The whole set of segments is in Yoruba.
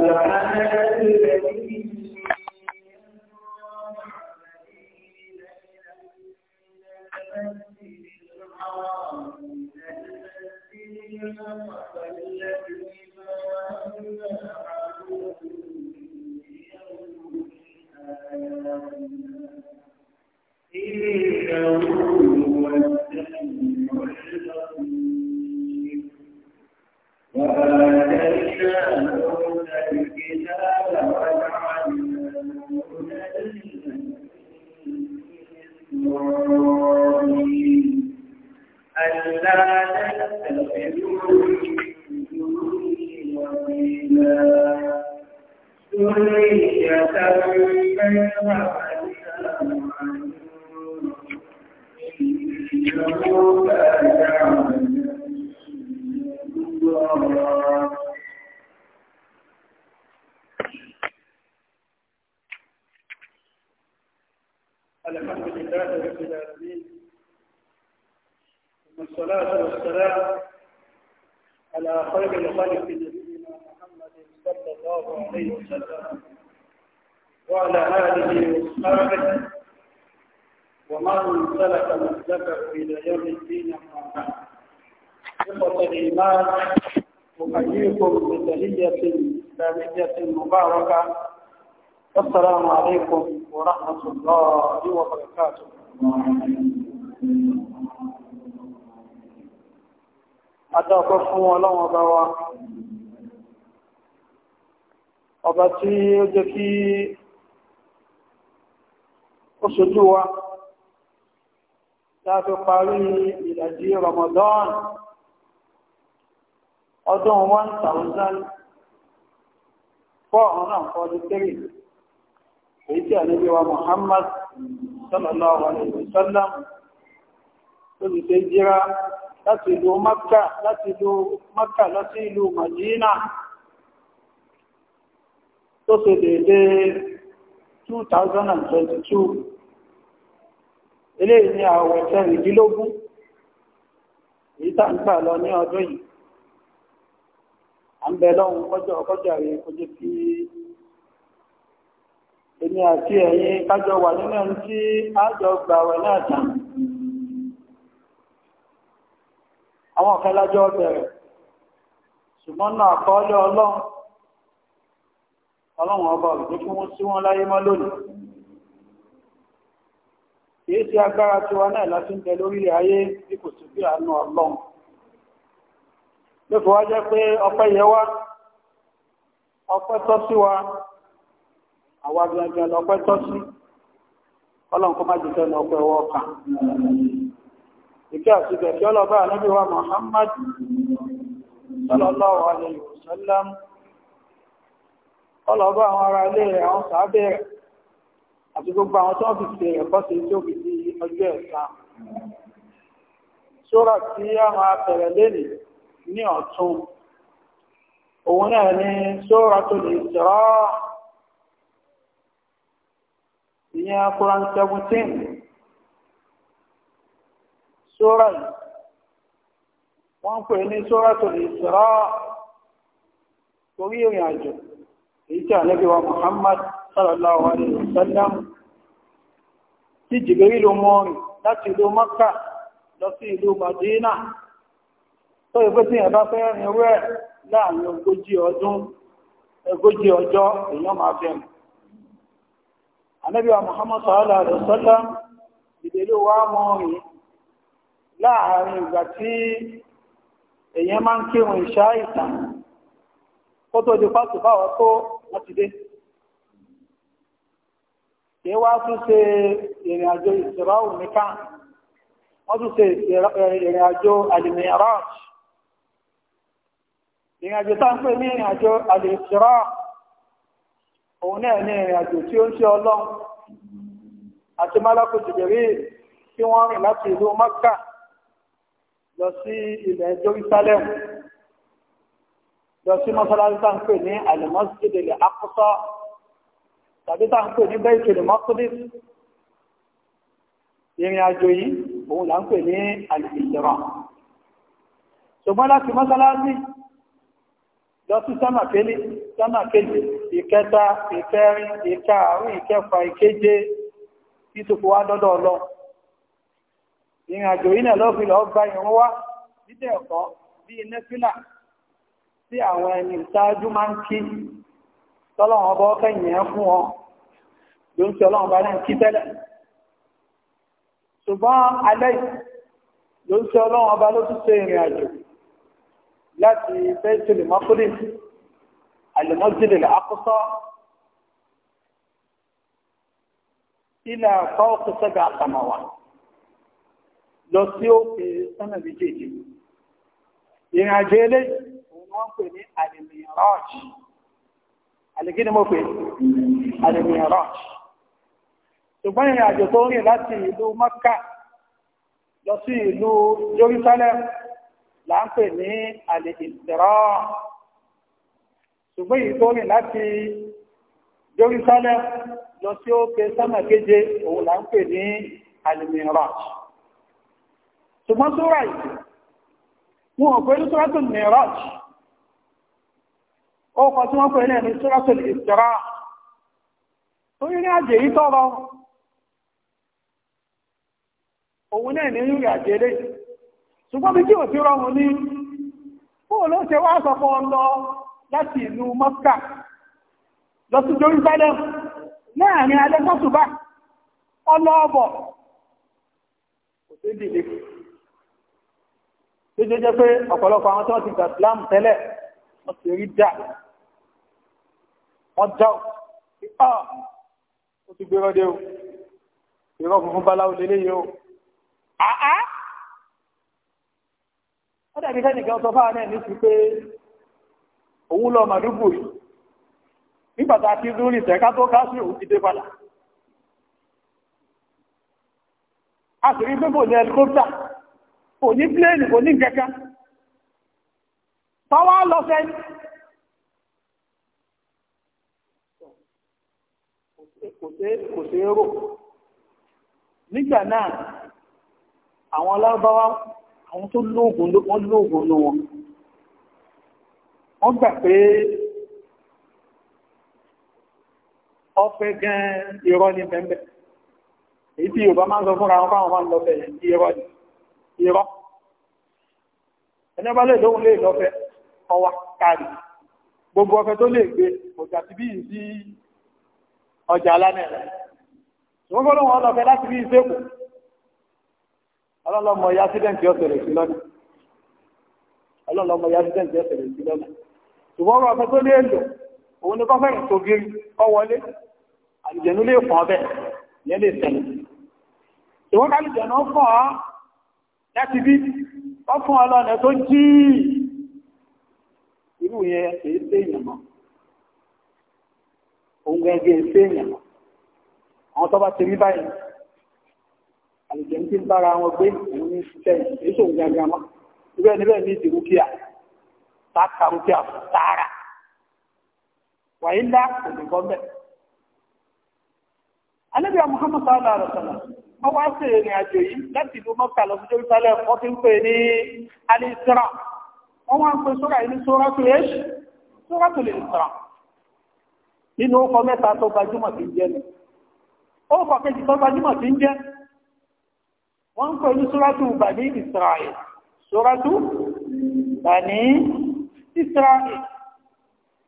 وهذا الذي adáọpẹ́ fún ọlọ́run ọba wa ọba tí ó jẹ́ kí ó ṣojú wa láti parí ìdajì Ramadan ọdún 1443 èyí tí ànábì wa Muhammad sallallahu alaihi wasallam tó ti ṣe jíra láti ìlú Mákà láti ìlú Mákà lọ sí ìlú Màdínà tó ṣe dédé 2022 ilé ìní àwẹ̀ kẹrìndínlógún èyí tàà ń gbà lọ ní ọdún yìí a ń bẹ lọ́hun kọjọ ọkọjọ rẹ̀ kọjọ kí èmi àti ẹ̀yin kájọ wà nínú ẹni tí a jọ gbàwẹ̀ náà tàà àwọn ọ̀kan lájọ́ bẹ̀rẹ̀ ṣùgbọ́n náà kọ́ọ́lẹ̀ ọlọ́run ọlọ́run ọba òjò kí wọ́n sí wọn láyé mọ́ lónìí kìí sí agbára tí wa náà láti ń bẹ lórí ayé bí kò sí bí àánú ọlọ́run lófò wá jẹ́ pé ọpẹ́ yẹ wá ọpẹ́ tọ́ sí wa àwa gbẹngàn lọpẹ́ tọ́ sí ọlọ́run kó má jẹ́ tẹ́nu ọpẹ́ wọ́ kàn ìkẹ́ àti ìgbẹ̀kẹ́ ọlọ́bá ànábì wa Muhammad sallallahu alayhi wa sallam ọlọ́bá àwọn ará ilé rẹ̀ àwọn sàábẹ̀ rẹ̀ àti gbogbo àwọn tó fi ṣe ẹ̀kọ́ sí tí ó fi di ọjọ́ ẹ̀san sóra tí a máa bẹ̀rẹ̀ lẹ́nì ní ọ̀tún òun náà ni sóra tó lè jọ́ ìyẹn Quran 17 sóra yìí wọ́n ń pè ní sóra tó lè sọ́rọ́ orí ìrìn àjò èyí tí wa Muhammad sallallahu alaihi wasallam tí jìbìrí ló mọ́rin láti ìlú Maka lọ sí ìlú Madina tó ìfẹ́ tí ẹ̀bá fẹ́ rìn rẹ̀ láàrin ogójì ọdún ogójì ọjọ́ èèyàn máa fẹ́ Muhammad sallallahu wa mọ́rin láàárín ìgbà tí èyàn máa ń kírun ìṣá ìtàn kó tó di pàtó tó wọ́n dé kí wá tún ṣe ìrìn àjò wọ́n tún ṣe ìrìn àjò alìmìíràn ìrìn àjò pè ní ìrìn àjò òun náà ní ìrìn àjò tí ó ń lọ sí ilẹ̀ Jerusalem lọ sí mọ́sálásí tá ń pè ní Al-Masjid Al-Aqsa tàbí tá ń pè ní Baitul Maqdis ìrìn àjò yìí òun là ń pè ní Al-Hijra ṣùgbọ́n láti mọ́sálásí lọ sí sámàkélé ìrìn àjò yìí náà lọ́fi lọ gba ìrún wá nídẹ̀ ẹ̀kọ́ bí iná fílà tí àwọn ẹni ìṣáájú máa ń kí tọ́lọ́wọ́n bọ́ kẹ́yìn ẹ̀ fún wọn ló ń tí ọlọ́run bá náà kí tẹ́lẹ̀ ṣùgbọ́n alẹ́ ló ń tí ọlọ́run ló tún ṣe ìrìn àjò láti bẹ́ẹ̀tìlì mọ́kúrì àlùmọ́jìlì àkọ́sọ́ ilẹ̀ àkọ́ òkúsẹ́gà àtàmàwà lọ sí òkè sánà méjèèjì ìrìn àjò ilé òun wọ́n pè ní alìmìírànj alìkí ni mo pè alìmìírànj ṣùgbọ́n ìrìn àjò tó rìn láti ìlú Mọ́kà lọ sí ìlú Jerusalem là ń pè ní alìmìírànj ṣùgbọ́n ṣùgbọ́n tó ráì wọn ò pẹ̀lú ọkwa Miraj ó kọ tí wọ́n ẹni suratul Isra torí ní àjẹ́ yìí tọ́rọ òun náà ní rírì àjẹ́ lé ṣùgbọ́n bí kí ò ti rọrùn ní fóò ló ṣe wá sọ fún ọ láti ìlú tó jẹ́ jẹ́ pé ọ̀pọ̀lọpọ̀ àwọn tí wọ́n ti gbà Islam tẹ́lẹ̀ wọ́n ti rí dà wọ́n já ọ́ ó ti gbérọ́ dé o ìrọ́ funfun báláwo lélẹ́ yìí o àá ó dàbí kẹ́nìkan sọ fáwọn náà ní ti pé òun lọ màdúgbò yìí nígbà tá a ti rú ní tẹ̀ka tó ká sí òun ti dé padà a kò ní pléènì kò ní kẹkẹ tọ́wọ́ lọ fẹ́ kò sí rò nígbà náà àwọn alábáwá àwọn tó lóògùn wọ́n lóògùn ní wọn wọ́n gbà pé ọfẹ́ gan irọ́ ní bẹ̀m̀bẹ̀ èyí tí Yorùbá máa ń sọ fúnra wọn fáwọn máa ń lọ bẹ̀rẹ̀ irọ́ irọ́ ẹni bá lè lóhun lè lọ́fẹ́ ọwà káàdì gbogbo ọfẹ́ tó lè gbé ọjà ti bí ìsí ọjà alánẹ̀ rẹ̀ ṣùgbọ́n kọ́ lóhun ọlọ́fẹ́ láti bí ìsẹ́kù ọlọ́lọ́mọ ya sídẹ̀ǹtì ọ̀sẹ̀rẹ̀ sí lọ́nà ọlọ́lọ́mọ ya sídẹ̀ǹtì ọ̀sẹ̀rẹ̀ sí lọ́nà ṣùgbọ́n ọfẹ́ tó lè lò òun ni kọ́fẹ́ ìtògiri ọwọlé àlùjẹ̀nú lè fọ́ ọbẹ̀ yẹn lè tẹ̀lé ìwọ́n kálùjẹ̀nú fọ́ láti bí wọ́n fún ọlọ́nà tó jí irú yẹn kìí sí ìyàmọ̀ òun gẹ́gẹ́ sí ìyàmọ̀ àwọn tó bá ti rí báyìí àlùjẹ́ ń tí ń bára wọn gbé ìlú ní ṣiṣẹ́ èso òun gẹ́gẹ́ mọ́ tá a ka rúkìá fún tààrà wàyí ńlá kò ní alẹ́bíà Muhammad sallallahu alaihi wasallam wọ́n wá sí ìrìn àjò yìí láti ìlú Mọ́kà lọ sí Jerusalem wọ́n ti ń pè ní Al-Isra wọ́n wá ń pè sóra ìlú sóra tó lè ṣe sóra tó lè sra nínú ó kọ mẹ́ta tó gbajúmọ̀ sí jẹ́ ni ó kọ kejì tó gbajúmọ̀ sí jẹ́ wọ́n ń pè ní sóra Bani Israel sóra Bani Israel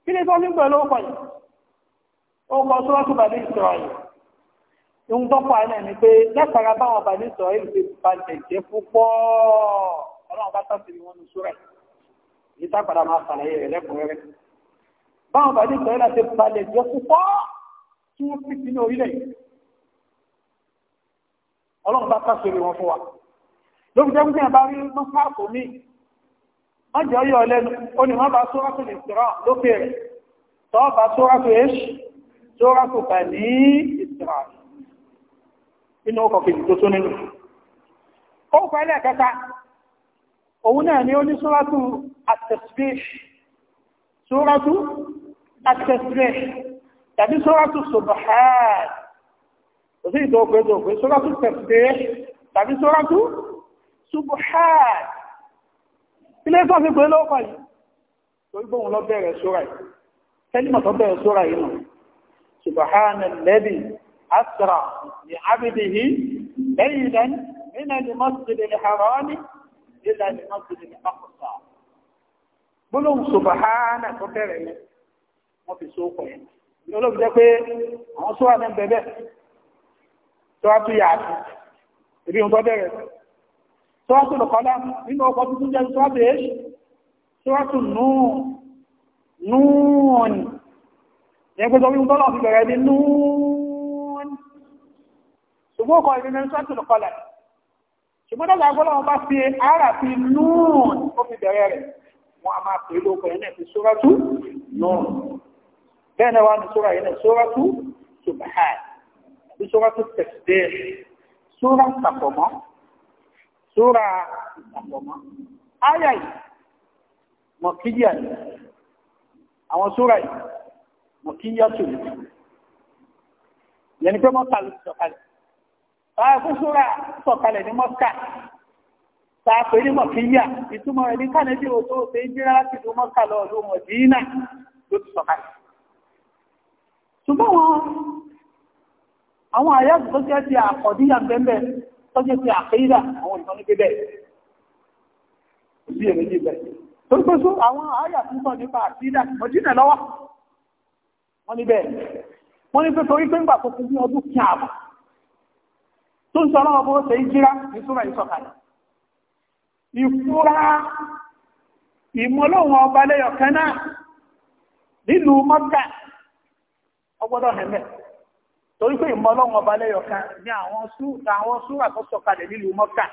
kí ni tó ní pẹ̀lú ó yìí ó kọ Bani Israel ń tọ́pọ̀ alẹ́ ni pé lẹ́pàá báwọn bá ní sọ èyí ti balẹ̀ jẹ́ púpọ̀ ọlọ́run bá tàbí wọn ní súrẹ̀ yìí tápàdà máa sàlàyé rẹ̀ lẹ́kùnrẹ́rẹ́ báwọn bá ní sọ èyí ti balẹ̀ jẹ́ púpọ̀ tí wọ́n fi sínú orílẹ̀ yìí ọlọ́run bá tàbí wọn fún wa lóbi jẹ́ wípé bá rí mọ́sáàkù mi wọ́n jẹ́ ọyọ́ ọlẹ́nu ó ní wọ́n bá sóràtù lè sọ́rà lókè rẹ̀ tọ́ bá sóràtù èṣù sóràtù bá ní nínú ọkọ̀ kejì tó tó nínú ó pẹ́lẹ̀ kẹta òun náà ni ó ní súrátù at-tasbih súrátù at-tasbih tàbí súrátù subahat kò sí ìtò òpé tó òpé súrátù tasbih tàbí súrátù subahat ilé tó fi pé lọ́pàá yìí torí gbóhun lọ bẹ̀rẹ̀ súrà yìí tẹ́lìmọ̀ tó bẹ̀rẹ̀ súrà yìí nù subhanalladhi أسرى لعبده ليلا من المسجد الحرام إلى المسجد الأقصى بلوم سبحانه وتعالى wọ́n fi sóòkọ̀ yẹn ní olóòfin jẹ́ pé àwọn sówà ní bẹ̀bẹ̀ tó wá tún yàtọ̀ ìbí ohun tó bẹ̀rẹ̀ tó wá tún lọ́kọ́lá nínú ọkọ̀ tuntun jẹ́ tó wá tún èṣù tó wá tún núùnì yẹn pé tó wí ń tọ́lọ̀ fi bẹ̀rẹ̀ ní núùnì ṣùgbọ́n ọkọ̀ ìrìnà ìṣẹ́tù lọ́kọlẹ̀ ṣùgbọ́n dọ́gba agbọ́lọ́wọ́ bá fi ara fi nùún ó fi bẹ̀rẹ̀ rẹ̀ wọ́n a máa pè lóko ẹ̀ náà fi sóràtú nùún bẹ́ẹ̀ náà wà ní sóra yẹn náà sóràtú subhan àbí sóràtú tẹ̀sídẹ́ sóra sàpọ̀mọ́ sóra sàpọ̀mọ́ áyà yìí mọ̀kíyà yìí àwọn sóra yìí mọ̀kíyà tù yẹn ni pé mọ́ta ló ti sọ̀kalẹ̀ Fáàkúsúra sọ̀kalẹ̀ ní Mọ́síkà, tààpẹ̀ ní Mọ̀kíyà, ìtumọ̀ ẹni kánẹ́dì òtó ṣe ń jíra láti ìlú Mọ́síkà lọ ìlú Mọ̀dínà ló ti sọ̀kalẹ̀. Ṣùgbọ́n àwọn àyájú tó jẹ́ ti àkọ̀díyà bẹ́ẹ̀ tó jẹ́ ti àkídà àwọn ìtàn ní bíbẹ̀. Bí èrè níbẹ̀. Torí pé àwọn àyà tó sọ nípa àkídà Mọ̀dínà lọ́wọ́. Wọ́n níbẹ̀. Wọ́n ní pé torí pé ń gbà tó fi ní ọdún kí àbọ̀ tó ń sọ ọlọ́wọ́ bó ṣe ìjírá ní súnmọ̀ ìsọ̀kalẹ̀ ìfúra ìmọ̀lọ́wọ́ ọba lẹ́yọ̀kẹ́ náà nínú mọ́kà ọgbọ́dọ̀ hẹ̀mẹ́ torí pé ìmọ̀lọ́wọ́ ọba lẹ́yọ̀kẹ́ ní àwọn súrà tó sọ̀kalẹ̀ nínú mọ́kà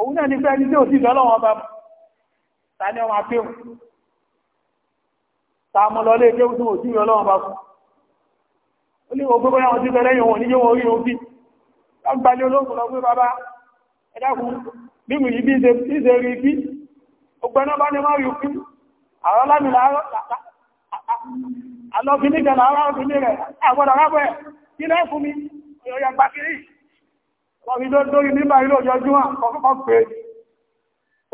òun náà ní fẹ́ ní tí ò sí lọ́lọ́wọ́ bá ta ní ọmọ apéhùn ta mọ́ lọ lé tí ó tún ò sí lọ́lọ́wọ́ bá fún ó ní ogbogbo yàwọn tí bẹ̀rẹ̀ yìí wọn ní yóò rí òun bí lágbàlẹ̀ olóògùn lọ pé bàbá ẹ̀dàkùn bí mi yìí bí ṣe rí bí ọgbẹ́ náà bá ní má rí òkú àwọn lámì alọ́bìnrin kan láwọn ọ̀gbìnrin rẹ̀ àgbọ̀dọ̀ rábọ̀ ẹ̀ kí lẹ́ fún mi ọ̀yọ̀ gbàkiri Ọ̀rí ló nígbà ilé òjòjúmọ́ ọkọ̀kọ́ pé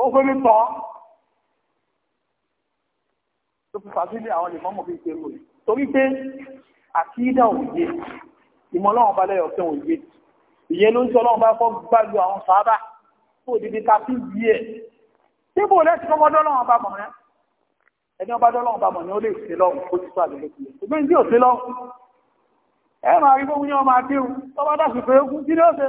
ó gbé ní tọ́. Tó fi fàtílé àwọn lè mọ́mọ̀ fi ṣe rò. Torí pé àkídà òye, ìmọ̀lọ́wọ̀n bá lẹ́yọ̀ òye. Ìyẹn ló ń sọ lọ́wọ́n bá fọ́ gbájú àwọn sáábà tó dìde ta fi yí ẹ̀. Tíbò lẹ́sí kọ́kọ́ dọ́lọ́wọ́n bá mọ̀ rẹ́. Ẹni ọba dọ́lọ́wọ́n bá mọ̀ ni ó lè ṣe lọ́wọ́ kó ti sọ àdúgbò tiẹ̀. Ṣùgbọ́n ìdí òṣèlọ́wọ́. Ẹ máa rí bóun ní ọmọ àdéhùn, ọba dàsùn pé ó kú kí ni ó ṣe?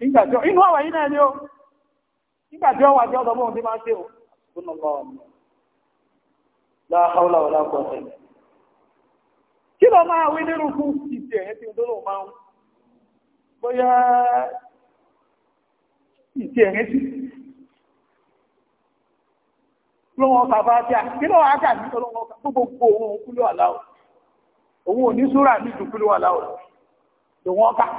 nígbàtí ó inú àwà yìí náà ni ó nígbàtí ó wà jẹ́ ọ̀dọ̀ tí máa ń ṣe ò gbónà lọ la hawla wala quwwata kí lọ máa wí nínú fún ìsì ẹ̀yẹ tí ó máa ń bóyá ìsì ẹ̀yẹ tí lọ́wọ́ bàbá tí a kí lọ́wọ́ ágà ní ọlọ́wọ́ gbogbo òun òkúlò òun ò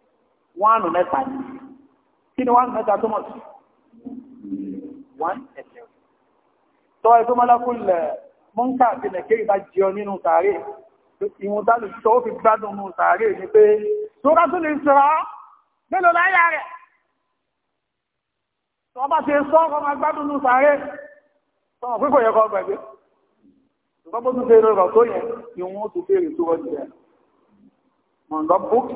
wánù mẹ́ta ni kí ni wánù mẹ́ta tó mọ̀ sí wọ́n ẹ̀sẹ̀ tọ́ ẹgbẹ́ mọ́lákùnlẹ̀ eh, mọ́ǹkà àti nàìjíríà bá jẹ́ ọ nínú sàárè ìwọ̀n tàbí tó fi gbádùn mú sàárè ní pé tóra tó lè sọ́rọ̀ mélòó láyà rẹ̀ tọ́ bá ṣe sọ́ ọkọ̀ máa gbádùn mú sàárè tọ́ pípọ̀ yẹ kọ́ gbẹ̀gbẹ́ ṣùgbọ́n bó tún fèrè rọ̀ tó yẹ ìwọ̀n tó fèrè tó rọ̀ jẹ́ mọ̀ndọ́ bókì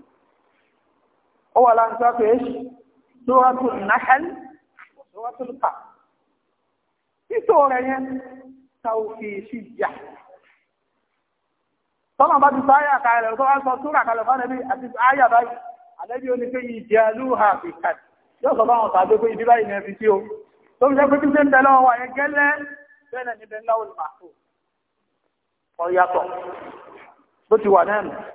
wà láti sọ́tò èṣù sóràtò náhàl sóràtò lùkà títò rẹ̀ yẹn táwọn fi sí jà tọ́nà bá ti sáyà kalẹ̀ tó wá sọ sóra kalẹ̀ fún ẹbí àti àyà báyìí àlẹ́bí ó ní pé ìdí alúhà fi kàdì yóò sọ báwọn tàbí pé ìdí báyìí ní ẹbí tí ó tó ń jẹ́ pé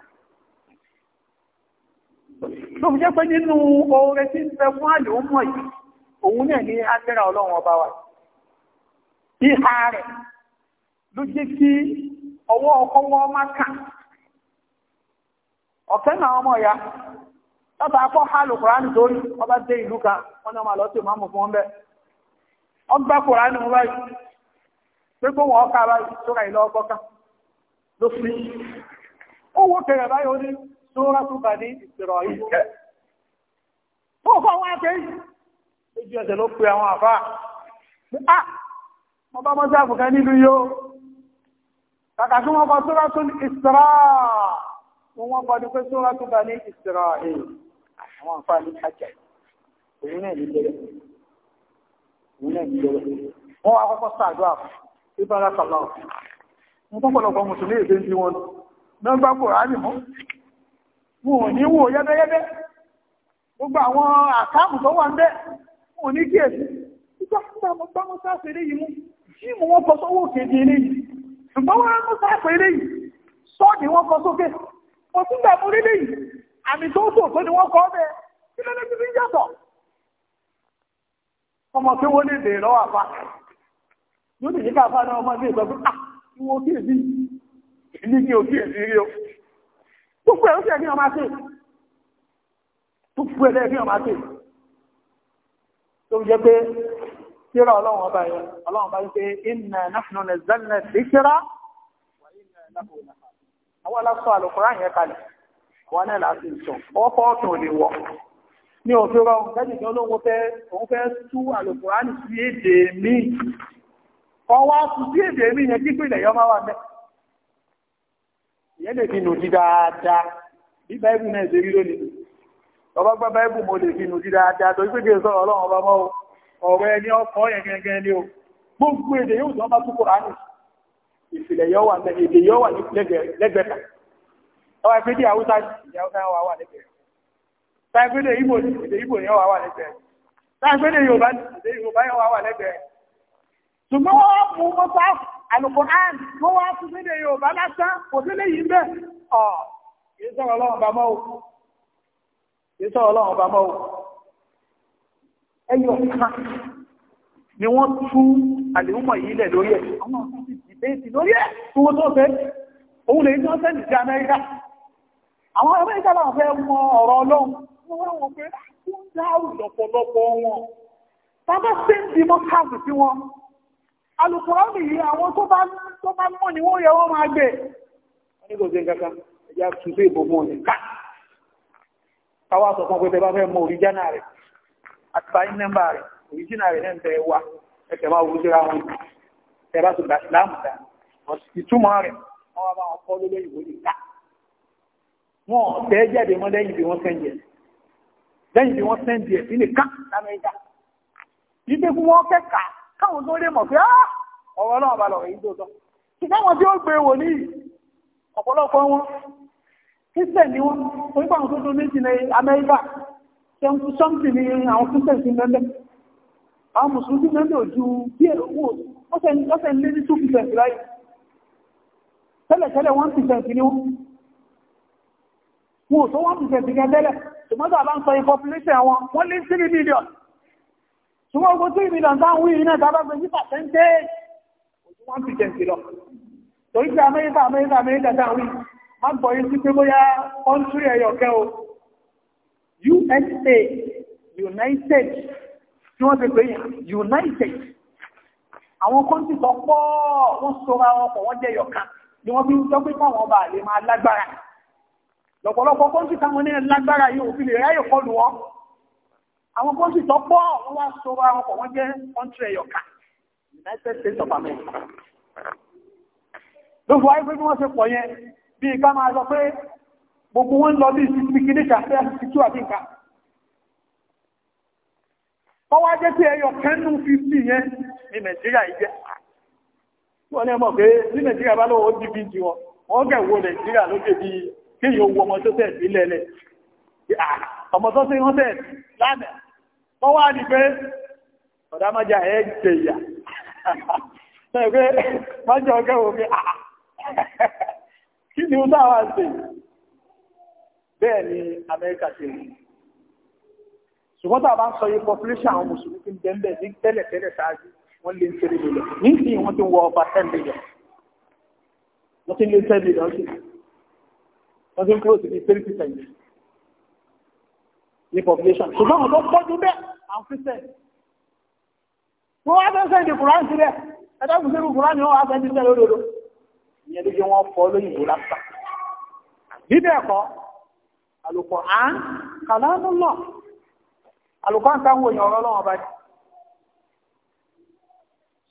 tó fi jẹ́ pé nínú oore tí ń bẹ fún àlè ọmọ yìí òun náà ní agbára ọlọ́run ọba wa ha rẹ̀ ló jẹ́ kí ọwọ́ ọkọ́ má ọ̀fẹ́ náà ọmọ ya lọ́ta akọ́ hálù kùránì torí ọba dé ìlú kan wọ́n náà máa Súra tó bá ní ìsìrọ̀ ìkẹ́. Ó fọ́ wá pé ojú ẹ̀sẹ̀ ló pe àwọn àfá. À, wọ́n ah, bá mọ́sí àfùkẹ́ nílùú yóò. Kàkà kí wọ́n kọ Súra tó ní ìsìrọ̀. Wọ́n wọ́n kọ́ ní pé Súra tó bá ní ìsìrọ̀ ìlú. Àwọn àfá ní àjẹ́. Òun náà ní bẹ̀rẹ̀. Òun náà ní bẹ̀rẹ̀. wọn ò ní wò yẹ́bẹ́yẹ́bẹ́ gbogbo àwọn àkáàmù tó wà ń bẹ́ wọn ò ní kí èsì ìjọ fúnra mo gbá mọ́sá àfẹ́rẹ́ yìí mú kí mo wọ́n kọ́ eléyìí ṣùgbọ́n wọ́n mọ́sá àfẹ́rẹ́ yìí sọ́ọ̀dì wọ́n kọ́ sókè mo tún gbà mú lílé yìí àmì tó ọmọ wọ́n lè àfa yóò ní káfá náà ọmọ ilé ah, gbogbo ẹ̀ ó sì ẹ̀ ní ọmọ àti gbogbo ẹ̀ ní ọmọ àti tó jẹ́ pé síra ọlọ́run ọba yẹn ọlọ́run ọba yẹn pé inna nahnu nazzalna dhikra wà inna lahu àwọn aláṣọ àlùkùránì yẹn kalẹ̀ wọn náà láti sọ ọkọ̀ ọ̀tún ò lè ìyẹn lè fi nù dí dáadáa bí báìbù náà ṣe rí lónìí ọba gbá báìbù mo lè fi nù dí dáadáa tó gbégbé sọ̀rọ̀ ọlọ́run ọba mọ́ ọ̀rọ̀ ẹni ọkọ̀ yẹn gẹ́gẹ́ ni o gbogbo èdè yóò tán bá túkọ̀ ránù ìfìlẹ̀ yóò wà èdè yóò wà lẹ́gbẹ̀ẹ́ta ọwọ́ ẹgbẹ́ dí àwúsá ìyá ọ̀sán wà wà lẹ́gbẹ̀ẹ́ táìpẹ́lẹ̀ ìbò ní èdè ìbò yẹn wà wà lẹ́gbẹ̀ẹ́ táìpẹ́lẹ̀ Yorùbá ní èdè alukur'an wọ́n wá fún sílé yorùbá lásán kò sílé yìí ń bẹ̀ ọ̀ kìí sọ̀rọ̀ ọlọ́run bá mọ́ o ẹyọ kan ni wọ́n tú àlèhùnmọ̀ yìí lẹ̀ lórí ẹ̀ àwọn ọ̀sán ti dìbéètì lórí ẹ̀ tí tó fẹ́ òun lè ní ọ̀sẹ̀ nìjẹ́ amẹ́ríkà àwọn alùkùránì yìí àwọn tó bá mọ́ ni wọ́n yẹ wọ́n máa gbé wọ́n ní kò sí kankan ẹjá tún sí ìbò fún ọ̀nà káwà sọ fún pẹ́tẹ́ bá fẹ́ mọ òrìjánà rẹ̀ àti báyí nẹ́mbà rẹ̀ òrìjínà rẹ̀ nẹ́mbà ẹ wà ẹ̀tẹ̀ máa wúlú síra wọn ẹ bá tún gbà síláàmù dá ìtumọ̀ rẹ̀ wọ́n wá bá wọn kọ́ lórí ìwé ìta wọn tẹ́ jáde mọ́ lẹ́yìn bí wọ́n sẹ́ńdì ẹ̀ lẹ́yìn bí wọ́n sẹ́ńdì ẹ̀ sí nìkan lamẹ́ríkà yìí pé fún wọn kẹ́kàá káwọn tó lè mọ̀ pé ah! ọ̀rọ̀ náà bá lọ̀rọ̀ yìí tó tọ́ ṣùgbọ́n wọn tí ó gbé wò ní ọ̀pọ̀lọpọ̀ wọn christian ni wọn onípa àwọn tó tó méjì ní amẹ́ríkà tẹ́ǹkù sọ́ǹtì ní àwọn christian sí mẹ́lẹ́ àwọn mùsùlùmí mẹ́lẹ́ ojú bí èrò ọ̀sẹ̀ lé ní 2% láyé tẹ́lẹ̀tẹ́lẹ̀ 1% ni wọ́n wọ́n tó 1% gẹ́gẹ́lẹ̀ ṣùgbọ́n tó àbá tí wọ́n kó tí ìmìlọ̀n tán wí iná tàbá gbé ní pàtẹ́ńtẹ́ ojú wọ́n ti jẹ́ ìlọ torí pé amẹ́ríkà amẹ́ríkà amẹ́ríkà tán wí má gbọ́ yí sí pé bóyá kọ́ntúrì ẹ̀yọ̀kẹ́ o USA United tí wọ́n ti pè United àwọn kọ́ntì tó pọ̀ wọ́n sọ́ra ọkọ̀ wọ́n jẹ́ yọ̀ká ni wọ́n fi ń sọ pé káwọn ọba àlè máa lágbára lọ́pọ̀lọpọ̀ kọ́ntì táwọn ní lágbára yóò fi lè ráyè kọlù wọn àwọn kọ́ńtì tó pọ̀ wọ́n wá so àwọn ọkọ̀ wọ́n jẹ́ kọ́ńtì ẹ̀yọ̀ká United States of America ló fọ́ ayé pé bí wọ́n ṣe pọ̀ yẹn bí ká máa sọ pé gbogbo wọn lọ bí ìsìnkiri kàfẹ́ àtìtú àti nǹkan wọ́n wá jẹ́ pé ẹyọ kẹ́nu 50 yẹn ní Nàìjíríà ìjẹ́ wọ́n ní ọmọ pé ní Nàìjíríà bá lọ́wọ́ dìbí jí wọn wọ́n gẹ̀wò Nàìjíríà lókè bí kéyìn owó ọmọ tó tẹ̀ sílẹ̀ lẹ̀ ọmọ tó tẹ̀ wọ́n tẹ̀ lánàá wọ́n wá ní pé ọ̀dámọ́já ẹ̀ jẹ ìyà ẹgbẹ́ májọ ọgẹ́wò pé àà ah, kí ni ó dáwà sí bẹ́ẹ̀ ni Amẹ́ríkà ṣe rí ṣùgbọ́n tàbá ń sọ yí population àwọn mùsùlùmí ti ń bẹ́ẹ̀ ní tẹ́lẹ̀ tẹ́lẹ̀ ṣáájú wọ́n lé ń tẹ́lẹ̀ lọ ní sí wọ́n ti ń wọ ọba ten million wọ́n ti ń lé ten million sí wọ́n ti ń kúrò sí ní three percent ní population ṣùgbọ́n àwọn pọ́jú bẹ́ẹ̀ àwọn Christian wọ́n wá fẹ́ sẹ́ndì kùrán sílẹ̀ ẹ̀dọ́gùn sí kùrán ni wọ́n wá sẹ́ndì sílẹ̀ lódodo ìyẹn ló jẹ́ wọ́n fọ́ lóyìnbó lápá bíbẹ̀ ẹ̀kọ́ àlùkò à ń kàlánú lọ ń táwọn èèyàn ọ̀rọ̀ lọ́wọ́ báyìí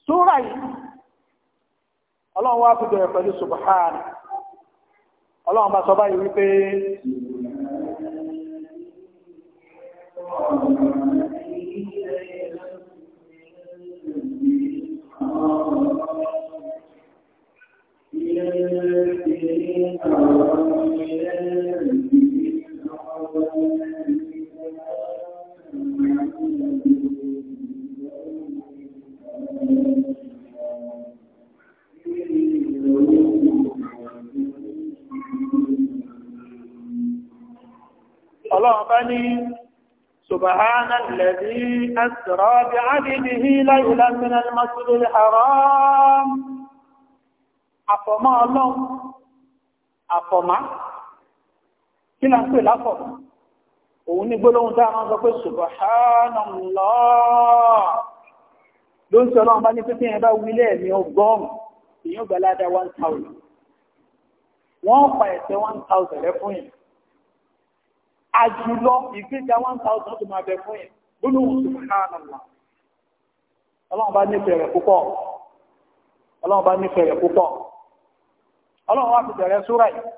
yìí ọlọ́run wá fi bẹ̀rẹ̀ pẹ̀lú ọlọ́run bá sọ báyìí wípé bá ní subahana lẹ́bí asra bí ábìbìhí láìlá mìíràn al-masjid al-haram àfọ̀mọ́ ọlọ́run àfọ̀má kí là ń pè láfọ̀ òun ní gbólóhùn tá a máa sọ pé subhanallah ló ń sọ ọlọ́run bá ní pípín ẹ bá wílẹ̀ ẹ̀mí ọgọ́rùn èèyàn gbàládà 1000 wọ́n pa ẹ̀sẹ̀ 1000 rẹ fún yìí àjùlọ ìgbéga 1000 tó máa bẹ fún yẹn gbólóhùn subhanallah ọlọ́run bá nífẹ̀ẹ́ rẹ̀ púpọ̀ ọlọ́run bá nífẹ̀ẹ́ rẹ̀ púpọ̀ ọlọ́run wá fi bẹ̀rẹ̀ súrà yìí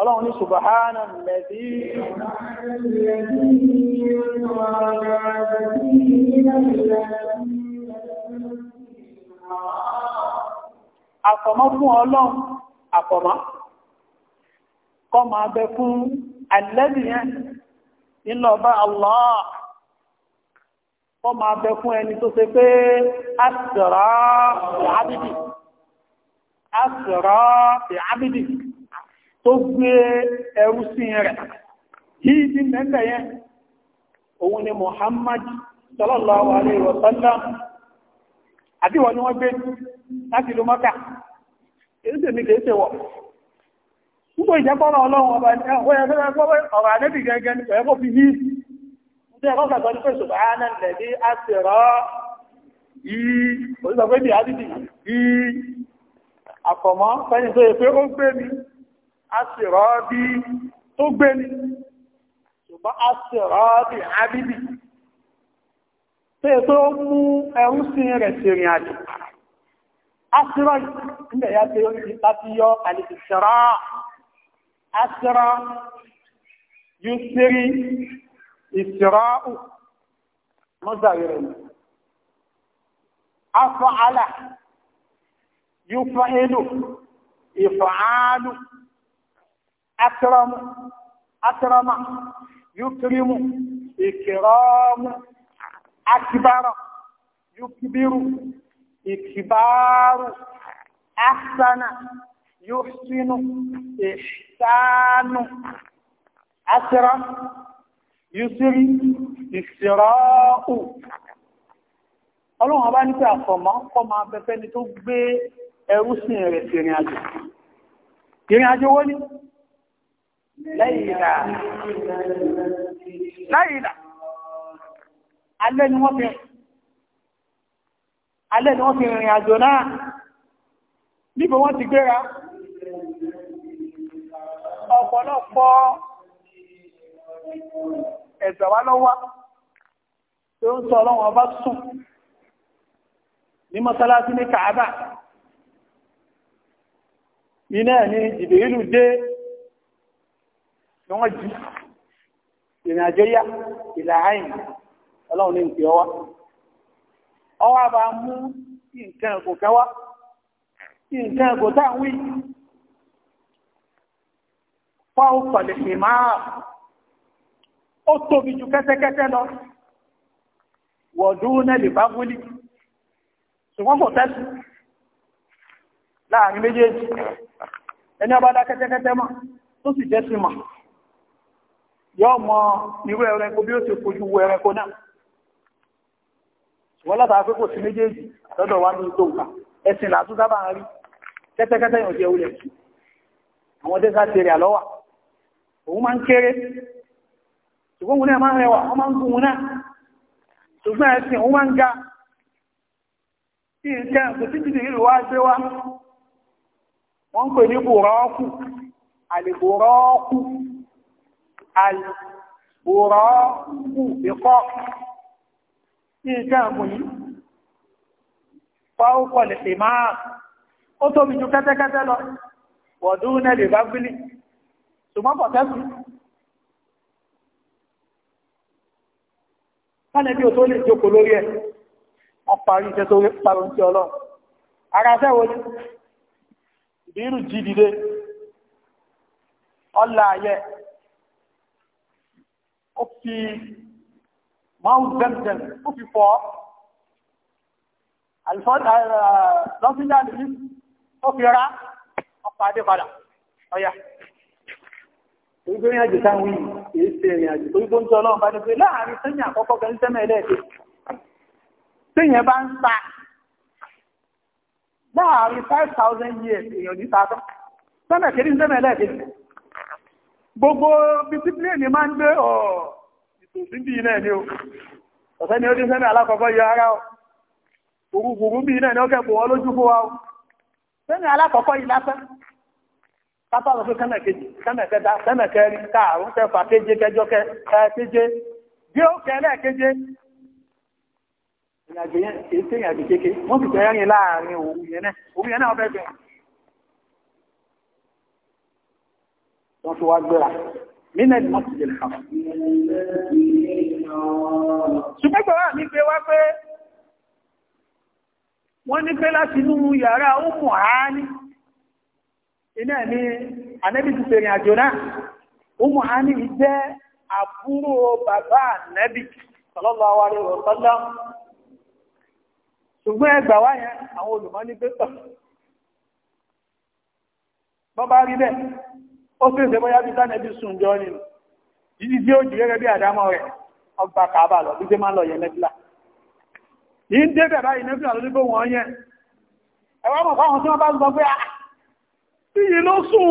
ọlọ́run ní subhanan lẹ́bí àfọ̀mọ́ fún ọlọ́run àfọ̀mọ́ kọ́ àlẹ́bì yẹn nínú ọba Allah ọ máa bẹ fún ẹni tó ṣe pé asra fi tó gbé ẹrú sí rẹ̀ yẹn òun ni Muhammad sallallahu alayhi wa sallam àbíwọ̀ ni wọ́n gbé láti lọ Mọ́kà èyí Nígbò ìjẹ́kọ́rọ̀ ọlọ́run ọba ní ọ̀rọ̀ àdébì gẹ́gẹ́ ní ẹ̀kọ́ fi yí. Ní ẹ̀kọ́ kàtọ́ ní pèsè bá ánà lẹ̀dí àṣẹ̀rọ̀ yìí, òṣìṣẹ́ pé bí àdìdì yìí, àkọ̀mọ́ fẹ́ni tó yẹ pé ó gbé mi, àṣẹ̀rọ̀ bí tó gbé mi, ṣùgbọ́n àṣẹ̀rọ̀ bí àdìdì. Tó yẹ tó mú ẹrú sí rẹ̀ sí ìrìn àjò. Àṣẹ̀rọ̀ yìí, ń asra yusri isra'u mọ́sàwìrì afọ́àlà yufailu ìfọ̀àálù akramu akrama yukrimu ìkìrọ́mù akibara yukibiru ìkìbáru ahsana yuhsinu ihsanu asra yusri ìsìrọ́ọ̀ù ọlọ́run ọba ní pé àfọ̀mọ́ kọ́ máa bẹ̀fẹ́ ni tó gbé ẹrú sí rẹ̀ sí ìrìn àjò ìrìn àjò wó ní láìlà láìlà alẹ́ ni wọ́n fi rìn àjò náà níbo wọ́n ti gbéra ọ̀pọ̀lọpọ̀ ẹ̀sẹ̀ wá lọ́wọ́ tó ń sọ ọlọ́run ọba sùn ní mọ́sálásí ní kàábà iná ní ìbèrìlù dé ni wọ́n jí ìrìn àjò yá ìlà àìn ọlọ́run ní ìpè ọwá ọwá bá mú nǹkan ẹ̀kọ́ kẹwàá nǹkan ẹ̀kọ́ táwọn fọ́ọ̀kọ̀lẹ̀ ìmáà ó tóbi ju kẹ́tẹ́kẹ́tẹ́ lọ wọ̀dúnẹ́ lè bá wúlì ṣùgbọ́n kò tẹ́sù láàrin méjèèjì ẹni ọba dá kẹ́tẹ́kẹ́tẹ́ mọ́ tó sì jẹ́ sí mọ̀ yọ́ mọ irú ẹranko bí ó ti kojú wo ẹranko náà ṣùgbọ́n látara pé kò sí méjèèjì lọ́dọ̀ wá ní tó nǹkan ẹ̀sìn làtúnsábà rí kẹ́tẹ́kẹ́tẹ́ yàn jẹ́ ulẹ̀ àwọn dẹ́sà tèrè àlọ́wà òun máa ń kéré ṣùgbọ́n òun náà máa rẹwà wọ́n máa ń gún òun ṣùgbọ́n ẹ̀sìn òun máa ń ga tí nǹkan kò sí jìdì ìlú wá gbé wá wọ́n pè ní bùrọ́ọ̀kù àlìbùrọ́ọ̀kù àlìbùrọ́ọ̀kù ìkọ́ tí nǹkan kò yí fọ́ọ̀kọ̀ lè máa ó tóbi ju kẹ́tẹ́kẹ́tẹ́ lọ wọ̀dún náà bá gbílì ṣùgbọ́n pọ̀ tẹ́sù tánẹ́bí ò tó lè jókòó lórí ẹ̀ wọ́n parí iṣẹ́ tó parun tí ọlọ́ ara sẹ́wọ́ ní ìbírù jí dìde ọlá ayẹ ó fi mount zemzem ó fi fọ́ alifọ́dà lọ́fíńdà ó fi rá ọpàdé padà ọya oh, yeah gbogbo ìrìn àjò táwọn yìí èyí ṣe ìrìn àjò tó gbogbo ń tọ́ ọlọ́run bá ní pé láàrin sẹ́yìn àkọ́kọ́ kan sẹ́mẹ̀ ẹlẹ́ẹ̀kẹ́ sẹ́yìn bá ń sa láàrin five thousand years èèyàn ní sáátọ́ sẹ́mẹ̀ kiri sẹ́mẹ̀ ẹlẹ́ẹ̀kẹ́ gbogbo discipline máa ń gbé ọ̀ ìtòsí ni o ni ó dín sẹ́mẹ̀ alákọ̀ọ́kọ́ yọ ara o gbogbo ni ó kẹ́kọ̀ọ́ lójú fún wa o sẹ́mẹ̀ alákọ̀ọ́kọ́ yìí kápá lọ pé kánà kejì kánà kẹta kánà kẹrin káàrún kẹfà keje kẹjọ kẹ keje bí ó kẹlẹ keje ìrìnàjò yẹn kìí sí ìrìnàjò kéke wọn sì fẹẹ rìn láàrin òun yẹn náà òun yẹn náà wọn fẹẹ fi hàn wọn fi wá gbéra nínú ẹni wọn sì jẹ nìkan. ṣùgbọ́n gbọ́dọ̀ mi pé wá pé wọ́n ní pé láti inú yàrá ó mọ̀ á ní. iná na anẹ́bí ti sèrìn àjò náà umu hani jẹ́ àbúrò bàbá anẹ́bí sallallahu alaihi wa sallam ṣùgbọ́n ẹgbà wá yẹn àwọn bá rí ó bí sánẹ́bí sùn jọ tí ó jù bí lọ bí máa lọ nẹ́fìlà ń dé bẹ̀rẹ̀ báyìí nẹ́fìlà lórí mọ̀ fáwọn tí wọ́n bá Iyì ló sùn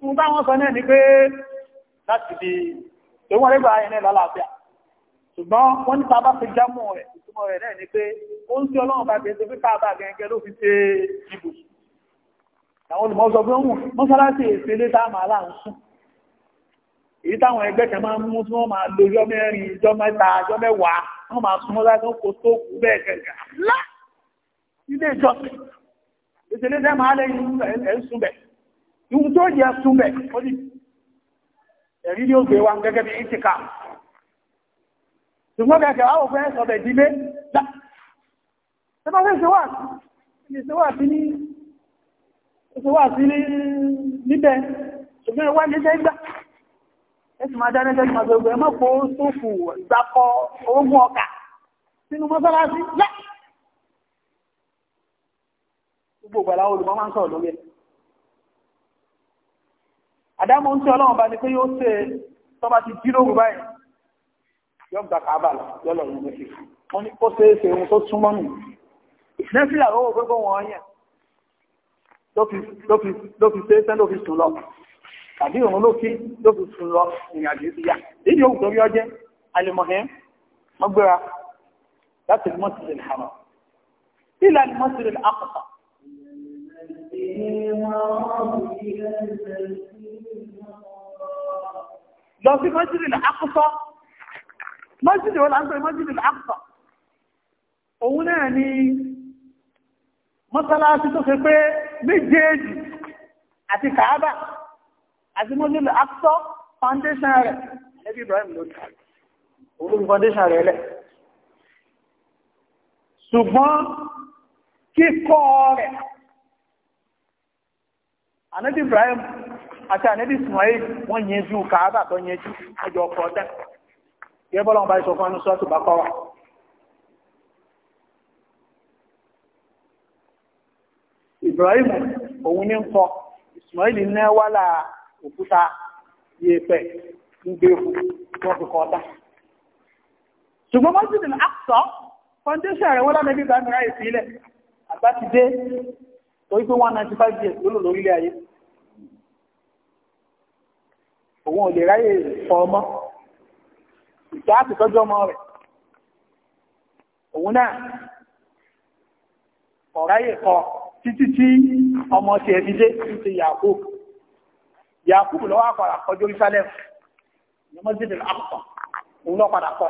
fún táwọn sọ náà ni pé láti di ìwọ̀n rẹ̀gbà ẹni lálàáfíà. Ṣùgbọ́n wọ́n ní tàbá fi jámọ̀ rẹ̀, ìtumọ̀ rẹ̀ náà ni pé ó ń sí ọlọ́run bá gẹ̀ẹ́sẹ̀ pípa bá gẹ̀ẹ́gẹ́ ló fi ṣe ibùsùn. Àwọn olùmọ́sọ pé wọ́n mọ́sálásí èsèlé táàmà aláàrùn sùn. Èyí táwọn ẹgbẹ́ kan máa ń mú tí wọ́n máa lo ọjọ́ mẹ́rin, ọjọ́ mẹ́ta, ọjọ́ mẹ́wàá, wọ́n máa súnmọ́ láti ó kò tó kú bẹ́ẹ̀ kẹ̀kẹ́. Lá! Ilé ìjọsìn. Èsèlé tẹ́ máa lẹ́yìn ẹ̀sùn bẹ̀ ìwù tó jẹ́ súnbẹ̀ orí ẹ̀rí ni ó gbé wa gẹ́gẹ́ bí ìtìká ṣùgbọ́n kẹ́kẹ́ wá òfin ẹ̀sọ̀ bẹ̀ dílé ẹgbẹ́ ìṣẹ́wàtí níbẹ̀ ṣùgbọ́n ẹwà níbẹ̀ gbà ẹ̀sùn máa dáná ẹgbẹ́ ìgbàgbọ́ ẹmọ́ pọ̀ sófù ìgbàkọ ogun ọkà sínú mọ́sálásí lẹ́ gbogbo ìgbàláwò olùmọ́ máa ń sọ̀rọ̀ lórí ẹ̀ àdámọ́ ń tí ọlọ́run bá ní pé yóò ṣe tó bá ti jíròrò báyìí yóò gbà kàábà lọ́lọ́ mẹ́fì wọ́n ní kó ṣe é ṣe ohun tó súnmọ́ nù mẹ́fì àrọ́wọ́ gbogbo wọn yẹn ló fi ṣe é sẹ́ńdó fi sùn lọ tàbí òun ló fi ló fi sùn lọ ìrìnàjò sí yá èyí yóò torí ọjẹ́ alẹ́mọ̀hẹ́ mọ́gbéra láti mọ́sílẹ̀ àmọ́ ilẹ̀ mọ́sílẹ̀ àkọ́kọ́ Ìwọ̀n ọ̀rọ̀ lọ sí mọ́sílì àkúsọ́ mọ́sílì ó láńpẹ́ mọ́sílì àkúsọ́ òun náà ni mọ́sálásí tó fi pé méjèèjì àti kàábà àti mọ́sílì àkúsọ́ foundation rẹ̀ ẹbí Ibrahim ló ti olóbi foundation rẹ̀ lẹ̀ ṣùgbọ́n kíkọ́ rẹ̀ ànábì Ibrahim àti ànẹ́bí Ismail wọ́n yẹnjú kàábà tó yẹnjú àjọ ọkọ̀ ọ̀tẹ́ yẹ́bọ́lá wọn bá sọ fún anúṣọ́ tó bá kọ́ wa Ibrahim òun ní ń kọ Ismail ní wálà òkúta yẹ̀pẹ̀ ń gbé fún tí wọ́n fi kọ́ ọ̀tá ṣùgbọ́n Masjid al-Aqsa foundation rẹ̀ wọ́n lánàbí bá mìíràn ìfilẹ̀ àgbà ti dé torí pé 195 years lólò lórílẹ̀ ayé òun ò lè ráyè fọ ọmọ ìjà àti tọ́jú ọmọ rẹ̀ òun náà ọ̀ráyè kọ títí tí ọmọ ti ẹ̀bí dé ń ti Yakub Yakub lọ́wọ́ àpàrà kọ Jerusalem ní mọ́sídìí àpọ̀ òun lọ́ padà kọ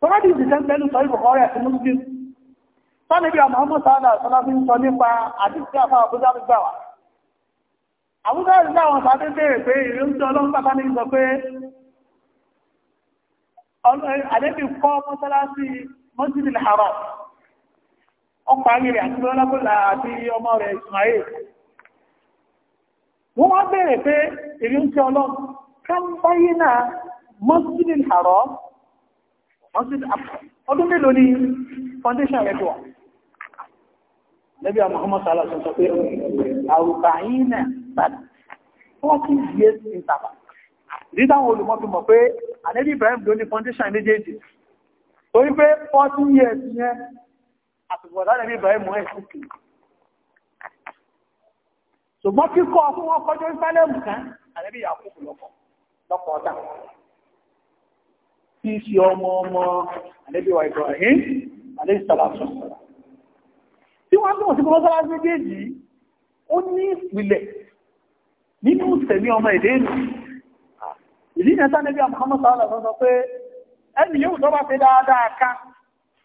tọ́lọ́dì ìdìtẹ́ pẹ̀lú sọ ìbùkọ́ rẹ̀ sí Muslim tọ́lọ́dì ọmọ ọmọ sáádà sọ́lá fi ń sọ nípa àdìsí àfáà tó dábí gbà wá àbúdá ìrìnlẹ̀ àwọn sàábé bèèrè pé ìrìnlẹ̀ ọlọ́run bàbá ní sọ pé àdébì kọ́ mọ́sálásí mọ́sílì àrọ̀ ọkọ̀ agìrì àti lọ́lápọ̀lá àti ọmọ rẹ̀ Ismail wọ́n wá bèèrè pé ìrìnlẹ̀ ọlọ́run kámbáyé náà mọ́sílì àrọ̀ ọdún mélòó ni foundation rẹ̀ tó wà lẹ́bí àwọn sọ pé àrùbáyé náà ìbàdàn forty years interval dídáwọn olùmọ́ fi mọ̀ pé ànẹ́bí Ibrahim ló ní foundation méjèèjì torí pé forty years yẹn àtùgbọ̀ lánàbí Ibrahim mọ́ ẹ̀sùn kìí ṣùgbọ́n kíkọ́ fún wọn kọjọ́ ìsálẹ̀mù kan ànẹ́bí Yakubu lọ́kọ̀ lọ́kọ̀ ọ̀dà tí í ṣe ọmọ ọmọ ànẹ́bí wa Ibrahim ànẹ́bí sàlàtún tí wọ́n tún mọ̀ sí kọ́mọ́sálásí méjèèjì ó ní ìpìlẹ̀ nínú tẹ̀mí ọmọ èdè nù ìdí nẹta níbi àmọ́mọ́ sọ́ọ́lọ̀ sọ pé ẹni yóò tọ́ bá fi dáadáa ká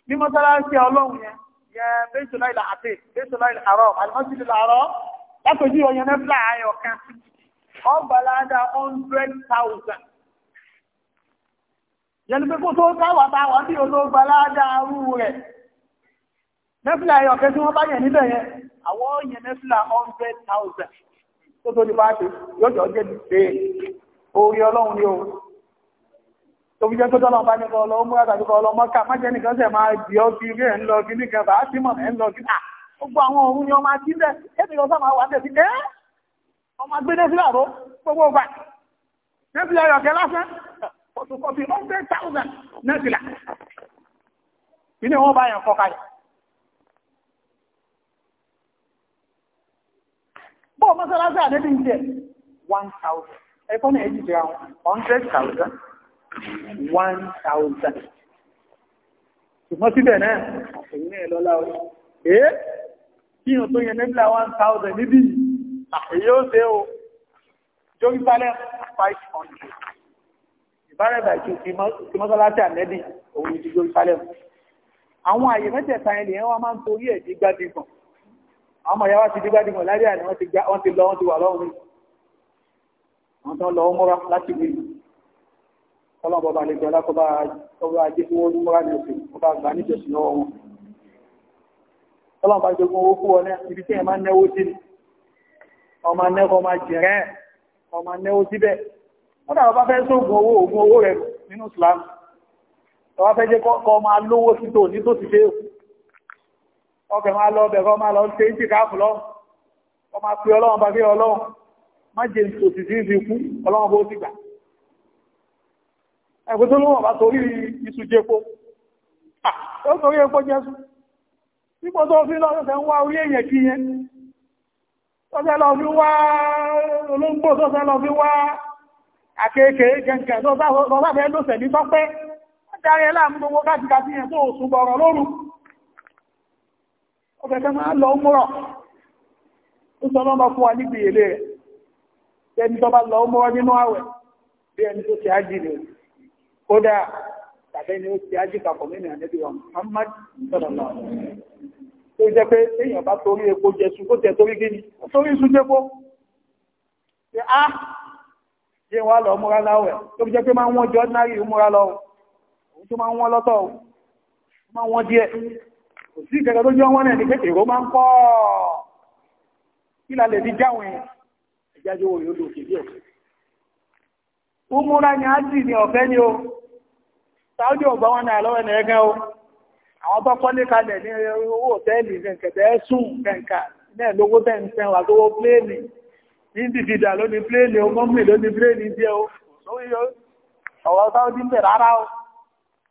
ní mọ́sálásí ọlọ́run yẹn yẹ bẹ́sùlá ìlà àti bẹ́sùlá ìlà àárọ̀ àlùmọ́sílì àárọ̀ nẹ́fìlà ayọ̀ 100,000 yẹnu pé kó tó káwà táwà bí o tó gbà ládàá rú rẹ̀ nẹ́fìlà ayọ̀ tí wọ́n bá yẹn níbẹ̀ yẹn àwọn yẹn nẹ́fìlà 100,000 tó tó di bá ṣe yóò jẹ́ dìde orí ọlọ́run ni o tó fi jẹ́ tó tọ́lọ̀ bá nípa ọlọ́ múra tàbí ọlọ́ mọ́ká má jẹ́ nìkan sẹ̀ máa di ọ́ sí rí ẹ̀ ń lọ sí nìkan bá sí mọ̀ ẹ̀ ń lọ sí à gbogbo àwọn òun ni ọmọ àti ilẹ̀ ẹ̀mí lọ máa wà tẹ̀sí ẹ́ ọmọ agbédé sí àró gbogbo ọgbà nẹ́sì ayọ̀kẹ́ lásán ọ̀tùkọ̀ bíi hundred thousand nẹ́sì là ilé wọn bá yẹn kọ́ bọ́ mọ́sálásí ànẹ́bí ń jẹ́ 1000 ẹ̀kọ́ ní èjì jẹ́ àwọn 100,000 1000 ṣùgbọ́n síbẹ̀ náà àṣẹ̀yìn náà lọ́lá o èé kí o tó yẹ nẹ́bílá 1000 níbi àṣẹ̀yìn ó ṣe o jórí balẹ̀ 500 ìbárẹ̀bà ìkí mọ́sálásí ànẹ́bí òun ìdí jórí balẹ̀ àwọn àyè mẹ́tẹ̀ẹ̀ta ẹni ẹ̀ wọ́n máa ń torí ẹ̀ àwọn ọmọ ìyá wa ti dígbà dìgbà lárí àná wọ́n ti lọ wọ́n ti wà lọ́wọ́ mi wọ́n tán lọ múra láti wí kọ́lọ́mọ bá lè jọ lákọ́bá ọba ajé fún wọn múra ní ọ̀sẹ̀ ọba àgbà ní ìjọsìn lọ́wọ́ wọn kọ́lọ́mọ bá jogún owó fún ọ náà ibi tí ẹ máa náwó sí ni ọmọ anẹ́kọ́ ọmọ jẹ̀rẹ́ ọmọ náwó síbẹ̀ wọ́n dà bá fẹ́ sóògùn owó ògùn owó rẹ̀ nínú Islam ọba fẹ́ jẹ́ kọ́ ọmọ alówó sí tòní tó ti fẹ́ òkú ọkẹ̀ máa lọ bẹ̀rọ máa lọ ṣe ìtì káàkù lọ ọmọ pé ọlọ́run bá bí ọlọ́run má jẹ òsì sí ìfi ikú ọlọ́run bó ti gbà ẹ̀kú tó lóhùn bá torí iṣu jẹ́po ó torí epo jẹ́sù nípo tó fi lọ́sẹ̀ ń wá orí èèyàn kí yẹn sọ́sẹ́ lọ fi wá olóńgbò sọ́sẹ́ lọ fi wá àkẹ́kẹ́ gẹ̀ǹkẹ̀ sọ́sẹ́ lọ́sẹ̀ ní tọ́pẹ́ ó darí ẹlá mú gbogbo káàkiri yẹn tó òsùn bọ̀rọ̀ lóru ọkẹ̀kẹ́ máa lọ mọ́rọ̀ ó sọ lọ́mọ fún wa níbi èlé rẹ̀ bí ẹni tó bá lọ mọ́rọ̀ nínú àwẹ̀ bí ẹni tó ti ájì rẹ̀ kódà tàbí ẹni ó ti ájì papọ̀ nínú ànẹ́bí wọn Muhammad sọ̀rọ̀ náà tó jẹ́ pé èèyàn bá torí epo jẹsù kó jẹ torí gíní ó torí iṣu jẹ́pó ṣe á jẹ́ wá lọ múra láwẹ̀ tó jẹ́ pé máa wọ́n jọ náírì múra lọ òun tó máa wọ́n lọ́tọ̀ òun máa wọ́n díẹ̀ kò sí ìkẹta tó jọ wọ́n náà ní pé máa ń pọ̀ kí lálẹ́ ọgbà wọn náà lọ́wọ́ ẹ̀nà ẹgbẹ́ o àwọn tó kọ́lé kalẹ̀ ní owó òtẹ́ẹ̀lì kẹ̀kẹ́ sùn kẹ̀kà náà lówó tẹ́ǹtẹ́ wà tó pléènì ní dìdìdà lóní pléènì o mọ́mì lóní pléènì o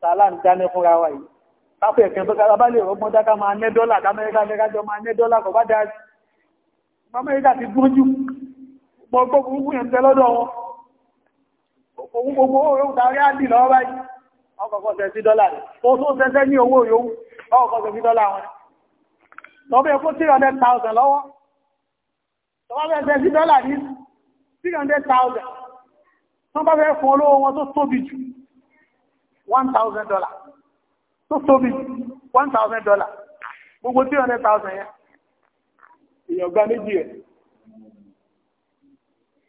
tààlà ń dáná fúnra wa yìí káfẹ́ ẹ̀kẹ́ fẹ́ kára bá lè rọ́gbọ́n dáká máa ní dọ́là kámẹ́ríkà lẹ́gájọ máa ní dọ́là kọ̀ bá dáa kámẹ́ríkà ti dún jù mọ́ gbogbo ogun yẹn tẹ́ lọ́dọ̀ wọn òun gbogbo owó yóò darí àdì lọ́wọ́ báyìí ọkọ̀ọ̀kọ̀ sẹ̀ sí dọ́là rẹ̀ tó tó sẹ́sẹ́ ní owó yòówù ọkọ̀ọ̀kọ̀ sẹ̀ sí dọ́là wọn lọ́bẹ̀ kó 300,000 lọ́wọ́ tọ́wọ́ sẹ̀ sí dọ́là ní 300,000 tọ́ bá fẹ́ fún olówó wọn tó tóbi jù one thousand dollar tó tóbi one thousand dollar gbogbo three hundred thousand yẹn èèyàn gba méjì rẹ̀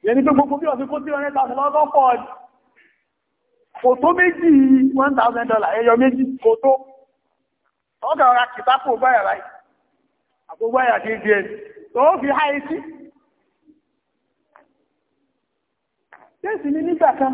yẹn ni pé gbogbo bí ọ̀sìn kó three hundred thousand lọ́gọ́ pọ̀ ọ̀dì kò tó méjì one thousand dollar èèyàn méjì kò tó ọ̀gá ọ̀rá kìtàpọ̀ gbáyà láì àgbógbáyà déédéé ẹni tó fi háyé sí. Jésù ní nígbà kan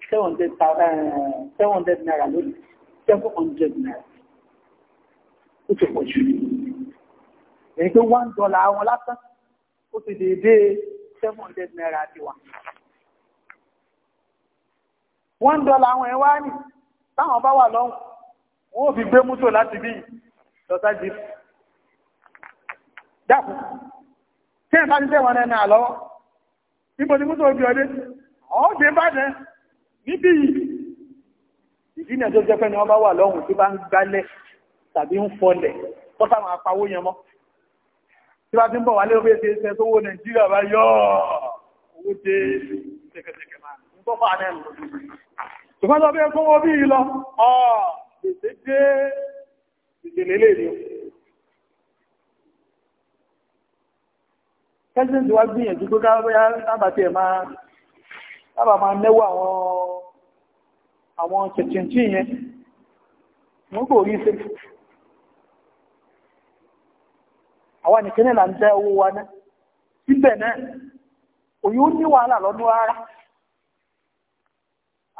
700 uh, hundred naira lónìí 700 hundred naira ó ti pọ̀ jù èyí pé one dollar wọn lásán ó ti dèédé seven naira ti wà one dollar àwọn ẹ̀wá nì táwọn bá wà lọ́wọ́ wọ́n ò fi gbé mútò láti bí lọ́sá jí dákùn tí ẹ̀ta ti tẹ́wọ̀n ẹ̀nà àlọ́wọ́ níbo mútò ojú ọdé ọ̀ọ́dẹ̀ níbi ìdí náà tó jẹ́ pé ni wọ́n bá wà lọ́hùn tí bá ń gbálẹ̀ tàbí ń fọlẹ̀ tó sáwọn apawó yẹn mọ́ tí bá ti ń bọ̀ wálé ó fèsì ẹsẹ̀ tó wó Nàìjíríà bá yọ owó dé tẹ̀kẹ̀tẹ̀kẹ̀ máa ń tó fà náà lọ ṣùgbọ́n tó bẹ́ẹ̀ fún wọn bí sábà máa nẹ́wọ́ àwọn tẹ̀tẹ̀ntì yẹn wọ́n kò rí sí àwọn nìkanílà là ń dá owó wa náà síbẹ̀ náà òyìn ó ní wàhálà lọ́nú ara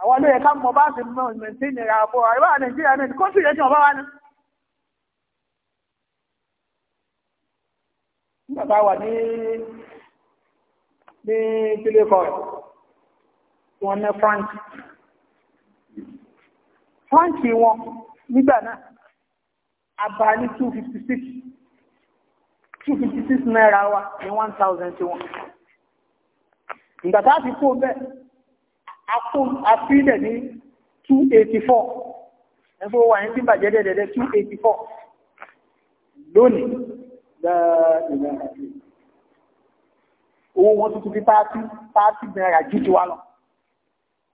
àwọn olóyẹ ká mọ̀ bá ti mọ̀ ìmẹ̀tí ìnira àbọ̀ àríwá nàìjíríà náà kó sì rẹ̀ tí wọ́n bá wá náà nígbàtà wà ní ní kílé kọ̀ọ̀rọ̀ wọn ná frank frank wọn nígbà náà àbá ní 256 256 náírà wa ní 1000 tí wọn ìgbà tá a ti kó bẹ́ẹ̀ àfílẹ̀ ní 284 ẹ̀fọ́ wà ní tí bàjẹ́ dẹ̀dẹ̀dẹ̀ 284 lónìí dáadáa owó wọn tuntun bí pàtí náírà jíjú wa lọ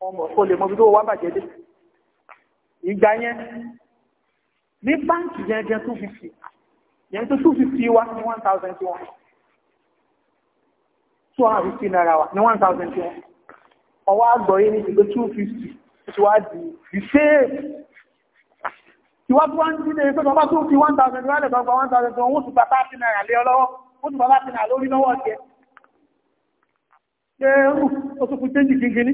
ọmọ kó lè mọ bí tó wá bàjẹ́ dé ìgbà yẹn ní báńkì yẹn jẹ́ 250 yẹn tó 250 wá ní 1000 tí wọ́n 250 náírà wá ní 1000 tí wọ́n ọwọ́ àgbọ̀yé ní ìgbé 250 tí wá di ìṣe ìwá tó wá ń dílé pé bàbá tó fi 1000 tí wá lẹ̀ tọ́gbà 1000 tí wọ́n wọ́n tún bá 30 náírà lé ọlọ́wọ́ wọ́n tún bá 30 náírà lórí lọ́wọ́ ọ̀tẹ́ ṣe ó tún fún tẹ́jì gígí ní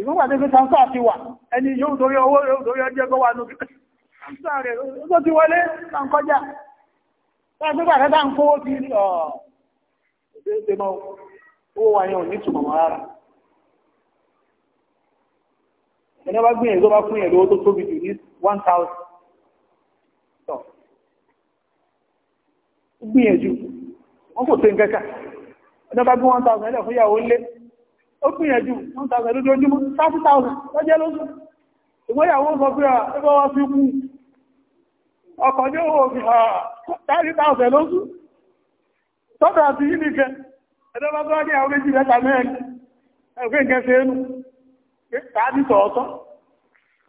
ìgbọ́gbàdé fi sáńsá ti wà ẹni yóò torí owó yóò torí ọjọ́ ẹgbọ́ wà ní rẹ̀ ó ti wọlé sáńkọjá sáńgbàdé tá ń kówó ti rí ọ̀ọ̀dẹ́gbẹ́ mọ́ owó wa yẹn ò ní túnmọ̀ rárá ẹni bá gbìyànjú tó bá fún yẹn lówó tó tóbi jù ní 1000 tọ̀ gbìyànjú wọ́n kò tó nǹkan ká ẹni bá gbé 1000 ẹlẹ́ fún yàwó lé ó gbìyànjú 1,000 lójoojúmọ́ 30,000 lọ́jẹ́ lóṣù ìgbéyàwó sọ pé ẹgbẹ́ wá fi kú ọkọ̀ ní owó fi 30,000 ah, lóṣù tọ́bẹ̀ àti yìí nìkẹ́ ẹ̀dọ́bá tó wáyé àwọn méjì mẹ́ta mẹ́rin ẹgbẹ́ ìkẹ́ ṣe ẹnu tàbí tọ̀ọ̀tọ́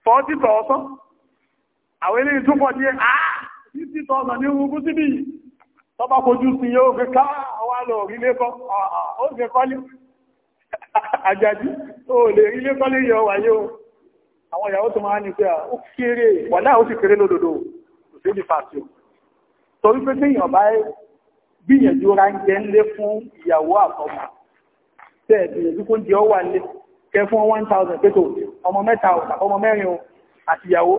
fọ́ọ̀tí tọ̀ọ̀tọ́ àwọn ilé ìtúpọ̀ ní àà títí tọ̀ọ̀tọ̀ ní ogun síbí tọ́bá kojú sí yóò fi ká àwọn alọ̀ orílẹ̀-èkọ́ ajájú ó lè ilé kọ́lé yọ wáyé o àwọn ìyàwó tó máa ní pé ah, ó kéré wà láà ó sì kéré lódòdó kò sí ìfàṣì torí pé tí èèyàn bá gbìyànjú ra ń jẹ ńlé fún ìyàwó àtọmọ tẹ ìgbìyànjú kó jẹ ọ wà lé kẹ fún one thousand pẹtò ọmọ mẹ́ta ọmọ mẹ́rin o àti ìyàwó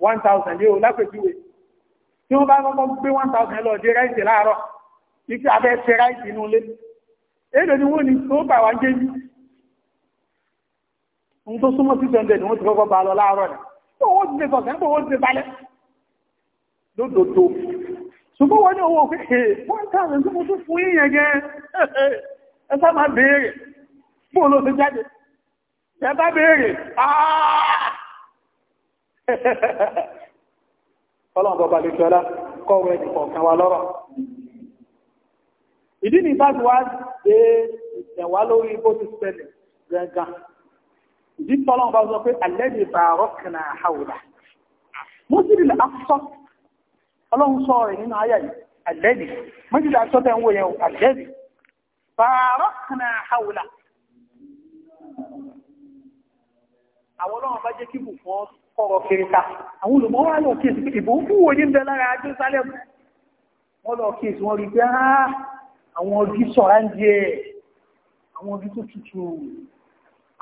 one thousand lé o lápèjúwe tí wọ́n bá kọ́kọ́ gbé one thousand lọ dé ráìsì láàárọ̀ ife abẹ́ ṣe ráìsì inú ilé èdè ni wọ́n ní tó bà wá ń jẹ́ yìí ohun tó súnmọ́ sí tẹ́ndẹ̀ ni wọ́n ti kọ́kọ́ bá lọ láàárọ̀ rẹ̀ tó wọ́n ti tẹ̀sọ̀ sẹ́ńtò wọ́n ti balẹ̀ lódòdó ṣùgbọ́n wọ́n ní owó pé wọ́n tààrẹ tí mo tún fún yíyàn jẹ́ ẹ sá máa béèrè bóò ló ti jáde ẹ bá béèrè ọlọ́run bọ̀bà lè jọlá kọ́wọ́ ẹni kọ̀ọ̀kan wa lọ́rọ̀ ìdí ni bá ti wá dé ìtẹ̀wá lórí bó ti ṣẹlẹ̀ gẹ̀gàn ìdí tọ́lọ́ bá sọ pé àlẹ́bí bàárọ̀ kìnà àwòrán mọ́sílì àfọ́ ọlọ́run sọ rẹ̀ nínú ayà yìí àlẹ́bí mọ́sílì àtọ́tẹ̀ ń wò yẹn àlẹ́bí bàárọ̀ kìnà àwòrán àwọn ọlọ́run bá jẹ́ kí bù fún ọ̀rọ̀ kìrìta àwọn olùmọ́wà yóò kí èsì ìbò fún wo ní ń ajé sálẹ̀ wọ́n lọ kí èsì wọ́n rí pé ah, àwọn ọdún sọ̀rá ń jẹ́ àwọn ọdún tó tutù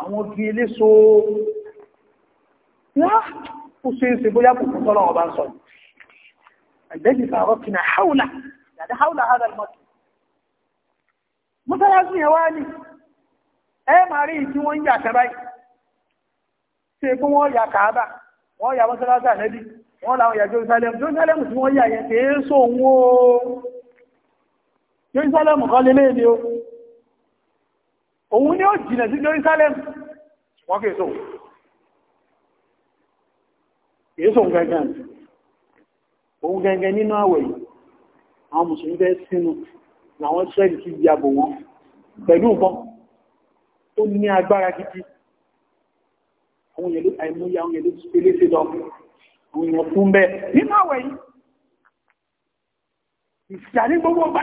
àwọn igi eléso ó ṣe é ṣe bóyá kò fún tọ́lọ́wọ́ bá ń sọ àgbẹ́jì sàárọ̀ kì náà haúlà yàdá haúlà hádà mọ́tò mọ́sálásí yẹn wá ní ẹ máa rí ìtí wọ́n ń yà kẹ́ báyìí ṣe pé wọ́n yà kàábà wọ́n yà mọ́sálásí ànẹ́bí wọ́n làwọn yà Jerusalem Jerusalem tí wọ́n yà yẹn kèé sóhun ó Jerusalem kọ́ lélẹ́ẹ̀dẹ́ o òun ni ó jìnà sí Jerusalem wọ́n kìí sóhun kìí sóhun gẹ́gẹ́ òun gẹ́gẹ́ nínú àwẹ̀ yìí àwọn mùsùlùmí bẹ́ sínú làwọn sẹ́lì ti yàbò wọn pẹ̀lú nǹkan tó ní agbára títí àwọn yẹ̀lú àìmúyà àwọn yẹ̀lú pẹ̀lẹ́ sí lọ àwọn èèyàn fún bẹ́ẹ̀ nínú àwẹ̀ yìí ìsìyà ní gbogbo bá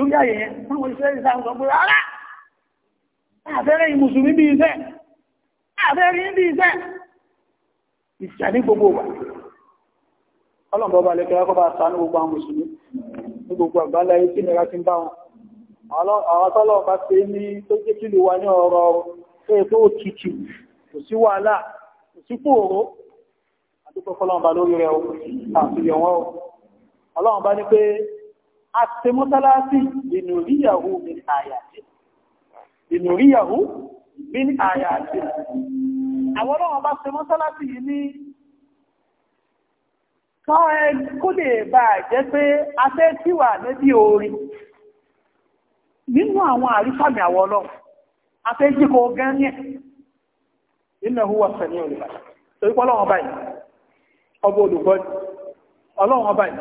lórí àyè yẹn táwọn iṣẹ́ ìsá ń sọ pé rárá àfẹ́rẹ́ ìmùsùlùmí bí iṣẹ́ àfẹ́rẹ́ bí iṣẹ́ ìjà ní gbogbo wà ọlọ́mọba lẹ́kẹ́ ọkọ̀ bá sánú gbogbo àwọn mùsùlùmí ní gbogbo àgbálẹ̀ tí nira ti ń bá wọn àwọn tọ́lọ̀ bá ṣe ní tó jẹ́ kí lè wà ní ọ̀rọ̀ tó ètò àtẹmọ́tálásí ìnúríyàwó bin àyàtì ìnúríyàwó bin àyàtì àwọn ọlọ́wọ́n bá tẹmọ́tálásí yìí ní kó lè bá jẹ́ pé afẹ́ tí wà lẹ́bí orí nínú àwọn àrífàmì àwọn ọlọ́wọ́ afẹ́ jíkọ gánìyàn iná huwa sẹ̀ní olùbáyìí torípọ́ ọlọ́wọ́n báyìí ọbọ̀ olùgbọ́n ọlọ́wọ́n báyìí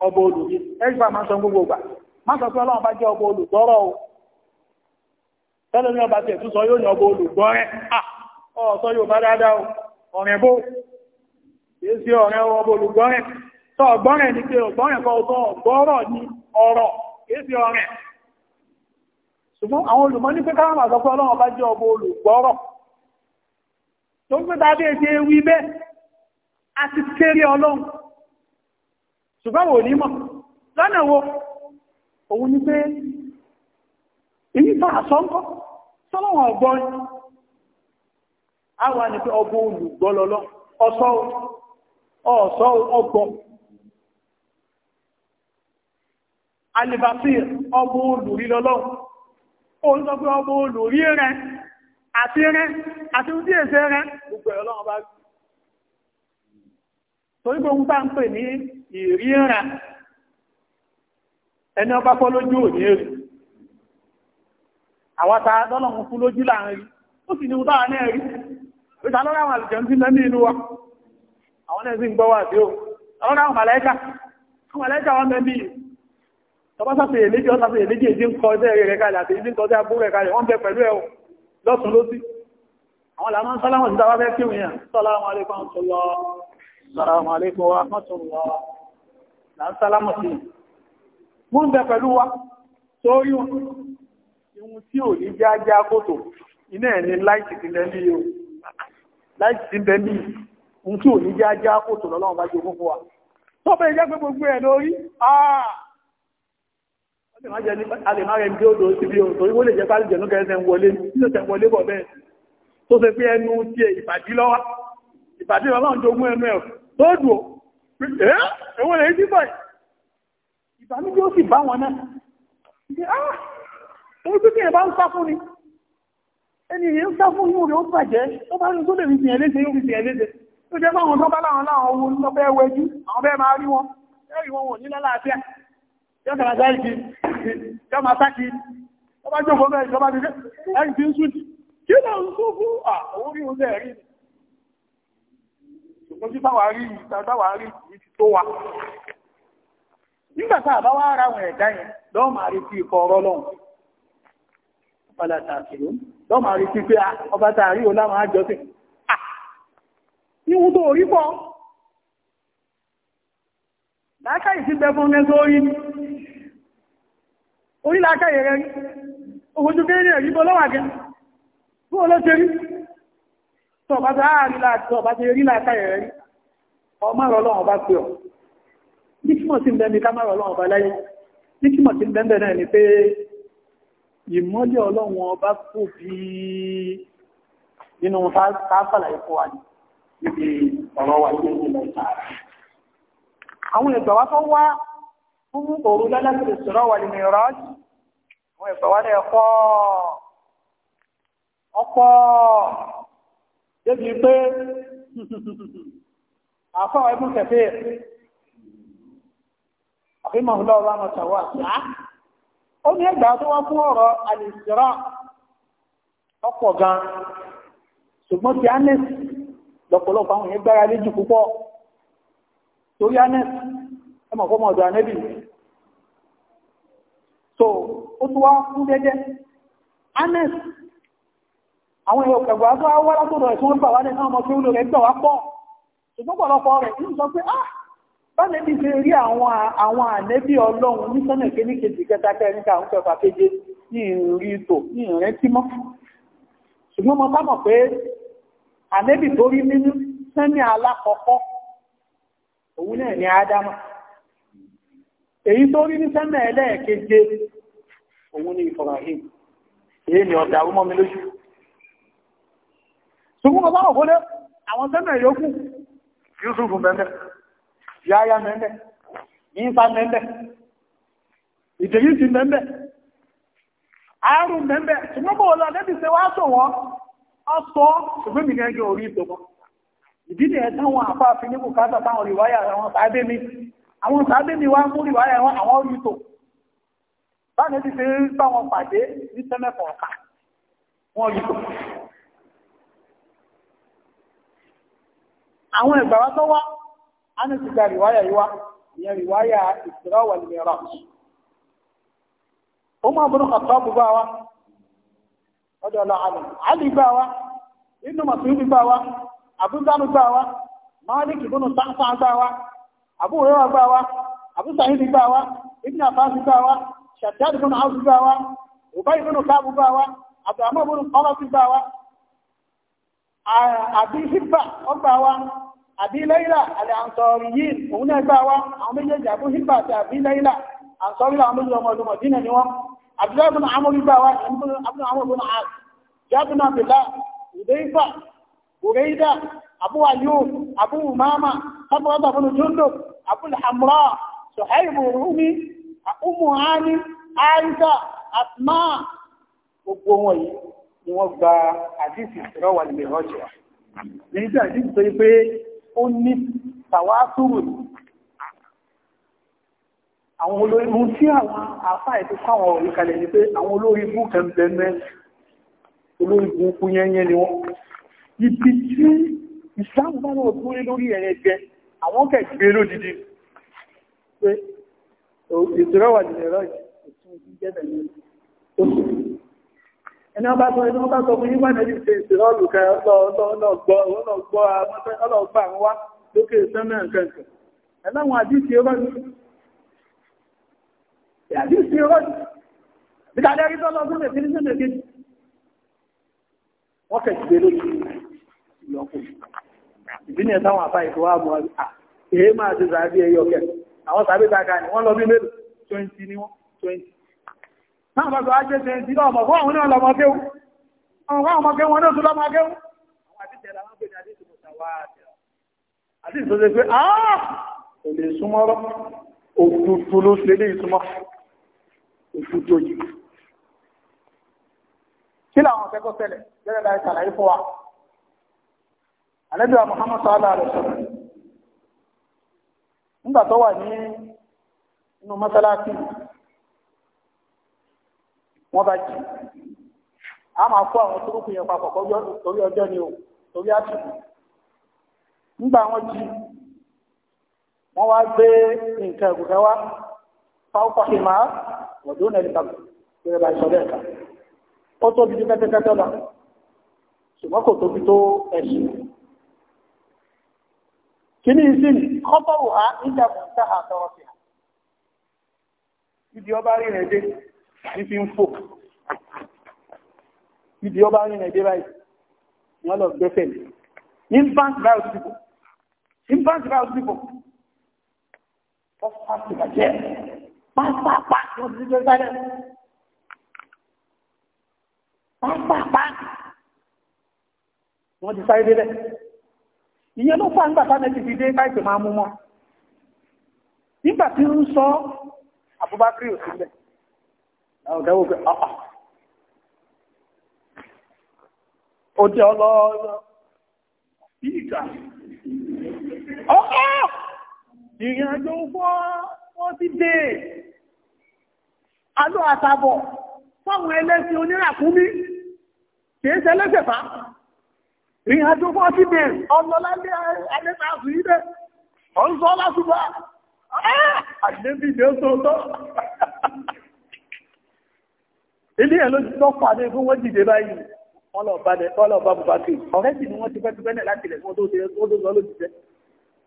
ọba olu ẹgbà máa ń sọ gbogbo máa sọ bá jẹ́ ọba olùgbọ́rọ̀ o tẹ́lẹ̀ ní ọba tẹ̀ sọ yóò ní ọba olùgbọ́rẹ́ ọ̀sọ́ yóò bá dáadáa o ọ̀rẹ́ bó èsì ọ̀rẹ́ ọba olùgbọ́rẹ́ tọ ọ̀gbọ́rẹ́ pé kọ́ ọ̀tọ́ ọ̀rọ̀ ṣùgbọ́n àwọn ní pé bá jẹ́ ọba tó ń àti ṣùgbọ́n wò ní mọ̀ lọ́nà wo òun ni pé ìyífà àṣọ́nkọ́ sọ́lọ́wọ̀n ọgbọ́n a wà ní pé ọgbọ́n olùgbọ́lọ́lọ́ ọ̀sọ́ ọ̀sọ́ ọgbọ́n alìbàfíì ọgbọ́n olùrílọ́lọ́ òun sọ pé ọgbọ́n olùrí rẹ àti rẹ àti ojú èsẹ rẹ gbogbo ẹ̀rọ torí gbogbo bá ń pè ní ìríran ẹni ọba fọ́ lójú òní èrè àwọn lọ́lọ́run fún lójú láàrin ó sì ní ìdáwà náà rí ìta lọ́rọ̀ àwọn àlùjọ ń sí inú wa àwọn náà sì ń gbọ́wà sí o lọ́rọ̀ àwọn màlẹ́kà àwọn màlẹ́kà wọ́n bẹ pẹ̀lú ẹ̀wọ̀ lọ́sùn Assalamu alaikum wa rahmatullah náà sálámọ̀ sí mú ń bẹ pẹ̀lú wa sórí ohun tí ò ní jájá kòtò iná ẹ̀ ni láìsì ti lẹ́lí o láìsì ti lẹ́lí ohun tí ò ní jájá kòtò lọ́lọ́run bá jẹ́ ogún fún wa tó bẹ́ jẹ́ pé gbogbo ẹ̀ lórí àà ah! a lè máa rẹ̀ ní odò sí bí ohun torí wó lè jẹ́ pálí jẹ̀nú kẹsẹ̀ wọlé tó ṣe pé ẹnu tí ìpàdí lọ́wọ́ ìbàdí ọlọ́run jogún ẹnu ẹ̀ tó dùn ẹ́ ẹ̀wọ̀n èyí síbọ̀ ìbànújẹ́ ó sì bá wọn náà ó tún kí ẹ̀ bá ń sá fún ni ẹni èyí ń sá fún inú rẹ̀ ó bàjẹ́ ó bá rí tó lè rí ṣùgbọ́n tí báwa rí rí tó wa nígbà tá wá ara àwọn ẹ̀dá yẹn lọ́ọ́ rí sí ikọ̀ ọ̀rọ̀ lọ́hùn ọ̀pàdà tààkìlú lọ́ọ́ máa rí sí pé ah, ọba tá sí tó bá dáàrí láti ọba tí rí látàrí rí ọmọrọ̀ ọlọ́run bá pè ọ̀ ní kímọ̀ sí bẹ́ẹ̀ ni ká márọ̀ ọlọ́run bá láyé ní kímọ̀ sí bẹ́ẹ̀ náà ni pé ìmọ́lẹ̀ ọlọ́run ọba kò bí nínú sáfàlà ẹ̀kọ́ wa níbi ọ̀rọ̀ wa ilé ìlẹ̀ ìtààrà àwọn ìgbà wá tó wá fún òru lálásìrì sọ̀rọ̀ wà ní mìíràn àwọn ìgbà wá lẹ́ẹ̀kọ́ ọ̀pọ̀ débi pé àfáwà ibùn kẹfẹ́ àfihàn ọba mọ̀tàwà ó ní ẹgbà tó wá fún ọ̀rọ̀ gan ṣùgbọ́n ti anes àwọn gbára púpọ̀ torí anes ẹmọ̀ fọ́mọ̀ ọ̀dọ̀ anẹ́bì so ó wá anes àwọn èèyàn kẹgbà tó wá látọ̀dọ̀ ẹ̀sùn ń bà wá nínú ọmọ tí ó lò rẹ̀ gbà wá pọ̀ ṣùgbọ́n pọ̀lọpọ̀ rẹ̀ ń sọ pé ah báyìí bí ṣe rí àwọn ànẹ́bí ọlọ́run ní sọ́nà kéní kejì kẹta kẹrin ká ń kẹfà keje ní ìrìn ìtò ní ìrìn tímọ́ ṣùgbọ́n mo sábà pé ànẹ́bí tó rí nínú sẹ́ni alákọ̀ọ́kọ́ òun náà ni ádámà èyí tó rí ní sẹ́nà ẹlẹ́ẹ̀keje òun ni Ibrahim èyí ni ọ̀dà ọmọ lójú ṣùgbọ́n bàbá òkúdé àwọn tẹ́mẹ̀ yókù Yusufu mẹ́mẹ́ Yahya mẹ́mẹ́ Isa mẹ́mẹ́ ìdèyìsí mẹ́mẹ́ àárùn mẹ́mẹ́ ṣùgbọ́n bọ̀ lẹ́bí ṣe wá tó wọ́n ọ̀sọ́ ṣùgbọ́n mi ní bùkátà orí ìtò àwọn ìgbàwá tó wá a ní ti gba rìwáyà yíwá ìyẹn rìwáyà ó máa kàtọ́ wa ọjọ́ ọlọ́ àlè àlè wa inú ala, gbà wa àbúzánu gbà wa máàlìkì bọ́nú sáńsán gbà wa àbúrẹ́wà gbà wa àbúsàhídì gbà wa ibn Abbas gbà wa ṣàtẹ́dì bọ́nú àwùjọ gbà wa òbáyì káàbù gbà kọ́lọ́sì gbà wa àbí hibba ọgbà wa àbí lẹ́yìnlá àlẹ́ àǹsọ̀rì yìí òun náà gbà wa àwọn méjèèjì àbú hibba àti àbí lẹ́yìnlá àǹsọ̀rì àwọn méjèèjì ọmọ ọdún mọ̀dínà ni wọ́n àbúrò bùnà àmọ́rí gbà wa àbúrò àmọ́rí bùnà àt jábùnà bìlá ìdẹ́ifà òrèídà àbú ayú àbú umama sábọ́dà bùnà jundub àbú hamra sọ̀hẹ́ìbù rúmi umu hani aisha asma gbogbo wọn yìí ni wọ́n gba àdìsí ìrọ̀wà lè rọ́jẹ̀ èyí tí àdìsí tó yí pé ó ní tàwátúrù àwọn olórin mú tí àwọn àfá ètò fáwọn orí kalẹ̀ ní pé àwọn olórin bú kẹ́m̀bẹ̀mẹ́ olórin bú kú yẹ́yẹ́ ni wọ́n ibi tí ìsáàmù bá wọ́n gúnlé lórí ẹ̀rẹ́ jẹ àwọn kẹ̀gbẹ́ lódìdí pé ìtìrọ̀wà lè rọ́jẹ̀ ẹni ọba sọ ẹni ọba sọ fún yíwá nẹ́bí ṣe ìṣẹ́lọ́lù kẹ ọlọ́gbọ́ àwọn lókè sẹ́mẹ̀ kẹ́kẹ́ ẹ̀láwọn àdíṣì ọba ní àdíṣì ọba ní ìdàdẹ́ rí tọ́lọ́ fún ẹ̀fẹ́ ní sẹ́mẹ̀ kejì wọ́n kẹ̀ jùlọ lójú ìyọkù ìdí ni ẹ̀sáwọn àfá ìfọwọ́ àmọ́ èé máa ti sàábí ẹyọ kẹ àwọn sàábí ta ká ní wọ́n lọ bí mélòó 20 ni wọ́n 20 Náà bá sọ ajé ṣe ti lọ́mọ̀ fún àwọn náà lọ́mọ kéwú. Àwọn fún àwọn kéwú wọn náà tún lọ́mọ kéwú. Àwọn àdíjẹ̀ làwọn pè ní àdíjẹ̀ mùsàwáàdì. Àdíjẹ̀ tó ṣe pé, "Ah! Èlè súnmọ́rọ́, òkútù ló ṣe lé ìsúnmọ́, òkútù òjì." Muhammad Sallallahu Alaihi Wasallam. Nígbà tó wà ní inú mọ́sálásí, wọ́n bá jì á máa kó àwọn tórókù yẹn papọ̀ torí ọjọ́ ni o torí nígbà wọn jì wọ́n wá gbé nǹkan wá bá ó tóbi kẹ́tẹ́kẹ́tẹ́ lọ ṣùgbọ́n kò tóbi fífi ń fò ibi ọba ní nàìjíríà wọ́n lọ gbẹ́sẹ̀ lé infant virus people infant virus people wọ́n fásitì bàjẹ́ pápápá wọ́n ti jẹ́ sáré pápápá wọ́n ti sáré délẹ̀ ìyẹn ló fà nígbà táwọn ẹni ti dé káìpẹ̀ máa mú mọ́ nígbà tí ń sọ àbúbákírì òsínlẹ̀ àwọn kẹwò pé àà ah, ah. ó jẹ́ ọlọ́ọ̀lọ́ ìgbà ọ̀pọ̀ ìrìn àjò wọ́n ti dé alọ́ àtàbọ̀ fáwọn ẹlẹ́sìn oníràkúnmí kìí lẹ́sẹ̀fà ìrìn àjò wọ́n ti dé ọlọ́lá ní alẹ́ta ilé ẹ̀ ló ti tọ́ pàdé fún wọ́n dìde báyìí ọlọ́ọ̀bá bùbákì ọ̀rẹ́ sì ni wọ́n ti pẹ́tù bẹ́ẹ̀ láti ilẹ̀ fún tó ṣe ó tó sọ ló ti jẹ́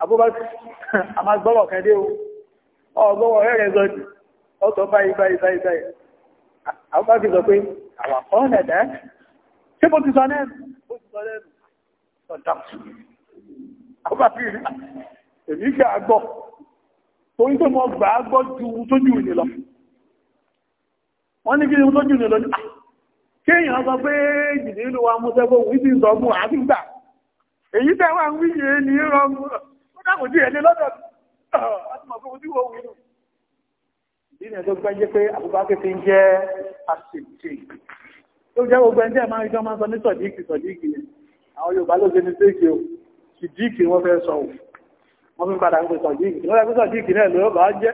abúbákì àmà gbọ́rọ̀ kan dé o ọgbọ́wọ́ rẹ̀ rẹ̀ zọjì ó sọ báyìí báyìí báyìí báyìí abúbákì sọ pé àwàkọ́ nẹ̀dẹ́ ṣé mo ti sọ nẹ́ẹ̀nù mo ti sọ nẹ́ẹ̀nù ọ̀dà abúbákì rí èmi fẹ́ àgbọ̀ torí pé mo gbà á gbọ́ ju tójú ìnìlọ wọ́n ní kí ni tó jù ní lójú ah! kéèyàn sọ pé jìdí ìlú wa mú sẹ́gbó òun ti sọ fún àti gbà èyí tẹ́ wà ń wí yé ní rọrùn ó dàbò dí ẹni lọ́dọ̀ láti ah! mọ̀ fún ojú òun nù ìdí ẹ̀ tó gbẹ́ jẹ́ pé àbúbá kéfin jẹ́ àṣìṣe tó jẹ́ gbogbo ẹni tí ẹ̀ máa ń rí ọmọ sọ ní sọ̀díkì sọ̀díkì ni àwọn Yorùbá ló ṣe ní séèkì o sìdíkì wọ́n fẹ́ sọ wọ́n fi padà ń pè sọ̀díkì wọ́n fẹ́ sọ̀díkì náà lọ́ọ́ bá jẹ́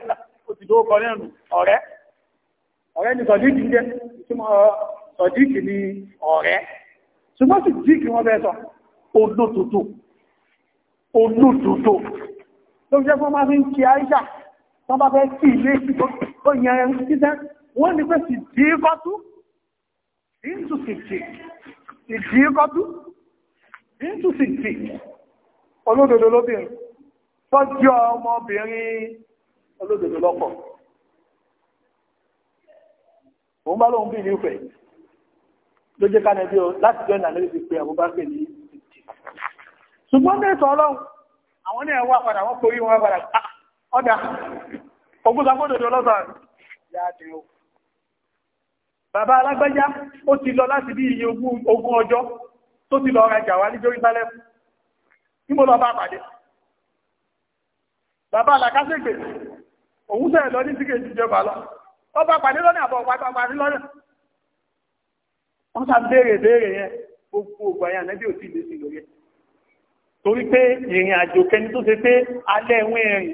ó ti dó kọ nínú ọ̀rẹ́ ọ̀rẹ́ ni sọ̀díkì jẹ́ sọ̀díkì uh, ni ọ̀rẹ́ ṣùgbọ́n sì díkì wọ́n bẹ́ẹ̀ sọ olótòtò olótòtò ló jẹ́ fún máa fi ń kí àìṣà wọ́n bá fẹ́ sí ilé tó yẹn títẹ́ wọ́n ní pé sì díkọ́tú olódodo lóbìnrin tọ́jú ọmọbìnrin olódodo lọ́pọ̀ òun bá lóun bí ní ìfẹ́ ló jẹ́ kánẹ bí o láti jẹ́ ìlànà lè fi pé àwọn bá pè ní ìdí ṣùgbọ́n ní ìtàn ọlọ́run àwọn ní ẹ̀wọ́ àpàdà wọ́n forí wọn padà ah, ọ̀dà ògúnṣàkódòdó lọ́sàn yáàdì o bàbá alágbájá ó ti lọ láti bí iye ogún ọjọ́ tó ti lọ rajà wá ní Jerusalem tí mo lọ bá pàdé bàbá alákásẹ̀gbè òun sẹ́ẹ̀ lọ ní síkèjì jẹba lọ ọba pàdé lọ́nà àbọ̀ ọba pàdé lọ́nà wọ́n sá béèrè béèrè yẹn gbogbo ògbà yẹn ànábì òtí ìlú sí lórí ẹ̀ torí pé ìrìn àjò kẹni tó ṣe pé alẹ́ ẹ̀wọ̀n ẹ̀rìn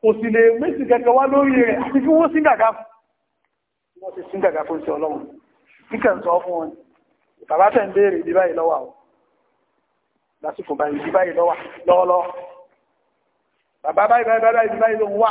kò sì lè méjì kẹ̀kẹ́ wá lórí rẹ̀ àti kí wọ́n sí gàgà fún wọ́n sí gàgà fún ọlọ́run bàbá báyìí báyìí báyìí báyìí ló ń wà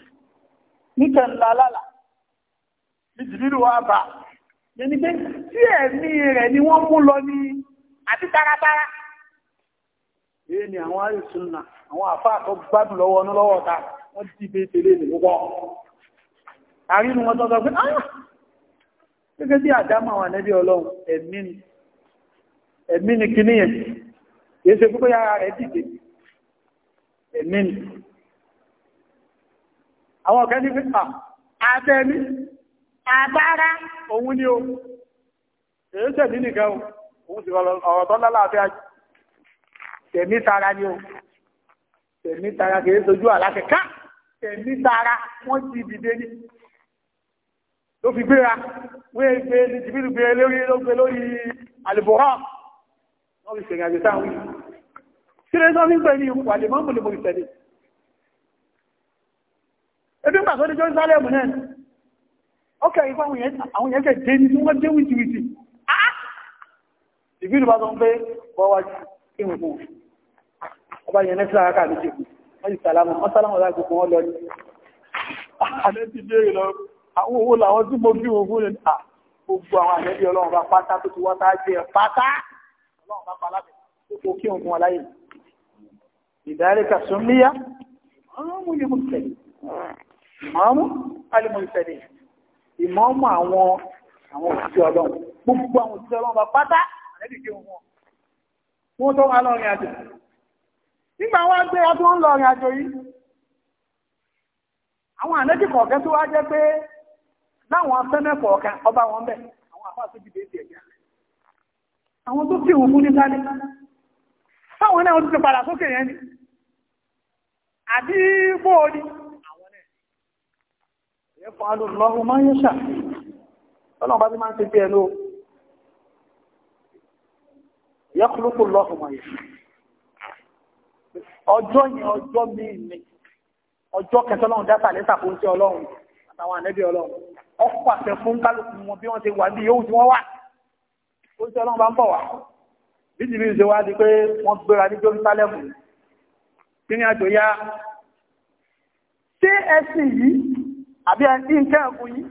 níkẹ̀ńlá lálà ìdìlú wa bà yẹni pé tí ẹ̀mí rẹ̀ ni wọ́n mú lọ ní àti taratara èyí ni àwọn àìsùnà àwọn àfáà tó gbádùn lọ́wọ́ ọ̀nà lọ́wọ́ ta wọ́n ti bẹ́ tẹ́lẹ̀ ní wọ́n àrínú wọn tọ́tọ́ pé ah gẹ́gẹ́ bí àdámọ̀ àwọn ànẹ́bí ọlọ́run ẹ̀mí ni ẹ̀mí ni kìíní yẹn kìí ṣe púpọ̀ yára rẹ̀ dìde ẹ̀mí ni àwọn ọ̀kẹ́ ní fífà ah, àtẹ́mí àgbára òun ni o èyí tẹ̀mí nìkan o òun sì ọ̀rọ̀ tó lálàáfíà tẹ̀mí tara ni o tẹ̀mí tara kìí sojú àlákẹ́ká tẹ̀mí tara wọ́n ti dìde ní ló fi gbéra wé gbé ní jìbìrì gbé lórí ló gbé lórí àlùbọ̀rọ̀ wọ́n fi ṣèrìn àjẹsáwí kí lè sọ nígbà ní ìwà lè mọ́ mọ́ lè mọ́ ìṣẹ̀lẹ̀ ebi ń pàtó ní Jerusalem náà ọkẹ̀ ìfà àwọn èèyàn kẹ̀ dé ní tí wọ́n dé wìtìwìtì ah! ìbínú bá sọ pé bọ́wá kí n kú ọba yẹn nẹ́sí ara káàkiri jù wọ́n sì sàlámù wọ́n sàlámù ọ̀dá gbogbo wọn lọ ní ah! àlẹ́ ti dé ìlọ àwọn owó làwọn tí mo bí wọn fún ní à ah! gbogbo àwọn àlẹ́bí ọlọ́run bá pátá tó ti wọ́tá jẹ pátá ọlọ́run mú ní mo tẹ̀lé ìmọ̀ọ́mù alìmọ̀lùsẹ̀lẹ̀ ìmọ̀ọ́mù àwọn àwọn òṣìṣẹ́ ọlọ́run gbogbo àwọn òṣìṣẹ́ ọlọ́run bá pátá àlẹ́bí kí wọn wọn tó wà lọ́rin àjò nígbà wọn gbé ọdún ń lọrin àjò yìí àwọn àlẹ́bí kọ̀ọ̀kẹ́ tó wá jẹ́ pé láwọn afẹ́mẹ́ kọ̀ọ̀kan ọba wọn bẹ̀ àwọn àpá tó dìde sí ẹ̀yà àwọn tó kí òun fún ní sáré táwọn náà ti padà sókè yẹn ni àbí bóòdì ẹ̀fọ́ alùlọ́run máa ń yẹ́ṣà ọlọ́run bá ti máa ń ṣe bí ẹnu yẹ́kùlùkù lọ́run máa yẹ́ṣà ọjọ́ yẹn ọjọ́ míì ni ọjọ́ kẹta ọlọ́run dá sàlẹ̀ sàkóhun sí ọlọ́run àtàwọn ànẹ́bí ọlọ́run ọkọ̀ àfẹ́ fún kálukú wọn bí wọ́n ṣe wà bí yóò tí wọ́n wà ó ṣe ọlọ́run bá ń bọ̀ wá bí ti bí ṣe wá di pé wọ́n gbéra ní Jerúsálẹ́mù kí ni àjò yá ṣé ẹ̀sìn yìí àbí ẹni tí ń kẹ́ ẹ̀kùn yìí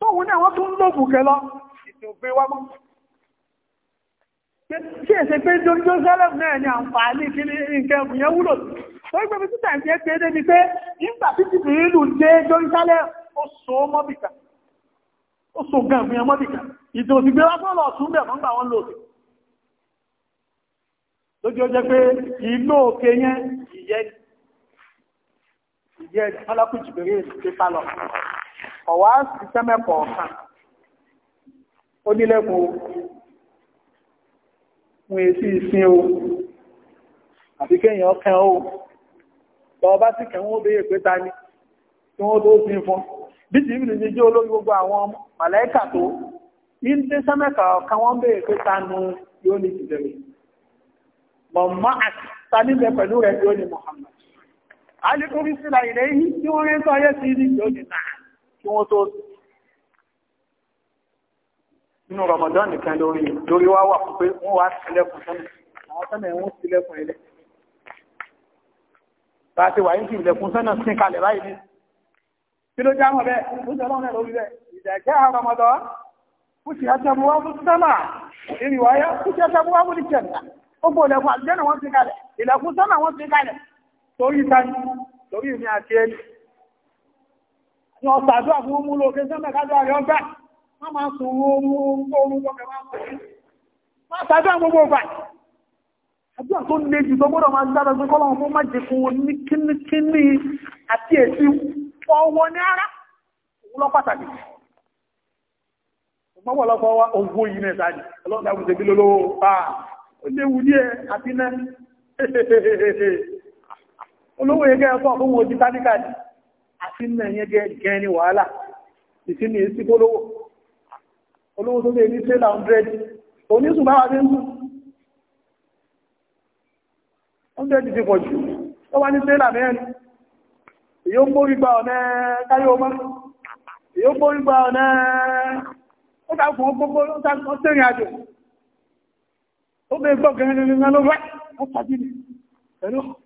tó wù náà wọ́n tún lóògù kẹ lọ ìsìn òfin wá kí èsè pé dójú sẹ́lẹ̀ náà ni àǹfààní kí ní nǹkan ẹ̀kùn yẹn wúlò tó gbé mi títà ìfẹ́ pé débi pé nígbà tí ti bìrì lù dé dójú sẹ́lẹ̀ ó so mọ́bìkà ó so gan ìfún yẹn mọ́bìkà ìdò jẹ́ ọlọ́kùn jìbìrì èdè sálọ ọ̀wá ṣiṣẹ́ mẹ́kọ̀ ọ̀kan ó nílẹ̀kùn wọn èsì ìsìn o àti kéèyàn kẹ́ o lọ bá sí kẹ̀wọ́n ó béèrè pé ta ni tí wọ́n tó sin fún bí ti ìbìlì ní jẹ́ olórí gbogbo àwọn màláíkà tó ní dé sẹ́mẹ́kà ọ̀kan wọ́n béèrè pé ta nu yóò ní ìbẹ̀rẹ̀ mọ̀mọ́ àti ta níbẹ̀ pẹ̀lú rẹ̀ yóò ní Muhammad alìkúrí sílà ilẹ̀ yìí tí wọ́n rẹ́ sọ́yẹ́ sí ní yóò ní náà kí wọ́n tó nínú Ramadan nìkan lórí lórí wá wà pé wọ́n wá sílẹ̀kùn fún àwọn sọ́nà ẹ̀wọ̀n sílẹ̀kùn ilẹ̀ bá ti wà ní ìlẹ̀kùn sọ́nà sí kalẹ̀ báyìí ní kí ló já mọ̀ bẹ́ẹ̀ ó jẹ́ lọ́nà lórí bẹ́ẹ̀ ìdàjẹ́ Ramadan ó sì àtẹ̀mùwá fún sọ́nà ìrìwáyá torí tani torí ìní àti ẹni ni ọ̀sà àdúrà fún mú lókè sẹ́mẹ̀ kájọ́ àrẹ ọgbà má máa sùn oorun oorun tọ́kẹ̀ máa pọ̀ sí má sàdúrà gbogbo ọgbà àdúrà tó lè jù tó gbọ́dọ̀ máa wa ògbó yìí náà sáàdì ọlọ́dà kùsẹ̀ bí lólówó pa ah, ó léwu díẹ̀ àti náà olówó ẹgẹ́ ẹ̀kọ́ fún wọn ti táníkà ní àti nẹ̀yẹn gẹ́gẹ́ wàhálà ìsinmi èsì olówó olówó tó lè ní 100 onísùn ní 100 ti pọ̀ ó wá ní tẹ́lá mẹ́rin èyí ó ọ̀nà káyọ̀ ọmọ ọ̀nà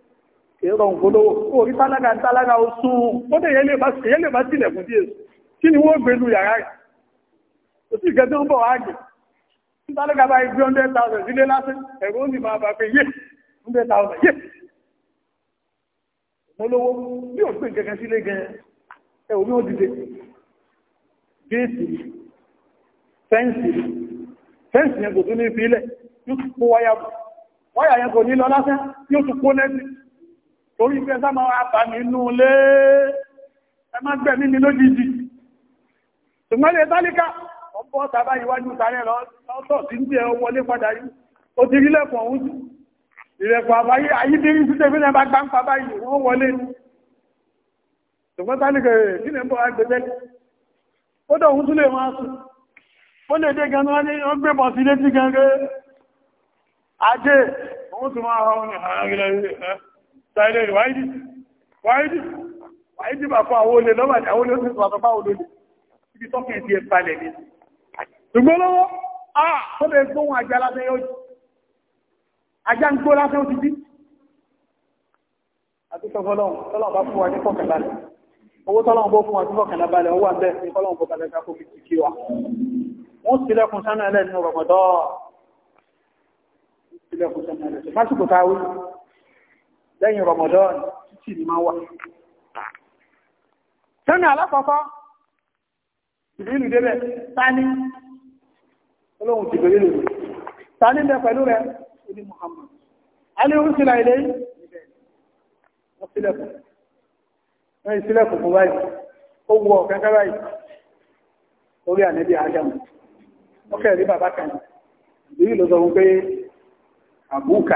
kèrọ ògbólówó orí tálága tálága ó sún ó dẹ̀ yẹ́ lè bá sílẹ̀ fún díẹ̀ kí ni wọ́n gbé lu yàrá rẹ̀ kò sí ìgẹ́ tó ń bọ̀ ágbẹ̀ tí tálága bá ibi 100,000 sílé lásán ẹ̀rọ ó sì máa bà pé yé 100,000 yé mọ́lówó bí ò gbé gẹ́gẹ́ sílé gẹ́gẹ́ ẹ̀wọ̀n bí ó dìde géètì fẹ́ǹsì fẹ́ǹsì yẹn kò tún ní ìfilẹ̀ yóò tún kó torí pé sáma wá bà mí lé ẹ má gbẹ̀mí mi lójijì ṣùgbọ́n lè tálíkà ọ̀pọ̀ tàbá ìwájú tààrẹ lọ́tọ̀ tí ń jẹ wọlé padà yìí ó ti rílẹ̀kùn ọ̀hún sí ìrẹ̀kùn àbáyé ayídírí sí tẹ́fílẹ̀ bá gbá ń pa báyìí wọ́n wọlé ṣùgbọ́n tálíkà rẹ̀ kí lè ń bọ̀ agbẹ̀lẹ́ ó dọ̀ òun tún lè sùn ó lè dé gan ní ó gbé bọ̀ sí létí gan rẹ̀ ajé òun tún máa rọrùn àárín sáré rẹ̀ wáyé wáyé wáyé dìbà fún àwọn olè lọ́wọ́ àti àwọn olè ó sì sọ àtọ́fà olè ibi tọ́kì ti ẹ̀ palẹ̀ ni ṣùgbọ́n lọ́wọ́ a tó lè gbóhun ajá lásán yóò jù ajá ń gbó lásán ó ti dí àti sọfọlọ́hùn tọ́lọ́hùn bá fún wa ní fọ̀kànlá owó tọ́lọ́hùn bó fún wa ní fọ̀kànlá balẹ̀ owó àbẹ́ ní kọ́lọ́hùn bó balẹ̀ kákó fi kí wa wọ́n sílẹ̀kùn sánà ẹlẹ́nu rọ̀mọ̀dọ́ sílẹ̀kùn sánà ẹlẹ́nu lẹ́yìn Ramadan títí ni máa wà tẹ́nà alákọ̀ọ́kọ́ ìlú débẹ̀ tání olóhun ti bèèrè lòrò tání bẹ pẹ̀lú rẹ̀ ní Muhammad aléhun sílẹ̀ ilé wọ́n sílẹ̀kùn wọ́n sílẹ̀kùn fún báyìí ó wọ kẹ́kẹ́ báyìí orí ànẹ́bí Adam wọ́n kẹ́rí bàbá kan ìlú lọ́sọ̀rọ̀ pé àbúkà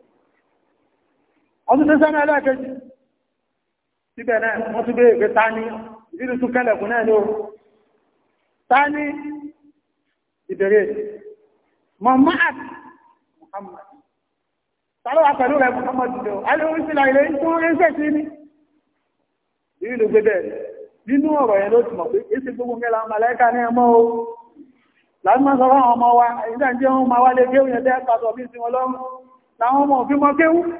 ọdún tó sẹ́nà ẹlẹ́ẹ̀kejì síbẹ̀ náà wọ́n tún bèèrè pé ta ni ìdílù tún kẹlẹ̀kùn náà ní o ta ni ìbèrè Muhammad Muhammad tàlọ́wà pẹ̀lú rẹ̀ Muhammad lọ alẹ́orísìlá ilẹ̀ tó rẹ́sẹ̀ sí ni ìrìnlẹ̀ gbẹ̀bẹ̀ nínú ọ̀rọ̀ yẹn ló ti mọ̀ pé èsì gbogbo mẹ́la màláíkà ní ẹmọ́ o láàrín sọ fáwọn ọmọ wa ìdájẹ́ wọn ma wá kéwù yẹn tẹ́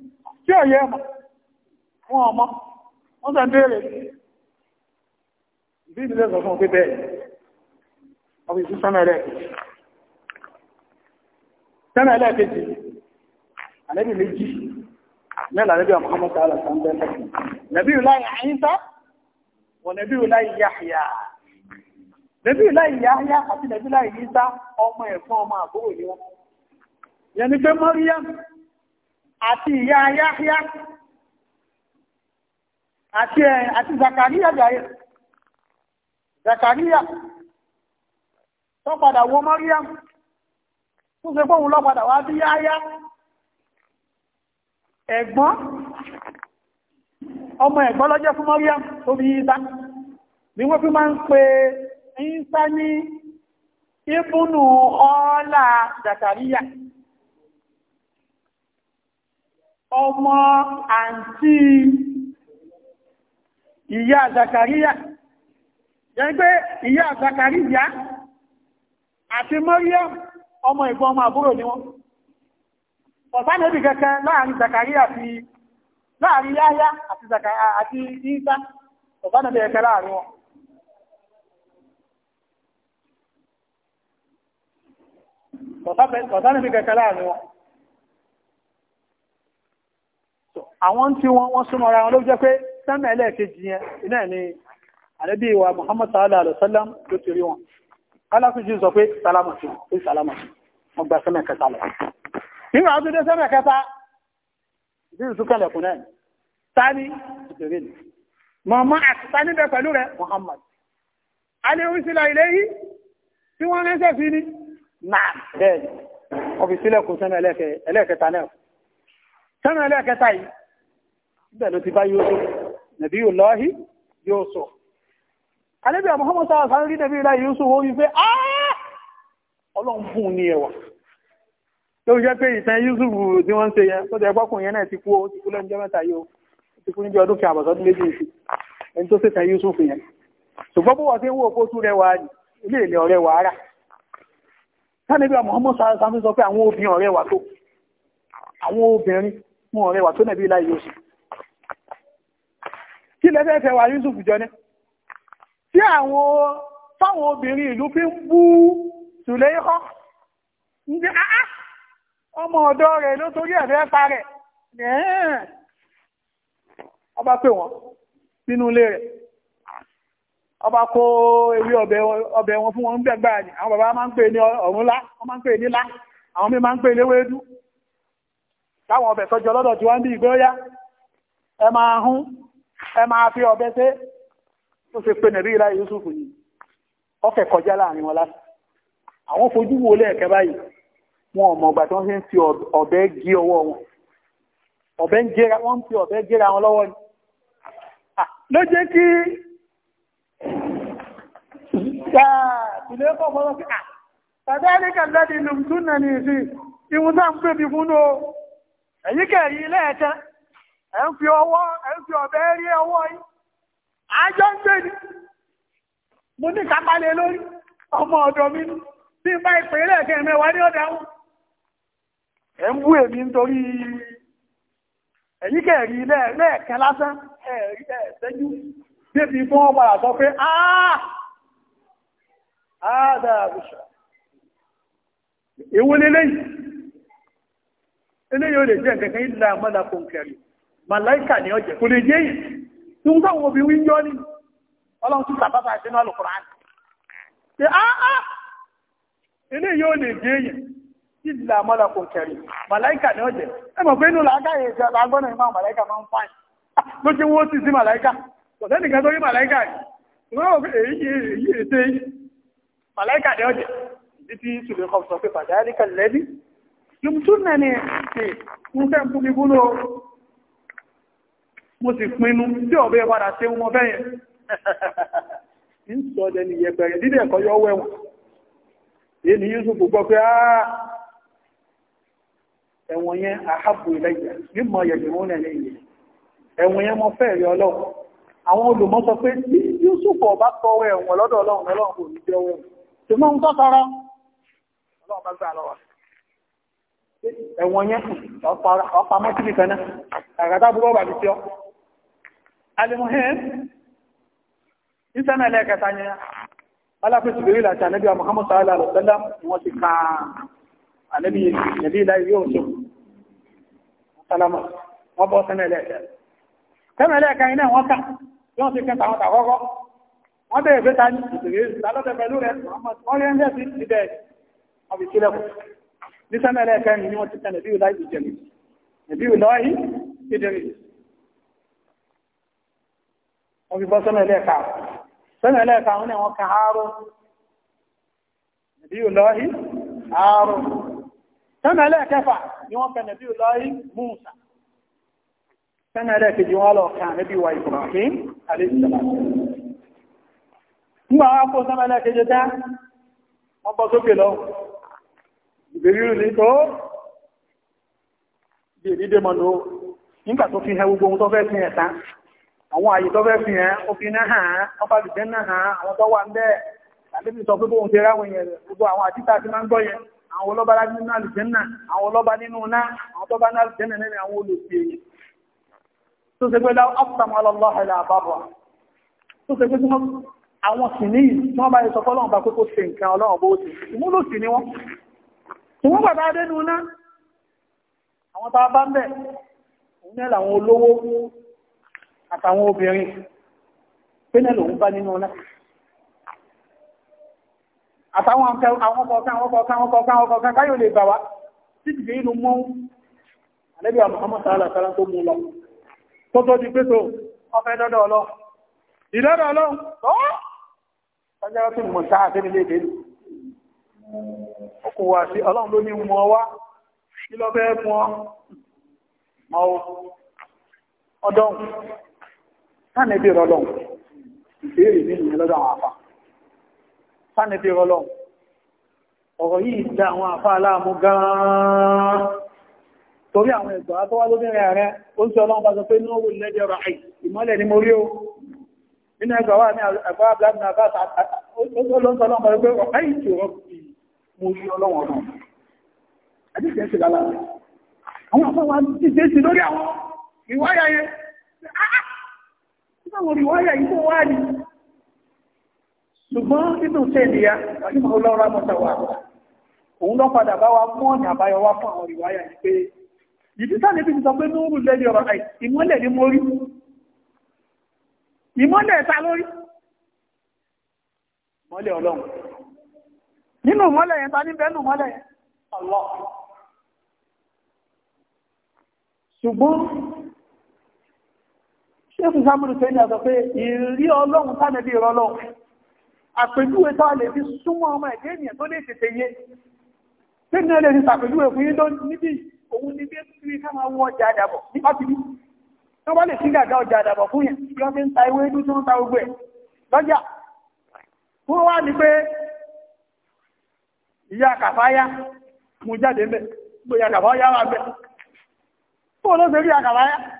tí ọ̀yẹ́ ọmọ fún ọmọ wọ́n tẹ́ bèèrè bí ìdílé sọ fún pé bẹ́ẹ̀ ọmọ ìsú sọ́mẹ́rẹ́ sọ́mẹ́rẹ́ kejì àlẹ́bì méjì mẹ́lá àlẹ́bì ọmọ ọmọ sáà lọ́sàn bẹ́ẹ̀ nàbí ìláyà àyíntá wọ̀ nàbí ìláyà yáhìá nàbí ìláyà yáhìá àti nàbí ìláyà yíntá ọmọ ẹ̀fọ́ ọmọ àbúrò ni wọ́n yẹni pé mọ́ríyàmù àti ìyá Yahya àti ẹ̀ àti Zakariya jàre Zakariya tó padà wo Mariam tó ṣe pé òun lọ padà wá bí Yahya ẹ̀gbọ́n ọmọ ẹ̀gbọ́n lọ́jẹ́ fún Mariam tó bí ìta ni wọ́n fi máa ń pe ìsá ní ìbúnù ọlá Zakariya. ọmọ àǹtí ìyá Zakaria yẹn pé ìyá Zakaria àti Maryam ọmọ ìgbọ́n ọmọ àbúrò ni wọ́n ọ̀sánàbì kẹ́kẹ́ láàrin Zakaria àti láàrin Yahya àti Zakaria àti Isa ọ̀sánàbì láàrin wọn ọ̀sánàbì kẹ́kẹ́ láàrin wọn àwọn tí wọ́n wọ́n súnmọ́ ara wọn ló jẹ́ pé sẹ́mẹ̀ ẹlẹ́ẹ̀kejì yẹn iná ní àdẹ́bí ìwà Muhammad sallallahu alaihi wasallam ló ti rí wọn alákùnjú sọ pé sálámà sí pé sálámà sí wọn gba sẹ́mẹ̀ kẹta lọ tani ìbẹ̀rẹ̀ ni tani bẹ Muhammad alẹ́ orísìlá ilé yìí tí wọ́n rẹ́sẹ̀ fi ní náà bẹ́ẹ̀ ni ọ̀fìsílẹ̀kùn sẹ́mẹ̀ ẹlẹ́ẹ̀kẹta sẹ́mẹ̀ ẹlẹ́ẹ̀kẹta yìí bẹ́ẹ̀ ló ti bá yóò nàbí yóò lọ́hí yóò sọ alẹ́bí àmọ́hàmọ́ sáà sáà rí nàbí ilá yóò sọ wọ́n wípé ọlọ́run fún ní ẹwà tó jẹ́ pé ìtàn Yusuf tí wọ́n ń ṣe yẹn tó jẹ́ pọ́kùn yẹn náà ti kú ó ti kú lẹ́nu mẹ́ta yóò ti kú níbi ọdún kí àbọ̀sọ́dún méjì sí ẹni tó ṣètàn Yusuf yẹn ṣùgbọ́n bó wọ́n ti ń wò kó tú rẹwà ilé ilé ọ̀rẹ́ wà rà sánibí àmọ́hàmọ́ sáà sáà sọ pé àwọn obìnrin ọ̀rẹ́ wà tó àwọn obìnrin mú ọ̀rẹ́ wà tó nàbí ilá Yusuf kí lẹ́fẹ́ fẹ́ wà Yusuf jọní tí àwọn táwọn obìnrin ìlú fi ń bú Sùlẹ́yọ́ ní àá ah, ah, ọmọ ọ̀dọ́ rẹ̀ ló torí ẹ̀fẹ́ pa rẹ̀ ọba pè wọ́n nínú ilé ọba kó ewé ọbẹ̀ wọn fún wọn àwọn bàbá máa ń pè ní ọ̀run lá wọ́n máa ń pè àwọn máa ń pè léwédú táwọn ọbẹ̀ tí wọ́n ń bí ìgbé ẹ máa fi ọbẹ̀ ṣe ó ṣe pé nàbí ìlà Yusuf yìí ọkẹ̀ kọjá láàrin wọn láti àwọn fojú wo lẹ́ẹ̀kẹ́ báyìí wọn ò mọ̀gbà tí wọ́n ṣe ń fi ọbẹ̀ gé ọwọ́ wọn ọbẹ̀ ń gé wọ́n ń fi ọbẹ̀ géra wọn lọ́wọ́ ni ló jẹ́ kí ìlẹ́kọ̀ọ́ fọ́lọ́ sí à tàbí àríkà lẹ́dí lùmtúnnà ní ìsìn ìwúntà ń pè mí fún ẹ̀ ọwọ fi ọbẹ ẹ̀ rí ọwọ yìí ajọ ń gbé ni mo ní lórí ọmọ ọdọ mi ní bí bá ìpínlẹ̀ ẹ̀kẹ́ mẹ́wàá ní ọ̀dà wọn ẹ̀ ń bú èmi nítorí ẹ̀yìn kẹ̀rí lẹ́ẹ̀kẹ́ lásán ẹ̀rí ẹ̀ẹ́sẹ́jú débi tó wọ́n padà pé màláìkà ni ọjẹ́ kò lè jẹ́ yìí tí wọ́n táwọn obì wí ń yọ́ ní ọlọ́run tún sàbábà sínú alùkùnrin pé áá ilé yóò lè jẹ́ yìí tí ìlà mọ́lọ́kù kẹrì màláìkà ni ọjẹ́ ẹ mọ̀ pé inú làágáyè àgbọ́nà ìmọ̀ màláìkà máa ń fà ló ah, ṣe wó sí sí màláìkà kò sẹ́nìkan tó rí màláìkà yìí ni ọjẹ́ títí ìṣùlẹ̀ kan sọ pé pàdé àríkà lẹ́bí ni ẹ̀ ń fẹ́ fún mo sì pinnu tí ọ̀bẹ́ padà ṣe wọn fẹ́yẹn ń sọ dẹni yẹpẹrẹ dídẹ̀ ẹ̀kọ́ yọ wẹ̀wọ̀n èyí ni Yusuf gbọ́ pé ẹ̀wọ̀n yẹn àhábù ìlẹ́yìn mímọ̀ yẹ̀gbẹ̀rún náà lẹ́yìn ẹ̀wọ̀n yẹn mọ́ fẹ́ rí ọlọ́run àwọn olùmọ̀ mọ́ ń tọ́ náà àgàtà búrọ́ bàbí tí ọ alimuhim ìsẹ́nà ẹlẹ́ẹ̀kẹta ni aláfẹ́ ṣùgbèrè láti ànẹ́bí wa Muhammad sallallahu alaihi wasallam wọ́n ti ka ànẹ́bí nàbí láì yóò tó sálámà wọ́n bọ́ sẹ́nà ẹlẹ́ẹ̀kẹ́ sẹ́nà ẹlẹ́ẹ̀kẹ́ iná wọ́n ká yóò ti kẹta wọn tàkọ́kọ́ wọ́n bẹ̀rẹ̀ fẹ́ ta ní ìṣèlérí lálọ́tẹ̀ pẹ̀lú rẹ̀ wọ́n rí ẹ̀ńdẹ́ sí ibẹ̀ wọ́n fi sílẹ̀kùn ní sẹ́nà ẹlẹ́ẹ̀kẹ́ ni wọ́n ti kẹ wọ́n fi bọ́ sọ́nà ẹlẹ́ẹ̀ka sọ́nà ẹlẹ́ẹ̀ka wọn ni wọ́n kan àárọ̀ nàbí ìlọ́hí àárọ̀ sọ́nà ẹlẹ́ẹ̀kẹfà ni wọ́n kan nàbí ìlọ́hí Mùsá sọ́nà ẹlẹ́ẹ̀kejì wọ́n lọ kan nàbí wa Ibrahim alẹ́sìlẹ̀ Ìgbèrè ìdè mọ̀nà nígbà tó fi hẹ gbogbo ohun tó fẹ́ sí ẹ̀ta àwọn àyè tó fi hàn ó náà hàn wọ́n fà lùjẹ́ náà hàn àwọn tó ń bẹ́ẹ̀ àlébí sọ pé bóun ṣe ráwọn èèyàn gbogbo àwọn àtìtà ti máa ń gbọ́ àwọn ọlọ́ba láti nínú àlùjẹ́nà àwọn ọlọ́ba nínú náà àwọn tó bá ní àlùjẹ́nà ní àwọn tá àtàwọn obìnrin pínlẹ̀ lòun bá nínú ọlá àtàwọn àwọn kọ̀ọ̀kan àwọn kọ̀ọ̀kan àwọn bà wá tí jìbì inú mọ́ ọjọ́ tí mọ̀ sáà tẹ́lú ilé ìdè ọkùn sí ọlọ́run ló ní mọ́ wá kí lọ bẹ́ẹ̀ mọ́ sánẹ́bí rọlọ́n ìbéèrè ní ìyẹn lọ́dọ̀ àwọn àfà sánẹ́bí rọlọ́n ọ̀rọ̀ yìí dá àwọn àfà aláàmú gan-an torí àwọn ẹ̀gbọ́ tó wá lóbìnrin ààrẹ ó ń sọ ọlọ́run bá sọ pé nóòwò lẹ́jọ́ ra àì ìmọ́lẹ̀ ni mo rí o nínú ẹgbà wà ní àgbà abúlé àbá ó ń sọ ọlọ́run bá sọ pé ọ̀pẹ́ ìṣòro mo rí ọlọ́run ọ̀run ẹ̀dẹ́gbẹ̀ẹ́ sì lára àwọn àfọwà ti ṣe sí lórí àwọn ìwáyà yẹn láwọn ìwáyà yìí tó wá ní ṣùgbọ́n nínú tẹ́lẹ̀yà àjúmọ̀ ọlọ́rọ̀ mọ́tàwà òun lọ padà bá wa mọ́ ọ̀nà àbáyọ wá fún àwọn ìwáyà yìí pé ìdí sáàlẹ̀ bí ti sọ pé núrù lẹ́lẹ̀ ọ̀rọ̀ àì ìmọ́lẹ̀ ní mórí ìmọ́lẹ̀ ta lórí mọ́lẹ̀ ọlọ́run Jésù Sámúlù tẹ́lì àsọ pé ìrí ọlọ́run tánàbí ìrọlọ́. Àpèjúwe tá a lè fi súnmọ́ ọmọ ẹ̀dẹ́ ènìyàn tó lè tètè yé. Tí ní ẹlẹ́ ti sàpèjúwe fún yín lónìí níbi òun ní bí kí ká máa wọ ọjà àdàbọ̀ ní pátìlí. Wọ́n bá lè sí gàgá ọjà àdàbọ̀ fún yẹn bí wọ́n fi ń ta ewé dúdú tó ń ta gbogbo ẹ̀ lọ́jà. Wọ́n wá ní pé ìyá kàfáyá mú jáde mẹ́. Gbogbo kàfáyá wà mẹ́. Fóònù ó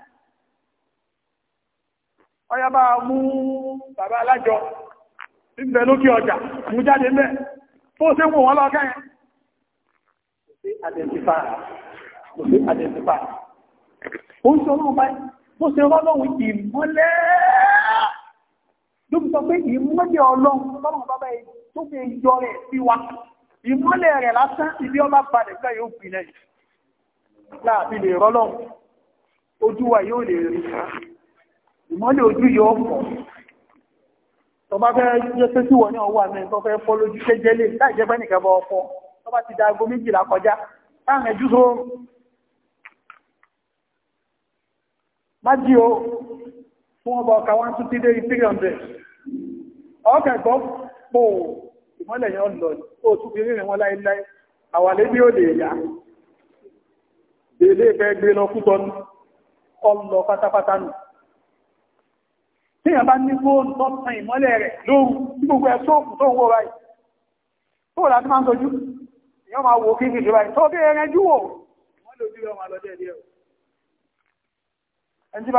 ọya bá mú bàbá alájọ ń bẹ lókè ọjà mú jáde mẹ́ tó ṣe wù wọ́n lọ́kẹ́ yẹn kò sí àdẹ̀sífà kò sí àdẹ̀sífà ó ń sọ ọlọ́run báyìí bó ṣe rọ́lọ́run ìmọ́lẹ̀ lóbi sọ pé ìmọ́lẹ̀ ọlọ́run lọ́rùn bàbá yìí tó fi yọ rẹ̀ sí wa ìmọ́lẹ̀ rẹ̀ lásán ibi ọba padà gbá yóò fi lẹ́yìn láàbí lè rọ́lọ́run ojú wa yóò lè rí ìmọ́lẹ̀ ojú yóò pọ̀ tọba fẹ́ jẹ́ pé tí wọ́n ní ọwọ́ àmì tó fẹ́ fọ́ lójú ṣe jẹ́lé láì jẹ́ pẹ́nìkẹ́ bọ́ ọkọ̀ tọba ti da ago méjìlá kọjá láàrin ẹjú tó o fún ọba ọkà wọn tún ti dé three hundred ọkà ẹ̀gbọ́n pò ìmọ́lẹ̀ nù tí bá ní fóònù tó tan ìmọ́lẹ̀ rẹ̀ lóru tí gbogbo ẹ̀ sóòkù tó wó báyìí tó láti máa ń sojú èèyàn máa wo kí kìí báyìí tó bí ẹran jú wò wọ́n lójú yọ máa ìdí ẹ̀rọ ẹni tí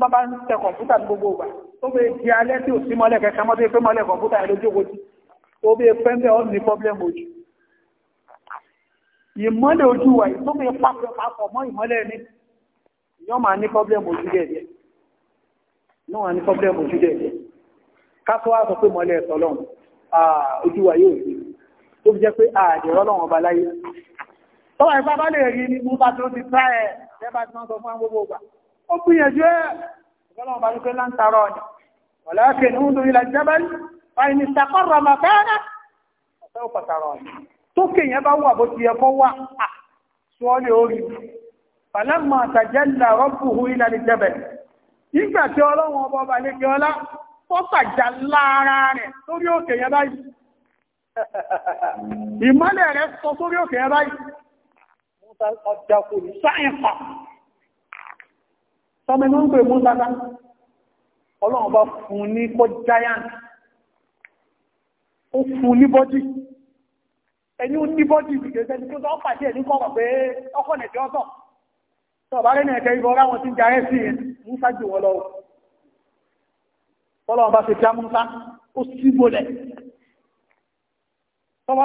bá bá ń tẹ kọ̀ǹpútà ní gbogbo ìgbà tó bẹ náà wà ní pọ́blẹ́mù ojú dẹ̀ kátó wá sọ pé mọ́lẹ̀ ẹ̀sọ́ lọ́run ojú wa yóò rí tó fi jẹ́ pé àdìrọ́ lọ́run ọba láyé tọ́wọ́ ẹ̀fà bá lè rí ní mú bá tó ti tá ẹ̀ lẹ́bàá tí wọ́n sọ fún gbogbo ọgbà ó gbìyànjú ẹ̀ ọ̀gọ́lọ́run bá ní pé láǹtarọ̀ ọ̀nà ọ̀làákẹ́ ní oúnjẹ ilẹ̀ jẹ́bẹ́lì báyìí ní sàkọ́rọ̀ màfẹ́rẹ́ ọ̀fẹ́ ò pàtàrọ̀ ọ̀nà tó kéèyàn bá wà bó ti yẹ kó wà sọ́ọ́lẹ̀ orí falamma tajalla rabbuhu ila al-jabal nígbà tí ọlọ́run ọba ọba lè fi ọlá tó lára rẹ̀ sórí òkè yẹn báyìí ìmọ́lẹ̀ rẹ̀ sọ sórí òkè yẹn báyìí ọjà kò ní sáyẹn ó fún ní bọ́dì ẹni ó ní bọ́dì ìgbìgbèsẹ́ ní kí tọ́ pàdé ẹ̀ ní kọ́kọ̀ pé ọkọ̀ nẹ̀tẹ́ ọ̀tọ̀ tọ̀bá rẹ̀ nẹ̀ẹ̀kẹ́ ibọ̀ ráwọn tí ń jarẹ́ sí ẹ̀ músá jù wọ́n lọ́wọ́ tọ́lọ̀ bá fi já ó sí gbọ́lẹ̀ tọ́wọ́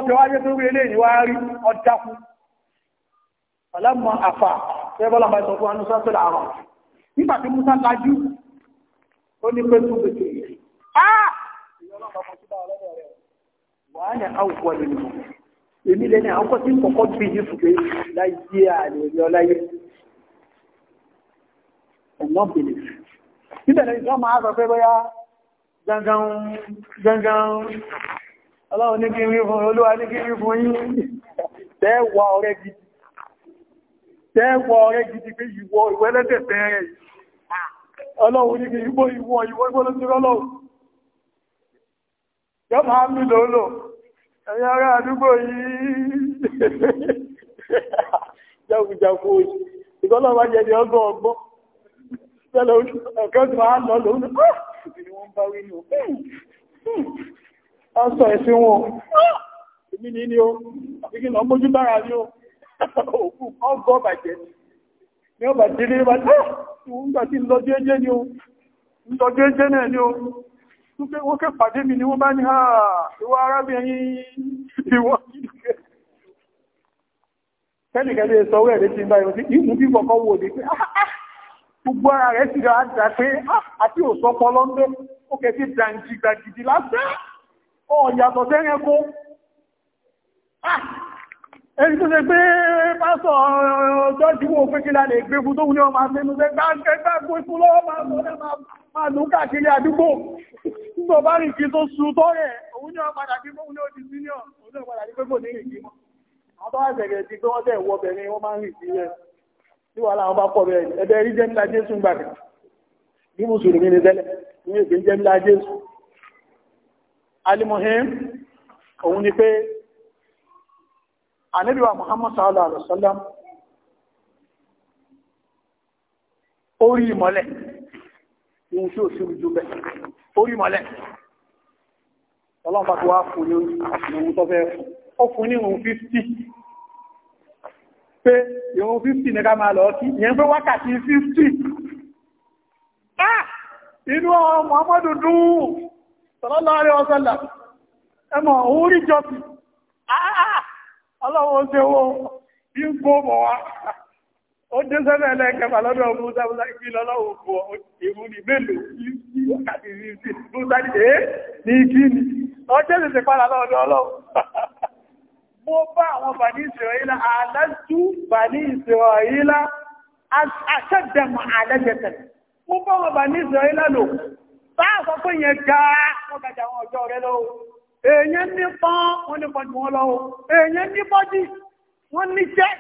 wàá ní àwùkọ nínú èmi lẹ́ni àwọn kọ́sí kọ̀kọ́ bí yìí fùgbé láyé àlè ọláyé and not belief. Níbẹ̀rẹ̀ ìjọ máa sọ pé bóyá gangan gangan ọlọ́run ní kí rí fún olúwa ní kí rí fún yí tẹ́wà ọ̀rẹ́ gidi tẹ́wà ọ̀rẹ́ gidi pé ìwọ ìwẹ́lẹ́dẹ̀ tẹ́rẹ̀ ọlọ́run ní kí ìwọ ìwọ ìwọ ìgbọ́lọ́sírọ́lọ́run yọ máa ń lò lò ẹ̀yà ará àdúgbò yìí jákùjákù ìgbọ́lọ́wà jẹ́ ọgbọ́n ọgbọ́n tẹ́lẹ̀ orí ẹ̀kẹ́ tí wọ́n lọ lórí ah! ni wọ́n bá wí hmm, hmm. wọ́n sọ ẹ̀sìn wọn ah! èmi ní ní o àfi lọ mójú bára ní o òkú bàjẹ́ ni ọba délé ti bá ìwọ̀n sí ìmú bí kọ̀kọ́ wò ní pé gbogbo ara rẹ̀ sì rà dà pé ah, àti òsọpọ̀ lọ́ndọ́ ó kẹ́ sí dàǹjì gbàgìdì lásán ọ̀yàtọ̀ tẹ́rẹ kó èyí ah! tó ṣe pé pásọ̀ ọjọ́jú eh, wo pé kí la lè gbé fún tó wúlé ọmọ àtẹnu tẹ́ gbáǹkẹ́gbá gbé fún lọ́wọ́ máa lò káàkiri àdúgbò tó bá rìn kí tó sú tọ́ rẹ̀ òun ní ọpadà kí fún wúlé òjì síníọ̀ òun ní ọpadà kí pé kò ní rìn kí mọ́ tí wàhálà wọn bá pọ̀ bẹ́ẹ̀ ẹ̀bẹ̀ rí jẹ́mílá jésù gbà kan bí mùsùlùmí ni tẹ́lẹ̀ ní èdè jẹ́mílá jésù alimohim òun ni pé ànábìwà muhammad sallallahu alaihi wasallam orí ìmọ̀lẹ̀ ní ṣe òṣèlú jù bẹ̀ orí ìmọ̀lẹ̀ ọlọ́pàá tó wá fún ní ohun tó fẹ́ fún ó pé ìwọ̀n 50 ní ká máa lọ kí yẹn wákàtí 50 ah inú ọmọ ọmọ dùn sallallahu alaihi ẹmọ òun rí ah ọlọ́wọ́ ṣe owó bí ń kó mọ̀ wá ó dé ẹlẹ́kẹfà lọ́dọ̀ ọmọ mo bá àwọn bàní ìsìrọ̀ílá àlájú bàní ìsìrọ̀ílá aṣẹ́dẹ̀mọ̀ àlẹ́jẹ̀tẹ̀ mo bá wọn bàní ìsìrọ̀ílá lò sáàsọ pé yẹn gáà wọ́n gàjà àwọn ọjọ́ rẹ lọ́wọ́ èèyàn ní pọ́n wọ́n ní pọ́n jù wọ́n lọ́wọ́ èèyàn ní bọ́dì wọ́n ní jẹ́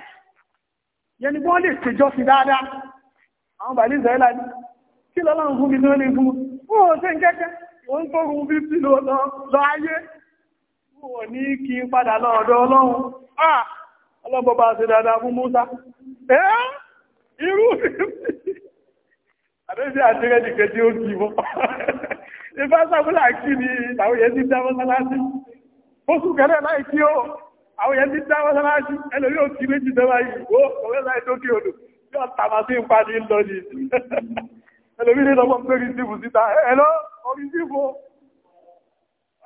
yẹn ni wọ́n lè ṣèjọ́ sí dáadáa àwọn bàní ìsìrọ̀ílá ní kí wọ̀ ní kí padà lọ́ọ̀dọ̀ ọlọ́run ah ọlọ́bọ̀ bá ṣe dáadáa fún Músá ẹ́ irú àdéjì àtẹ́rẹ́ nìkan tí ó kì mọ́ ìfẹ́ sàmúlà kí ni àwọn yẹn ti dáwọ́ sáláṣí fóṣù kẹrẹ láì kí ó àwọn yẹn ti dáwọ́ sáláṣí ẹlòmí ò kí méjì dẹ́wà yìí ó ọ̀rẹ́ láì tó kí odò yóò tàbà sí ń padì ń lọ ní ẹlòmí ní lọ́gbọ́n pé rí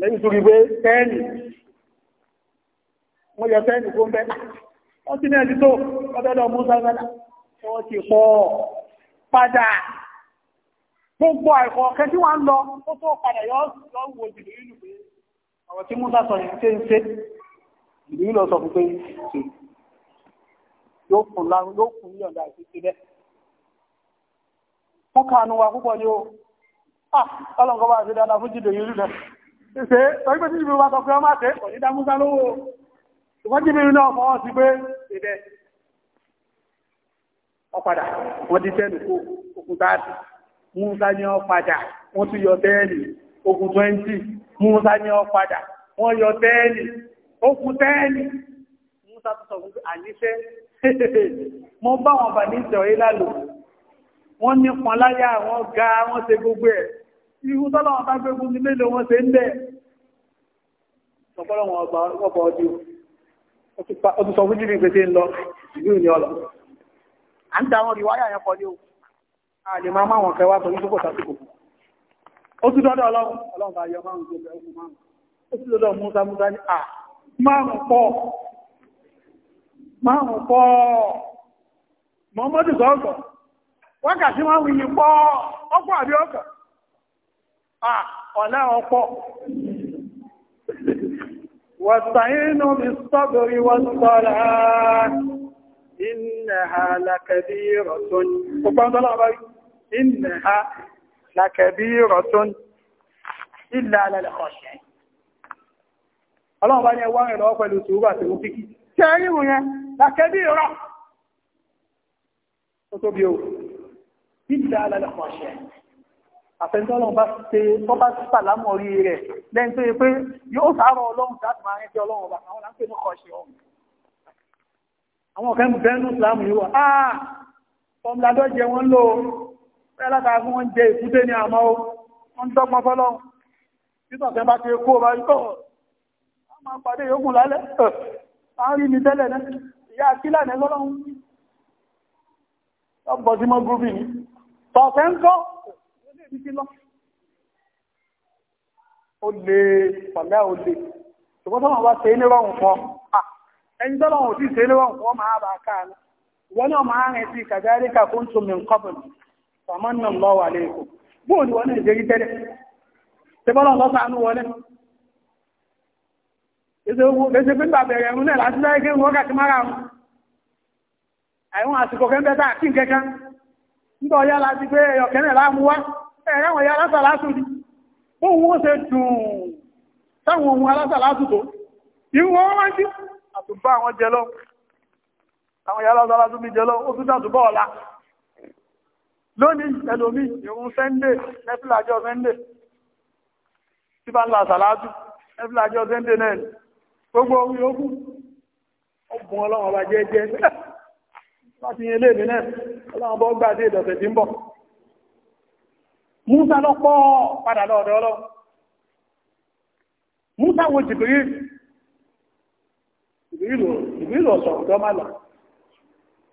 lẹ́yìn tó rí pé tẹ́ẹ̀nì wọ́n yọ tẹ́ẹ̀nì kó ń wọ́n ti ní ẹni tó ọdọ́dọ̀ mú sáfẹ́lá tí wọ́n ti pọ̀ padà gbogbo àìkọ̀ ọ̀kẹ́ tí wọ́n lọ tó padà yọ́ sọ fún púpọ̀ ni ó ah ọlọ́nkọ́ bá ṣe dáadáa fún jìdì ìlú náà ṣe ọgbẹ́ tí jìbìrì wá sọ pé ọmọ àṣẹ ọ̀dí dámúsá lówó ṣùgbọ́n jìbìrì náà fọwọ́ sí pé ìdẹ́ ọ̀padà wọ́n di tẹ́lù kó okùn táàtì múnsá ní ọ̀padà wọ́n tún yọ tẹ́ẹ̀lì okùn 20 múnsá ní ọ̀padà wọ́n yọ tẹ́ẹ̀lì okùn tẹ́ẹ̀lì múnsá tún sọ fún àníṣẹ́ mọ́ bá wọn bà ní ìtẹ̀wé lálò wọ́n nípọn láyà wọ́n ga wọ́n ṣe gbogbo ẹ̀ ihu tọ́lọ̀ ọ̀tá gbé fún ní mélòó wọn ṣe ń bẹ̀ ọ̀pọ̀lọ̀ wọn ọgbà ọgbà ọdún ó ti sọ fún jírí pé ṣe ń lọ ìlú ìní ọlọ à ń ta àwọn ìwáyà yẹn kọlé o a lè máa máwọn kẹwàá tó ní tó kò sásìkò ó tún dọ́dọ̀ ọlọ́run ọlọ́run bá yọ márùn tó bẹ̀rù márùn ó tún pọ̀ márùn pọ̀ wákàtí márùn yìí pọ̀ ọkọ̀ àbí ọkọ̀ ọ̀nà ọ̀pọ̀ wàtàínú bí sọ́bìrì wọ́n sọ́lá ìnàhà lákàbí rọ̀tún ìnàhà lákàbí rọ̀tún ìlà alẹ́lẹ́kọ̀ṣẹ́ ọlọ́run bá ní ẹwà ìrànlọ́wọ́ pẹ̀lú ó kíkí tí a àfẹ́ntọ́lọ́n bá ṣe tó bá sàlámọ̀ orí rẹ̀ lẹ́yìn tó yẹ pé yóò sàárọ̀ ọlọ́run láti máa rẹ́ sí ọlọ́run ọba àwọn láńpẹ́ ní kọ̀ọ̀ṣẹ́ ọ̀hún àwọn ọ̀fẹ́ mú bẹ́ẹ̀nù ìsìlámù yíwọ̀ àà fọmùládọ́ jẹ wọ́n lò pẹ́ látara fún wọ́n jẹ ìkúté ní àmọ́ wọ́n dọ́gbọ́n fọ́lọ́ títọ̀fẹ́ bá ti kó bá yíkọ́ a máa pàdé yókùn lálẹ́ àárín mi tẹ́lẹ̀ náà títí lọ ó lè pàdá ó lè ṣùgbọ́n tó wọ́n bá ṣe ní rọrùn fún ẹni tó lọ́wọ́ sí ṣe ní rọrùn fún máa bá káàánú wọ́n náà máa rìn sí kàgáríkà kó ń tún mi kọ́bùn ọmọ náà lọ wà lẹ́kọ̀ọ́ bóò ni wọ́n lè jẹ́ tẹ́lẹ̀ tí bọ́lá ń lọ́sàánú wọlé èsè pé nígbà bẹ̀rẹ̀ ẹ̀rùn náà láti láyé kéwọ́n kàkí mára wọn àìwọ̀n àsìkò kẹ́ńbẹ́ta àti nkẹ́kẹ́ nígbà ọ̀yá ẹ̀rẹ́ wọ̀nyí alásàlásù ní bó wọ́n ṣe dùn táwọn ohun alásàlásù tó ìwọ̀n wọ́n wájú àtùbá àwọn jẹlọ àwọn yàrá alásàlásù mi jẹlọ ó tún tàtùbá ọ̀la lónìí ẹlòmí ìrún sẹ́ndé nẹ́fìlàjọ́ sẹ́ndé tí bá ń la àsàlásù nẹ́fìlàjọ́ sẹ́ndé náà gbogbo orí ó kú ọgbọ̀n ọlọ́wọ̀n bá jẹ́ jẹ́ láti yẹn lé mi náà ọlọ́wọ̀n bọ́ gbà sí ìdọ̀sẹ̀ tí ń bọ̀ Musa lọ pọ́ padà lọ́ọ̀dọ̀ ọlọ́ Musa wo jìbìrì ìbìrì ọ̀sọ̀ ọ̀dọ́ má lọ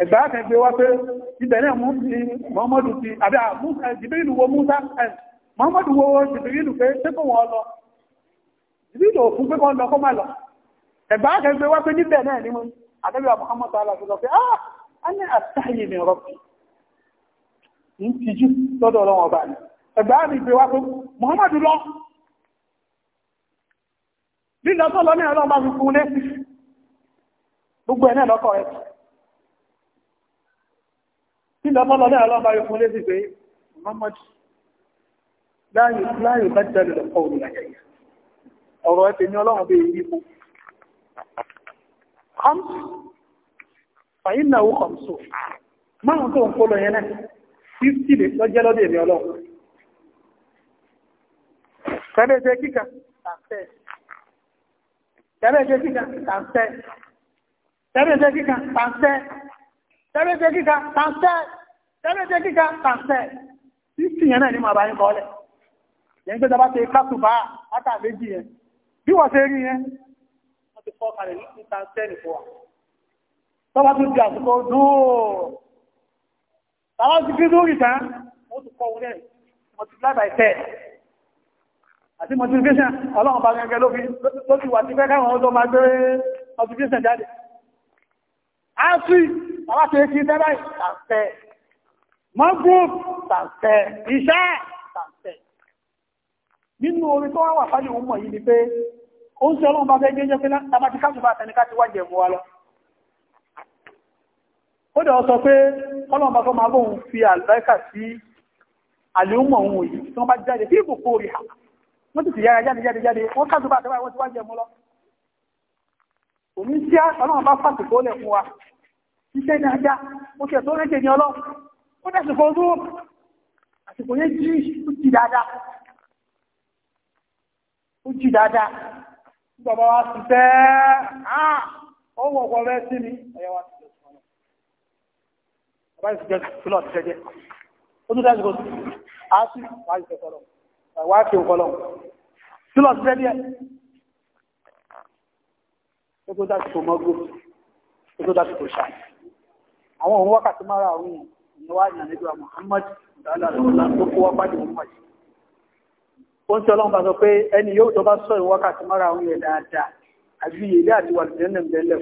ẹgbà kẹgbẹ́ wá pé ibẹ̀ náà mú sí Muhammadu ti àbí eh, jìbìrì wo Musa eh, Muhammadu wo jìbìrì lù pé tẹ́kọ̀ wọn lọ jìbìrì ò fún pẹ́kọ̀ lọ kọ́ má lọ ẹgbà kẹgbẹ́ wá pé níbẹ̀ náà ni wọn àtẹ́bíwà Muhammadu aláṣọ pé ah a ní àtàyè mi rọ́pì ń tijú lọ́dọ̀ ọlọ́wọ́ báyìí ẹ̀gbà ni ìpè wá pé Muhammadu lọ lílọ tó lọ ní ọlọ́run bá fi fún lé gbogbo ẹ̀ náà lọ́kọ̀ ẹ̀ lílọ tó lọ ní ọlọ́run bá fi fún lé sí pé Muhammadu láyé bá jẹ́ lọ́kọ̀ òrùlàyẹ̀yẹ̀ ọ̀rọ̀ ẹ̀fẹ̀ ní ọlọ́run bí i ipò fàyínà ó kọ̀mṣò márùn tó ń kó lọ yẹn náà Kada sai kika? Tafsir. Kada sai kika? Tafsir. Kada sai kika? Tafsir. Kada sai kika? Tafsir. Kada sai kika? Tafsir. Sísì yẹn náà ni màá bá yín kọ́lẹ̀. Yẹn gbé dábàá ṣe kásùbà átà méjì yẹn. Bí wọ́n ṣe rí yẹn, wọ́n ti fọ́ kalẹ̀ ní tafsir nìkan wa. Tọ́wọ́ tún di àsìkò dùn. Tàwọn ti fi lórí tán, wọ́n ti kọ́ wọlé, wọ́n ti lábàá ìfẹ́ àti motivation ọlọ́run bá gẹ́gẹ́ ló fi wà tí fẹ́ káwọn ọdọ́ máa gbé motivation jáde a sí àwáṣe kí tẹ́lá ìtàǹtẹ́ mọ́gún tàǹtẹ́ iṣẹ́ tàǹtẹ́ nínú orin tó wà fáyé òun mọ̀ yìí ni pé ó ń sọ ọlọ́run bá gẹ́gẹ́ jẹ́ pé láti káṣùbà àtẹniká ti wájẹ̀ mú wa lọ ó dẹ̀ sọ pé mọ̀ òun yìí tí wọ́n bá jáde bí ìbùkún orí hàn wọ́n ti sì yára jáde jáde jáde wọ́n àtẹ́wà wọ́n ti wá jẹ lọ. òní sí ọlọ́run bá lẹ̀ fún wa iṣẹ́ ní ajá ní ó dẹ̀sùn àsìkò yẹn jí ó dáadáa ó dáadáa wa sì fẹ́ ó wọ̀ rẹ sí wa sì yìí sì fẹ́ wá kí n kọlọ tí lọ sí tẹ́lẹ̀ ó tó dájú tó mọ́gbó ó tó dájú tó ṣáà àwọn òun wákàtí mara òun ìyẹwà ìyànlẹ́gbà Muhammad dálàlọ́lá tó kó wá pàdé Muhammad ó ń tí ọlọ́run bá sọ pé ẹni yóò tó bá sọ ìwákàtí mara òun yẹ dáadáa àbí ilé àti wà lùdẹ́nà ìbẹ̀lẹ̀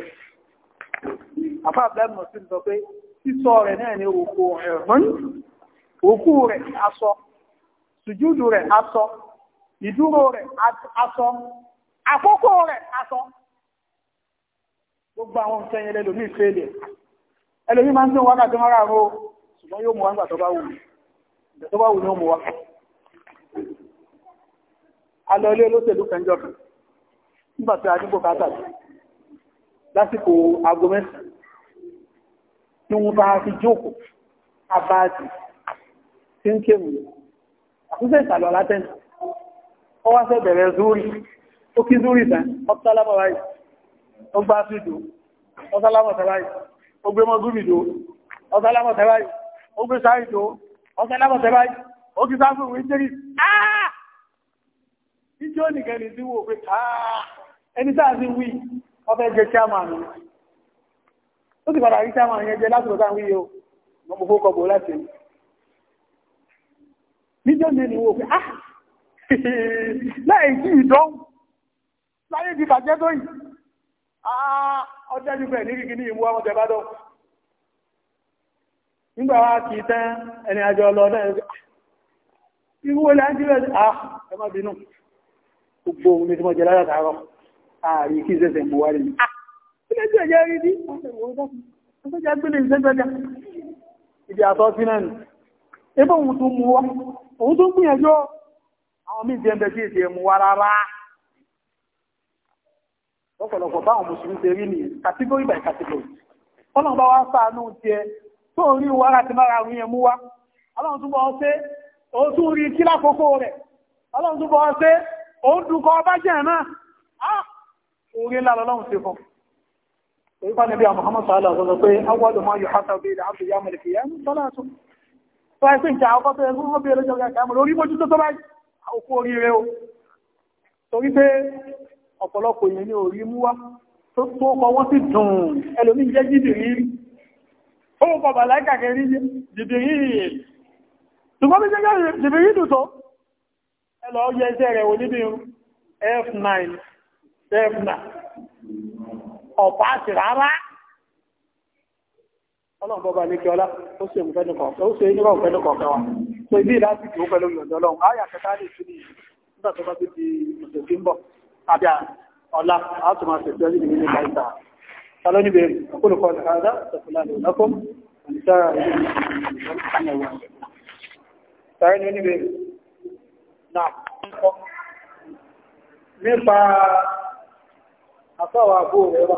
àfáà bẹ́ẹ̀ mọ̀ sí sọ pé sísọ rẹ̀ náà ni òkú rẹ̀ aṣọ sùjúdù rẹ̀ asọ ìdúró rẹ̀ asọ àkókò rẹ̀ asọ gbogbo àwọn nǹkan yẹn lẹ́lòmí ẹlòmí máa ń tún wákàtí mara ro ṣùgbọ́n yóò mú wá nígbà tó bá wù nígbà tó bá wù ní ó wá alọ́lé olóṣèlú a lásìkò aago tí wọ́n àtúnṣe ìsàlọ̀ látẹ́nì ó wá sẹ́ bẹ̀rẹ̀ zúrí ó kí zúrí tán ọpọtọ́lámọ̀ báyìí ó gbá sí ìdó ọsálámọ̀ tẹ́láyì ó gbé mọ́ gúrì ìdó ọsálámọ̀ tẹ́láyì ó gbé sáà ìdó ọsálámọ̀ tẹ́láyì ó kí sáfún ìwé jẹ́rì áà ìjọ́ nìkan ní sí wò pé káà ẹni sáà sí wí ọfẹ́ jẹ chairman ó ti padà rí chairman yẹn jẹ láti lọ sáà wí yóò níjọ́ ní ni wo pé ah láì sí ìdánwò láyé ti bàjẹ́ tó yìí ah ọjọ́ ju ní ìmú ọmọdé bá dán nígbà kì í tán ẹni àjọ lọ náà ah! irú àtọ́ sí ah! ni ah! ebó ohun tó mú wá òun tó ń gbìyànjú àwọn míì jẹ́ ẹ̀bẹ̀ sí èdè ẹ̀mú wa rárá lọ́pọ̀lọpọ̀ báwọn mùsùlùmí ṣe rí nìyẹn kàtígórì by kàtígórì ọlọ́run bá wá sáànú tiẹ̀ tó rí wa láti mára àwọn yẹn wa ọlọ́run túbọ̀ ṣe ó tún rí kí lákòókò rẹ̀ ọlọ́run túbọ̀ ṣe ó ń dúkọ ọba jẹ́ náà á ah! orí ńlá lọ́lọ́run ṣe fún pé awọ́dùn máa yóò hátà bí i tó ẹ pé ìjà ọkọ́ tó ẹgbẹ́ mọ́bí ẹlẹ́jọ́ kẹkẹ́ lórí mójú tó tó bá òkú oríire o torí pé ọ̀pọ̀lọpọ̀ èèyàn ní orí mú wá tó kọ wọ́n sì dùn ẹlòmí jẹ́ jìdìrí rí ó kọ̀ bàlá kàkẹ́rí jìdìrí rí ṣùgbọ́n bí jẹ́ jìdìrí dùn tó ẹ lọ yẹ iṣẹ́ rẹ̀ wò níbi F9 F9 ọ̀pá sì rárá ọlọ́run bọ́ba ní kí ọlá ó ṣe ìmú fẹ́nu ó fẹ́nu wa so ibi láti tó pẹ̀lú ìyọ̀dọ̀ ọlọ́run àyà kẹta lè tún ní nígbà tó bá tó di ọ̀sẹ̀ ń bọ̀ àbí ọlá a tún máa ẹni sáré ní náà nípa àtọ́wà àbúrò rẹ̀ wà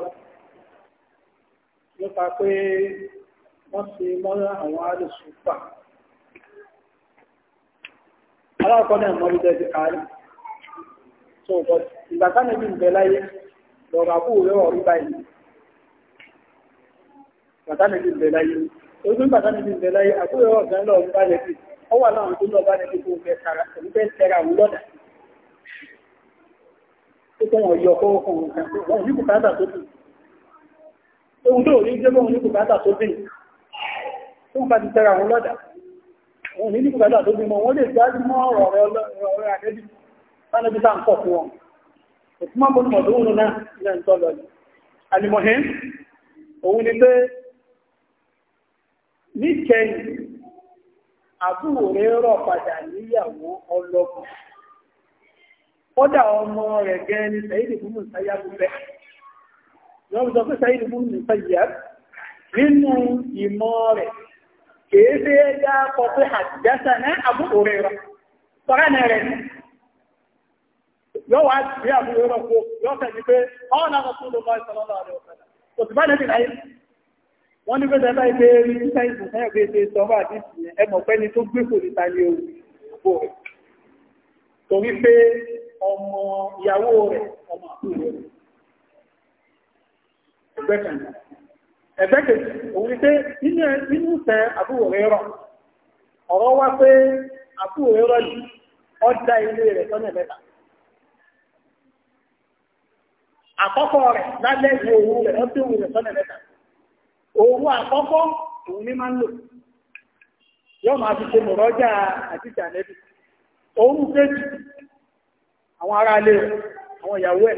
nípa pé wọ́n ṣe mọ́lá àwọn alùsùn fà alákọ̀ọ́ náà mọ́ lójẹ́ ti kárí so but ìgbà táwọn ibi ìbẹ̀ láyé lọ́rọ̀ àbúrò rẹwà orí báyìí ìgbà táwọn ibi ìbẹ̀ láyé ojú ìgbà táwọn ibi ìbẹ̀ láyé àbúrò rẹwà tó ń bá ti tẹ́ra wọn lọ́dà wọn ní nígbàdà tó bímọ wọn lè sáà ń pọ̀ fún wọn náà ilẹ̀ ń tọ́ lọ ni òun ni pé níkẹyìn àbúrò rẹ̀ rọ̀ padà níyàwó ọmọ rẹ̀ sẹ́yìdì sọ nínú rẹ̀ kìí ṣe é já kọ pé àjẹsẹ̀ ní àbúrò rẹ̀ rọ sọ́rẹ́ ní rẹ̀ yóò wá sí àbúrò rẹ̀ kó yóò fẹ́ ní pé ọ́n náà wọ́n bá rí ìsìn náà gbé ṣe sọ bá àti ìsìn tó gbé kò ní rẹ̀ torí pé ọmọ ìyàwó rẹ̀ ọmọ rẹ̀ ẹ̀fẹ́kẹ̀ẹ́sì òun ni pé inú ìfẹ́ àbúrò rọ̀ ọ̀rọ̀ wá pé àbúrò rọ̀ yìí ó ilé rẹ̀ sọ́nà mẹ́ta àkọ́kọ́ rẹ̀ lálẹ́ ìwé òru rẹ̀ rẹ̀ mẹ́ta àkọ́kọ́ òun máa ń lò máa fi ṣe mọ̀rọ́jà àti ìjànẹ́bì òun kéjì àwọn ará ilé rẹ̀ àwọn ìyàwó ẹ̀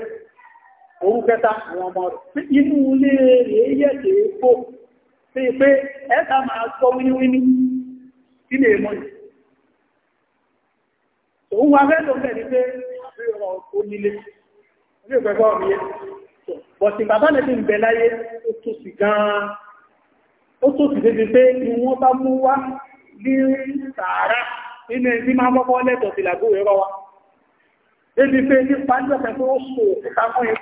orú kẹta àwọn ọmọ rẹ̀ inú ilé rẹ̀ yẹ̀dẹ̀ epo pé pé ẹ̀ta máa sọ wíníwíní sí lè mọ́ yìí òun wa fẹ́ tó fẹ́ ní pé àfihàn onílé ilé ìpẹ́kọ́ mi yẹ bọ̀tí bàbá lẹ́bí ń bẹ láyé ó tó sì gan-an ó tó sì débi pé ni wọ́n bá mú wá ní sàárà nínú ẹni máa kọ́kọ́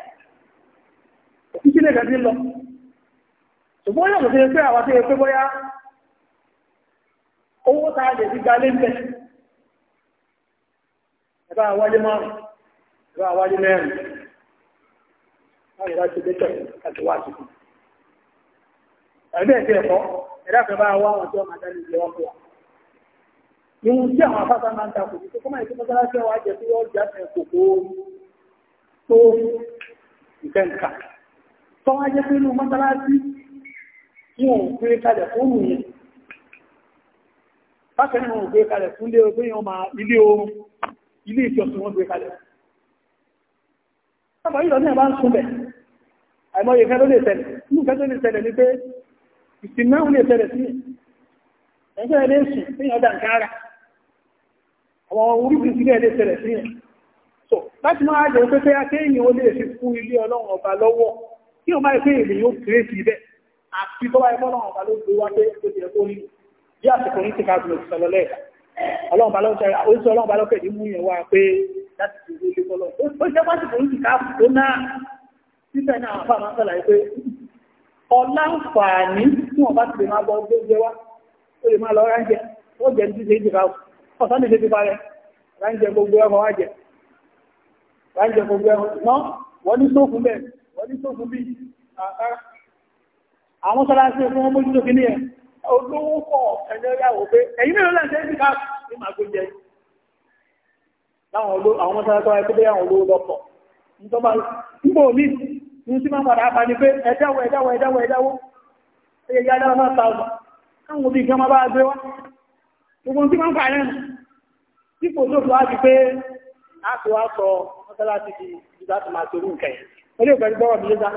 ìdílé ìdàbí lọ ṣùgbọ́n yóò ṣe pé àwọn tó yẹ pé bóyá owó ta lè fi gbalé ń bẹ̀ ẹ̀bá àwájú márùn ẹ̀bá àwájú mẹ́rin láyé láti dẹ́tọ̀ àti wá sí ẹ̀bẹ́ ẹ̀kẹ́ ẹ̀kọ́ ẹ̀dá fẹ́ bá wá àwọn tí wọ́n máa dá ní ilé wọn fún wa ìwọ̀n tí àwọn afáfá máa ń ta kò tó kọ́mọ̀ ìtí mọ́sálásí ọwọ́ ajẹ́ tí wọ́n já fẹ́ kòkó tó ìfẹ́ tó wá jẹ́ pé inú mọ́sálásí tí wọ́n gbé kalẹ̀ fóònù yẹn bákan náà wọ́n gbé kalẹ̀ fún ilé ogun yẹn ma ilé oorun ilé ìjọsìn wọ́n gbé kalẹ̀ sábà yìí lọ ní ẹ̀bá ń súnbẹ̀ àìmọye kẹ́ ló lè tẹ̀lẹ̀ inú kẹ́ tó lè tẹ̀lẹ̀ ní pé ìsinmi náà lè tẹ̀lẹ̀ sí ẹ̀ńkẹ́ ẹ̀ lè sùn sí ọjà nǹkan ara àwọn oríṣiríṣi ẹ̀ lè tẹ̀lẹ̀ sí ẹ̀ so láti máa jẹ́ pé pé akéyìn ó lè fi fún ilé ọlọ́run ọba lọ́wọ́ tí o máa pé èlè yóò kéré sí ibẹ̀ àti tó wáyé bọ́lá ọ̀gá ló gbé wá pé ó ti ẹ̀kọ́ ní bí àsìkò ní ti ká gbèrò sọ̀rọ̀ lẹ́ẹ̀ka ọlọ́run balọ́ sọ ó sọ ọlọ́run balọ́ kẹ̀dí mú yẹn wá pé láti ti rí ilé bọ́lọ̀ ó jẹ́ pásìkò ní ti ká tó náà títẹ̀ náà àfa máa ń sọ̀làyé pé ọlá ń fà ní tí wọ́n bá ti lè máa bọ́ gbé wá ó lè máa lọ ránjẹ ó jẹ́ ní ti ṣe ọ̀sán ní ṣe ti parẹ́ ránjẹ gbogbo ẹ̀kọ́ wá jẹ ránjẹ gbogbo onítòkù bí àwọn sọ́láṣẹ́ fún ọmọ ojú tókì ní ẹ̀ olówó pọ̀ ẹ̀lẹ́yàwó pé ẹ̀yìn mẹ́rin lẹ́sẹ̀ ní ká ní máa gbé jẹ àwọn mọ́sálásọ́ ẹgbẹ́ bí àwọn olówó lọ́pọ̀ nígbò ní ní sí máa padà bá ní pé ẹ̀dáwó ẹ̀dáwó ẹ̀dáwó ẹ̀dáwó ẹ̀yẹ yá dára máa tààbà káwọn òbí gan máa bá gbé wá gbogbo tí máa ń fààrẹ́ nù tí kò tó tó wá di pé a tó wá sọ mọ́sálásí di ìdá tó máa torí nǹkan yìí olè ìgbà ìgbà wàmí lẹ́dà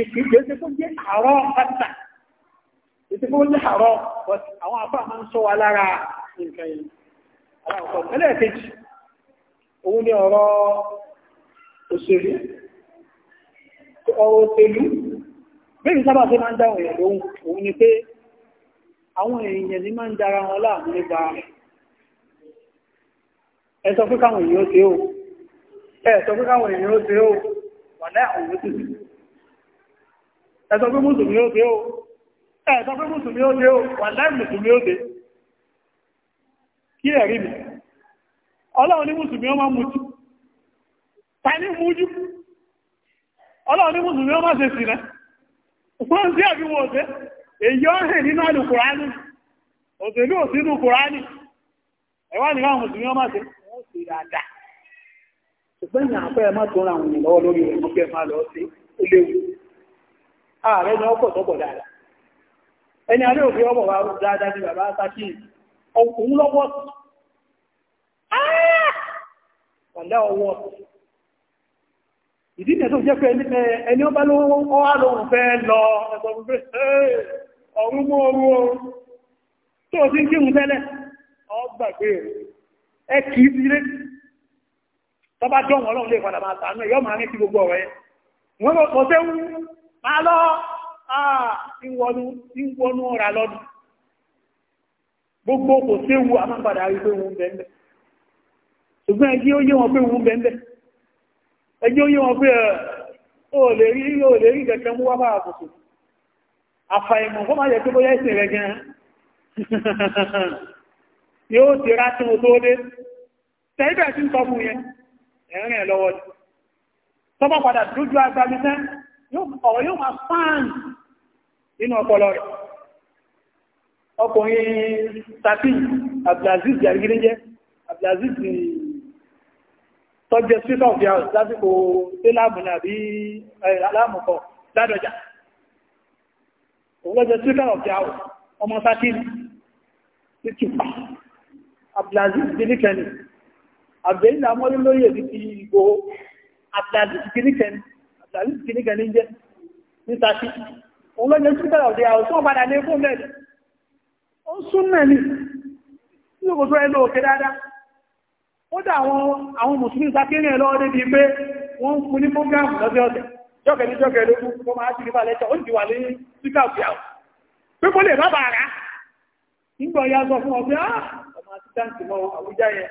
ìgbésí fún jẹ́ àárọ̀ pátá ìgbésí fún jẹ́ àárọ̀ àwọn afá máa ń sọ wa lára nǹkan yìí aláwọ̀kọ́ ẹlẹ́ẹ̀kejì òun ni ọ̀rọ̀ òṣèlú ọ̀rọ̀ fún káwọn èèyàn ó ṣe ó wàlẹ́ àwọn òwe tèmi o o ọlọ́run ní mùsùlùmí ó máa ṣe sí rẹ̀ fún sí àbí wọn òṣè èyí ó nínú àlù kùránì òṣèlú kùránì ẹ̀wà nìkan mùsùlùmí ó máa ṣe wọ́n ṣùgbọ́n ìyàn àpẹ́ ẹmọ́ tó ra àwọn lọ́wọ́ lórí rẹ̀ mọ́kẹ́ máa lọ sí iléwu ààrẹ ni ọkọ̀ tọ́pọ̀ dáadáa ẹni alẹ́ òfin ọmọ wa dáadáa ní bàbá lọ́wọ́ ọ̀dá ọwọ́ ìdí jẹ́ pé ẹni ọba lówó ọwá tó bá jọ́ wọn lọ́wọ́ lè padà máa tàánú ẹ̀yọ́ máa ní sí gbogbo ọ̀rẹ́ wọ́n lọ pọ̀ sẹ́wú máa lọ ìwọnú ìwọnú ọ̀rà lọ́dún gbogbo kò séwu amápadà rí pé wọ́n bẹ̀ẹ́ ṣùgbọ́n ẹjí ó yé wọn pé wọ́n bẹ̀ẹ́ ẹjí ó yé wọn pé ó lè rí ó lè rí kẹ̀kẹ́ mú wá bára kòkò àfàìmọ̀ kọ́ máa yẹ pé bóyá ìsìn rẹ̀ gan yóò ti rá tí mo tó dé tẹ́ẹ̀bẹ̀ sí ń sọ fún yẹn ẹ̀rìn ẹ̀ lọ́wọ́ tó bá padà dójú agbábíṣẹ́ ọ̀rọ̀ yóò máa fáàn nínú ọpọlọ rẹ̀ ọkùnrin tàbí Abdulaziz yàrígírí jẹ́ Abdulaziz tọ́jẹ́ street of the house lásìkò tẹ́láàmù nàbí aláàmùkọ̀ ládọjà òun lọ́jẹ́ street of the house ọmọ sákìrì títùpá Abdulaziz bilikẹni àbẹ̀yìn àmọ́lé lóyè ní ti ìgbò atlantic kìnnìkan atlantic kìnnìkan ní jẹ́ ní tàbí òun lọ́jọ́ twitter of the house wọ́n padà lé fún mẹ́rin ó sún náà ní ní kò tó ẹlò òkè dáadáa ó dà àwọn mùsùlùmí sákéré ẹ̀ lọ́wọ́ débi pé wọ́n ń fún ní program lọ́sẹ̀ ọ̀sẹ̀ jọ́kẹ̀ ní jọ́kẹ̀ lókù kó máa ti nípa lẹ́tọ̀ ó ti wà ní twitter of the house pé kó lè bá bàrá nígbà ya sọ fún ọ pé ah ọmọ àti táǹkì mọ àwùjá yẹn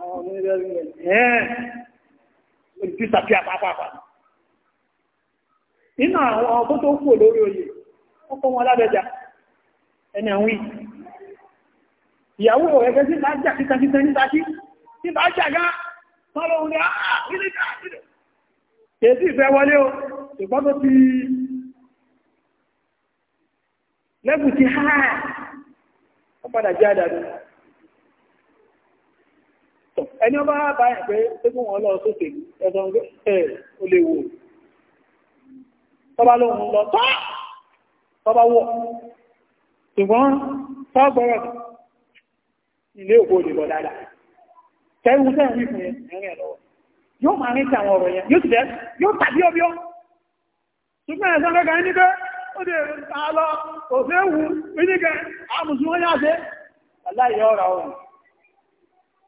àwọn onírẹ́rù àwọn ọkọ́ tó kú lórí oyè ọkọ́ wọn lábẹjà ẹni àwọn ìyàwó ẹgbẹ́ sí bá jà kíkan kíkan ní sákí tí bá jà gá orí àrílẹ̀ àrílẹ̀ kèsí wọlé o ṣùgbọ́n ti lẹ́bù ti háà ó padà jẹ́ ẹni ọba báyìí pé tẹ́kùn wọn lọ sókè ẹ̀sọ̀ ẹ̀ o lè wò tọ́bá lóhun lọ tọ́ tọ́bá wọ́ ṣùgbọ́n tọ́gbọ́rọ̀ ilé òkú olè dáadáa tẹ́rù tẹ́rù wí fún ẹ̀rìn ẹ̀lọ́wọ́ yóò máa rí àwọn ọ̀rọ̀ yẹn yóò ti dẹ́ yóò tàbí ọbí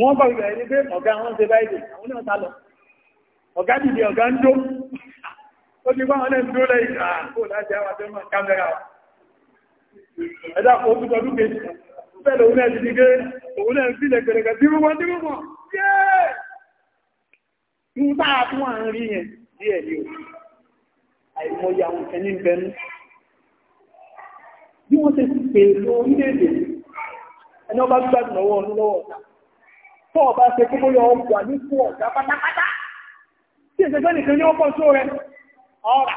wọ́n bá ìbẹ̀rẹ̀ ní pé ọ̀gá wọn ṣe báyìí àwọn náà sálọ ọ̀gá dìde ọ̀gá ń dó ó ti bá wọn lẹ́nu dó lẹ́yìn bí wọ́n ti pè lórílẹ̀-èdè ẹni ọba gbàdùn lọ́wọ́ ọdún lọ́wọ́ ọ̀tá tó ọba ṣe kí bóyá ọ wà ní fún ọ̀gá pátápátá tí ìṣẹ́jọ́ nìkan ní ọkọ̀ tó rẹ ọ̀rà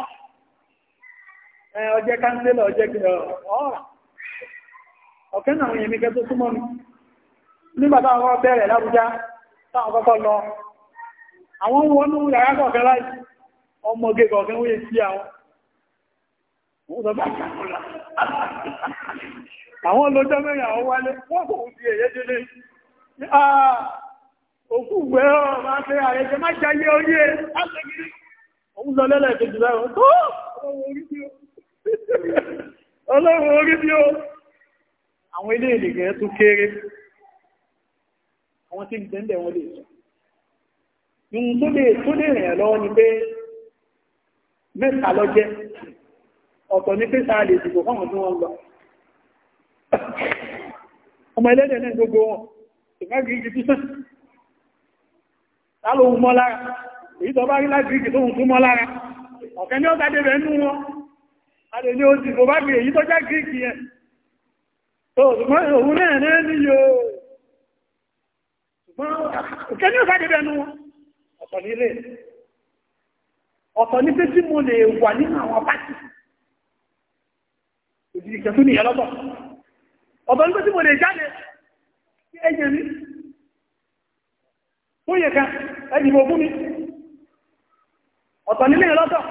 ọjẹ́ ọjẹ́ ọ̀rà ọ̀kẹ́ náà yẹ̀mí kẹ́ tó súnmọ́ mi nígbà táwọn ọkọ̀ àwọn olójọ́ mẹ́rin àwọn wálé wọ́n kò èyẹ́ jẹ́ òkú gbẹ́ ọ̀rọ̀ máa fẹ́ àrẹ́jẹ má jayé orí ẹ̀ látẹ̀gírí òun lọ lẹ́lẹ̀ kejì tó ọlọ́run orí bí ó àwọn ilé gẹ̀ẹ́ tó kéré àwọn tí gbẹ̀ndẹ̀ wọn lè sọ ìhun tó lè lọ ṣùgbẹ́gìrìjì tó hùn lára ọ̀kẹ́ ní ọ̀gá débẹ̀ nú wọn a lè ní oṣù kò bá gbé èyí tó já gíríkì yẹn tó ṣùgbọ́n òun náà ní yóò ṣùgbọ́n ọ̀kẹ́ ní ọ̀gá débẹ̀ nú wọn ọ̀tọ̀ ní pé tí mo lè wà nínú àwọn pátì ẹjẹ̀ mi tó yẹ kan ẹjìbò fún mi ọ̀tọ̀ nílé lọ́tọ̀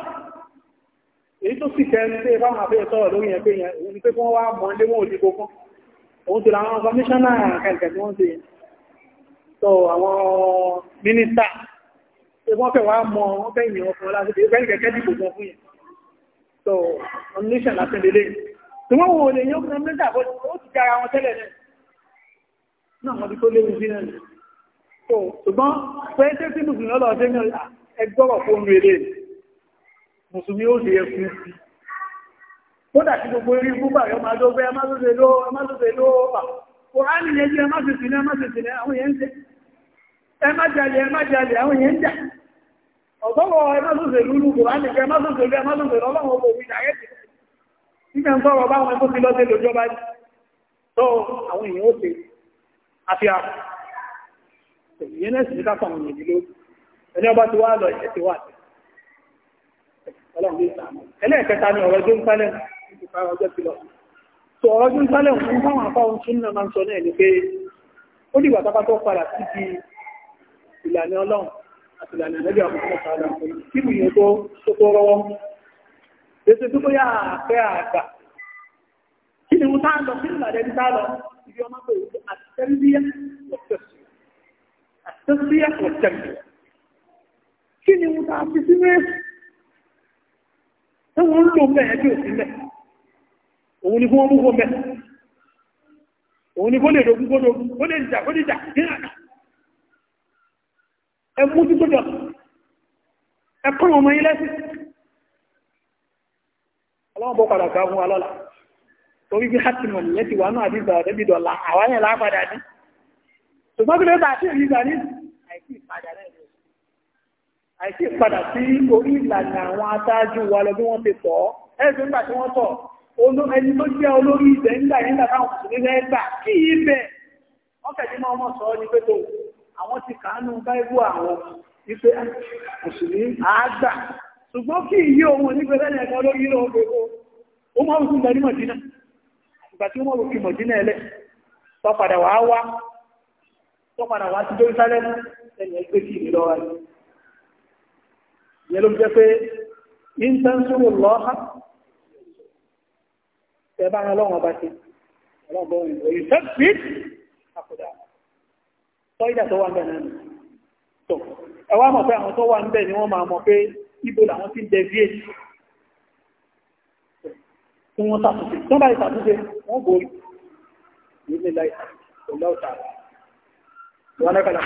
èyí tó sì kẹrin tí ìbá wọn àfẹ́yẹ sọ́rọ̀ lórí ẹgbẹ́ yẹn òun ni pé fún wá mọ́ ilé wọn òdìbò fún òun ti làwọn kọmíṣánná kẹ̀kẹ́ tí wọ́n ti sọ àwọn mínísítà tí wọ́n fẹ́ wá mọ́ wọ́n fẹ́ yìn ọkùnrin láti fi bẹ́ẹ̀ kẹ́kẹ́ dìbò fún fún yẹn so nomination láti lélẹ̀ tí wọ́n wò lè yóò fún mínísítà ó ti jára wọn tẹ́lẹ̀ náà náà mọ̀ tó léwu sí náà so ṣùgbọ́n pé ṣé tí mùsùlùmí ọlọ́ ṣe ní ẹgbọ́rọ̀ fún orin rẹ̀ mùsùlùmí ó lè ẹkùn sí kódà tí gbogbo eré fún bàrẹ̀ ọmọ adó bẹ́ ẹmásòsè ló ẹmásòsè ló ọ̀hánì yẹn jẹ́ ẹmásòsè ní ẹmásòsè ní àwọn yẹn ń jẹ́ ẹmájálẹ̀ ẹmájálẹ̀ àwọn yẹn ń jà ọ̀gọ́wọ̀ ẹmásòsè lúlú kòránì kẹ ẹmásòsè lú ẹmásòsè lọ́lọ́wọ́ bò mí dàyẹ́ ti nígbà ń sọ̀rọ̀ báwọn ẹkọ́ ti lọ́sẹ̀ lójọba yìí tó àwọn èèyàn ó ṣe àfi àpò ìyẹn náà sì ní kápá àwọn ènìyàn lórí ẹni ọba ti wá lọ ìyẹn ti wà tẹ ọlọ́run ló sàmù ẹlẹ́ẹ̀kẹta ni ọ̀rọ̀ tó ń sálẹ̀ ọjọ́ ti lọ so ọ̀rọ̀ tó ń sálẹ̀ ń fáwọn apá ohun tún náà máa ń sọ náà ni pé ó dìgbà tó bá tó padà síbi ìlànà ọlọ́run àti ìlànà ẹ̀lẹ́bí àwọn ọmọ sàlẹ̀ kí ni ìyẹn tó tó rọwọ́ ètò tó bóyá àfẹ́ àgbà kí ni mo tá lọ kí ni ìlànà ẹni tá lọ ibi ọmọ pé التلبية والتسوية التسوية والتلبية كني متعففين تقول له ما أجوز الله òun ni fún ọmọ ogun mẹ́ òun ni fún lè dogun kó dogun ó lè jà ó lè jà ní àná ẹ mú títọ́ jọ ẹ torí bí hàtìmọ̀ nìyẹn ti wà náà àti ìgbà ọ̀dẹ́bí dọ̀la àwọn yẹn lápadà ní ṣùgbọ́n kí ló bá àti ìrìn ìgbà ní àìsí ìpadà náà àìsí ìpadà sí orí ìlànà àwọn aṣáájú wa lọ bí wọ́n ti sọ ọ́ ẹ̀sùn nígbà tí wọ́n sọ ẹni tó jẹ́ olórí ìbẹ̀ nígbà yẹn nígbà táwọn kùsùn nígbà ẹgbà kí ibẹ̀ wọ́n kẹ̀dí máa mọ̀ sọ ní pẹ́tò àwọn ti kàánú báíbù àwọn wípé kùsùn àágbà ṣùgbọ́n kí iye òun nígbà lẹ́yìn ẹ̀kọ́ lórí ìlú ọgbẹ̀gbọ́ ó máa ń fún gbẹ̀rímọ̀ dínà ìgbà tí wọ́n rò fi mọ̀dínà ẹlẹ́ tó padà wá wá tó padà wá sí Jerusalem ẹni ẹgbẹ́ sí ìlú lọ́wọ́ rẹ̀ yẹn ló jẹ́ pé intansuru lọ́ha tẹ bá rán lọ́wọ́ bá ti ọlọ́gbọ́n ìwé ìfẹ́ sí àkùdá tọ́ ìdà tó wà ń bẹ̀ náà tó ẹwà mọ̀ pé àwọn tó tí wọ́n tàbí tí wọ́n bá ìtàbíjẹ wọ́n borí nílé láìsí ọlọ́ọ̀tà wọn lẹ́kàlá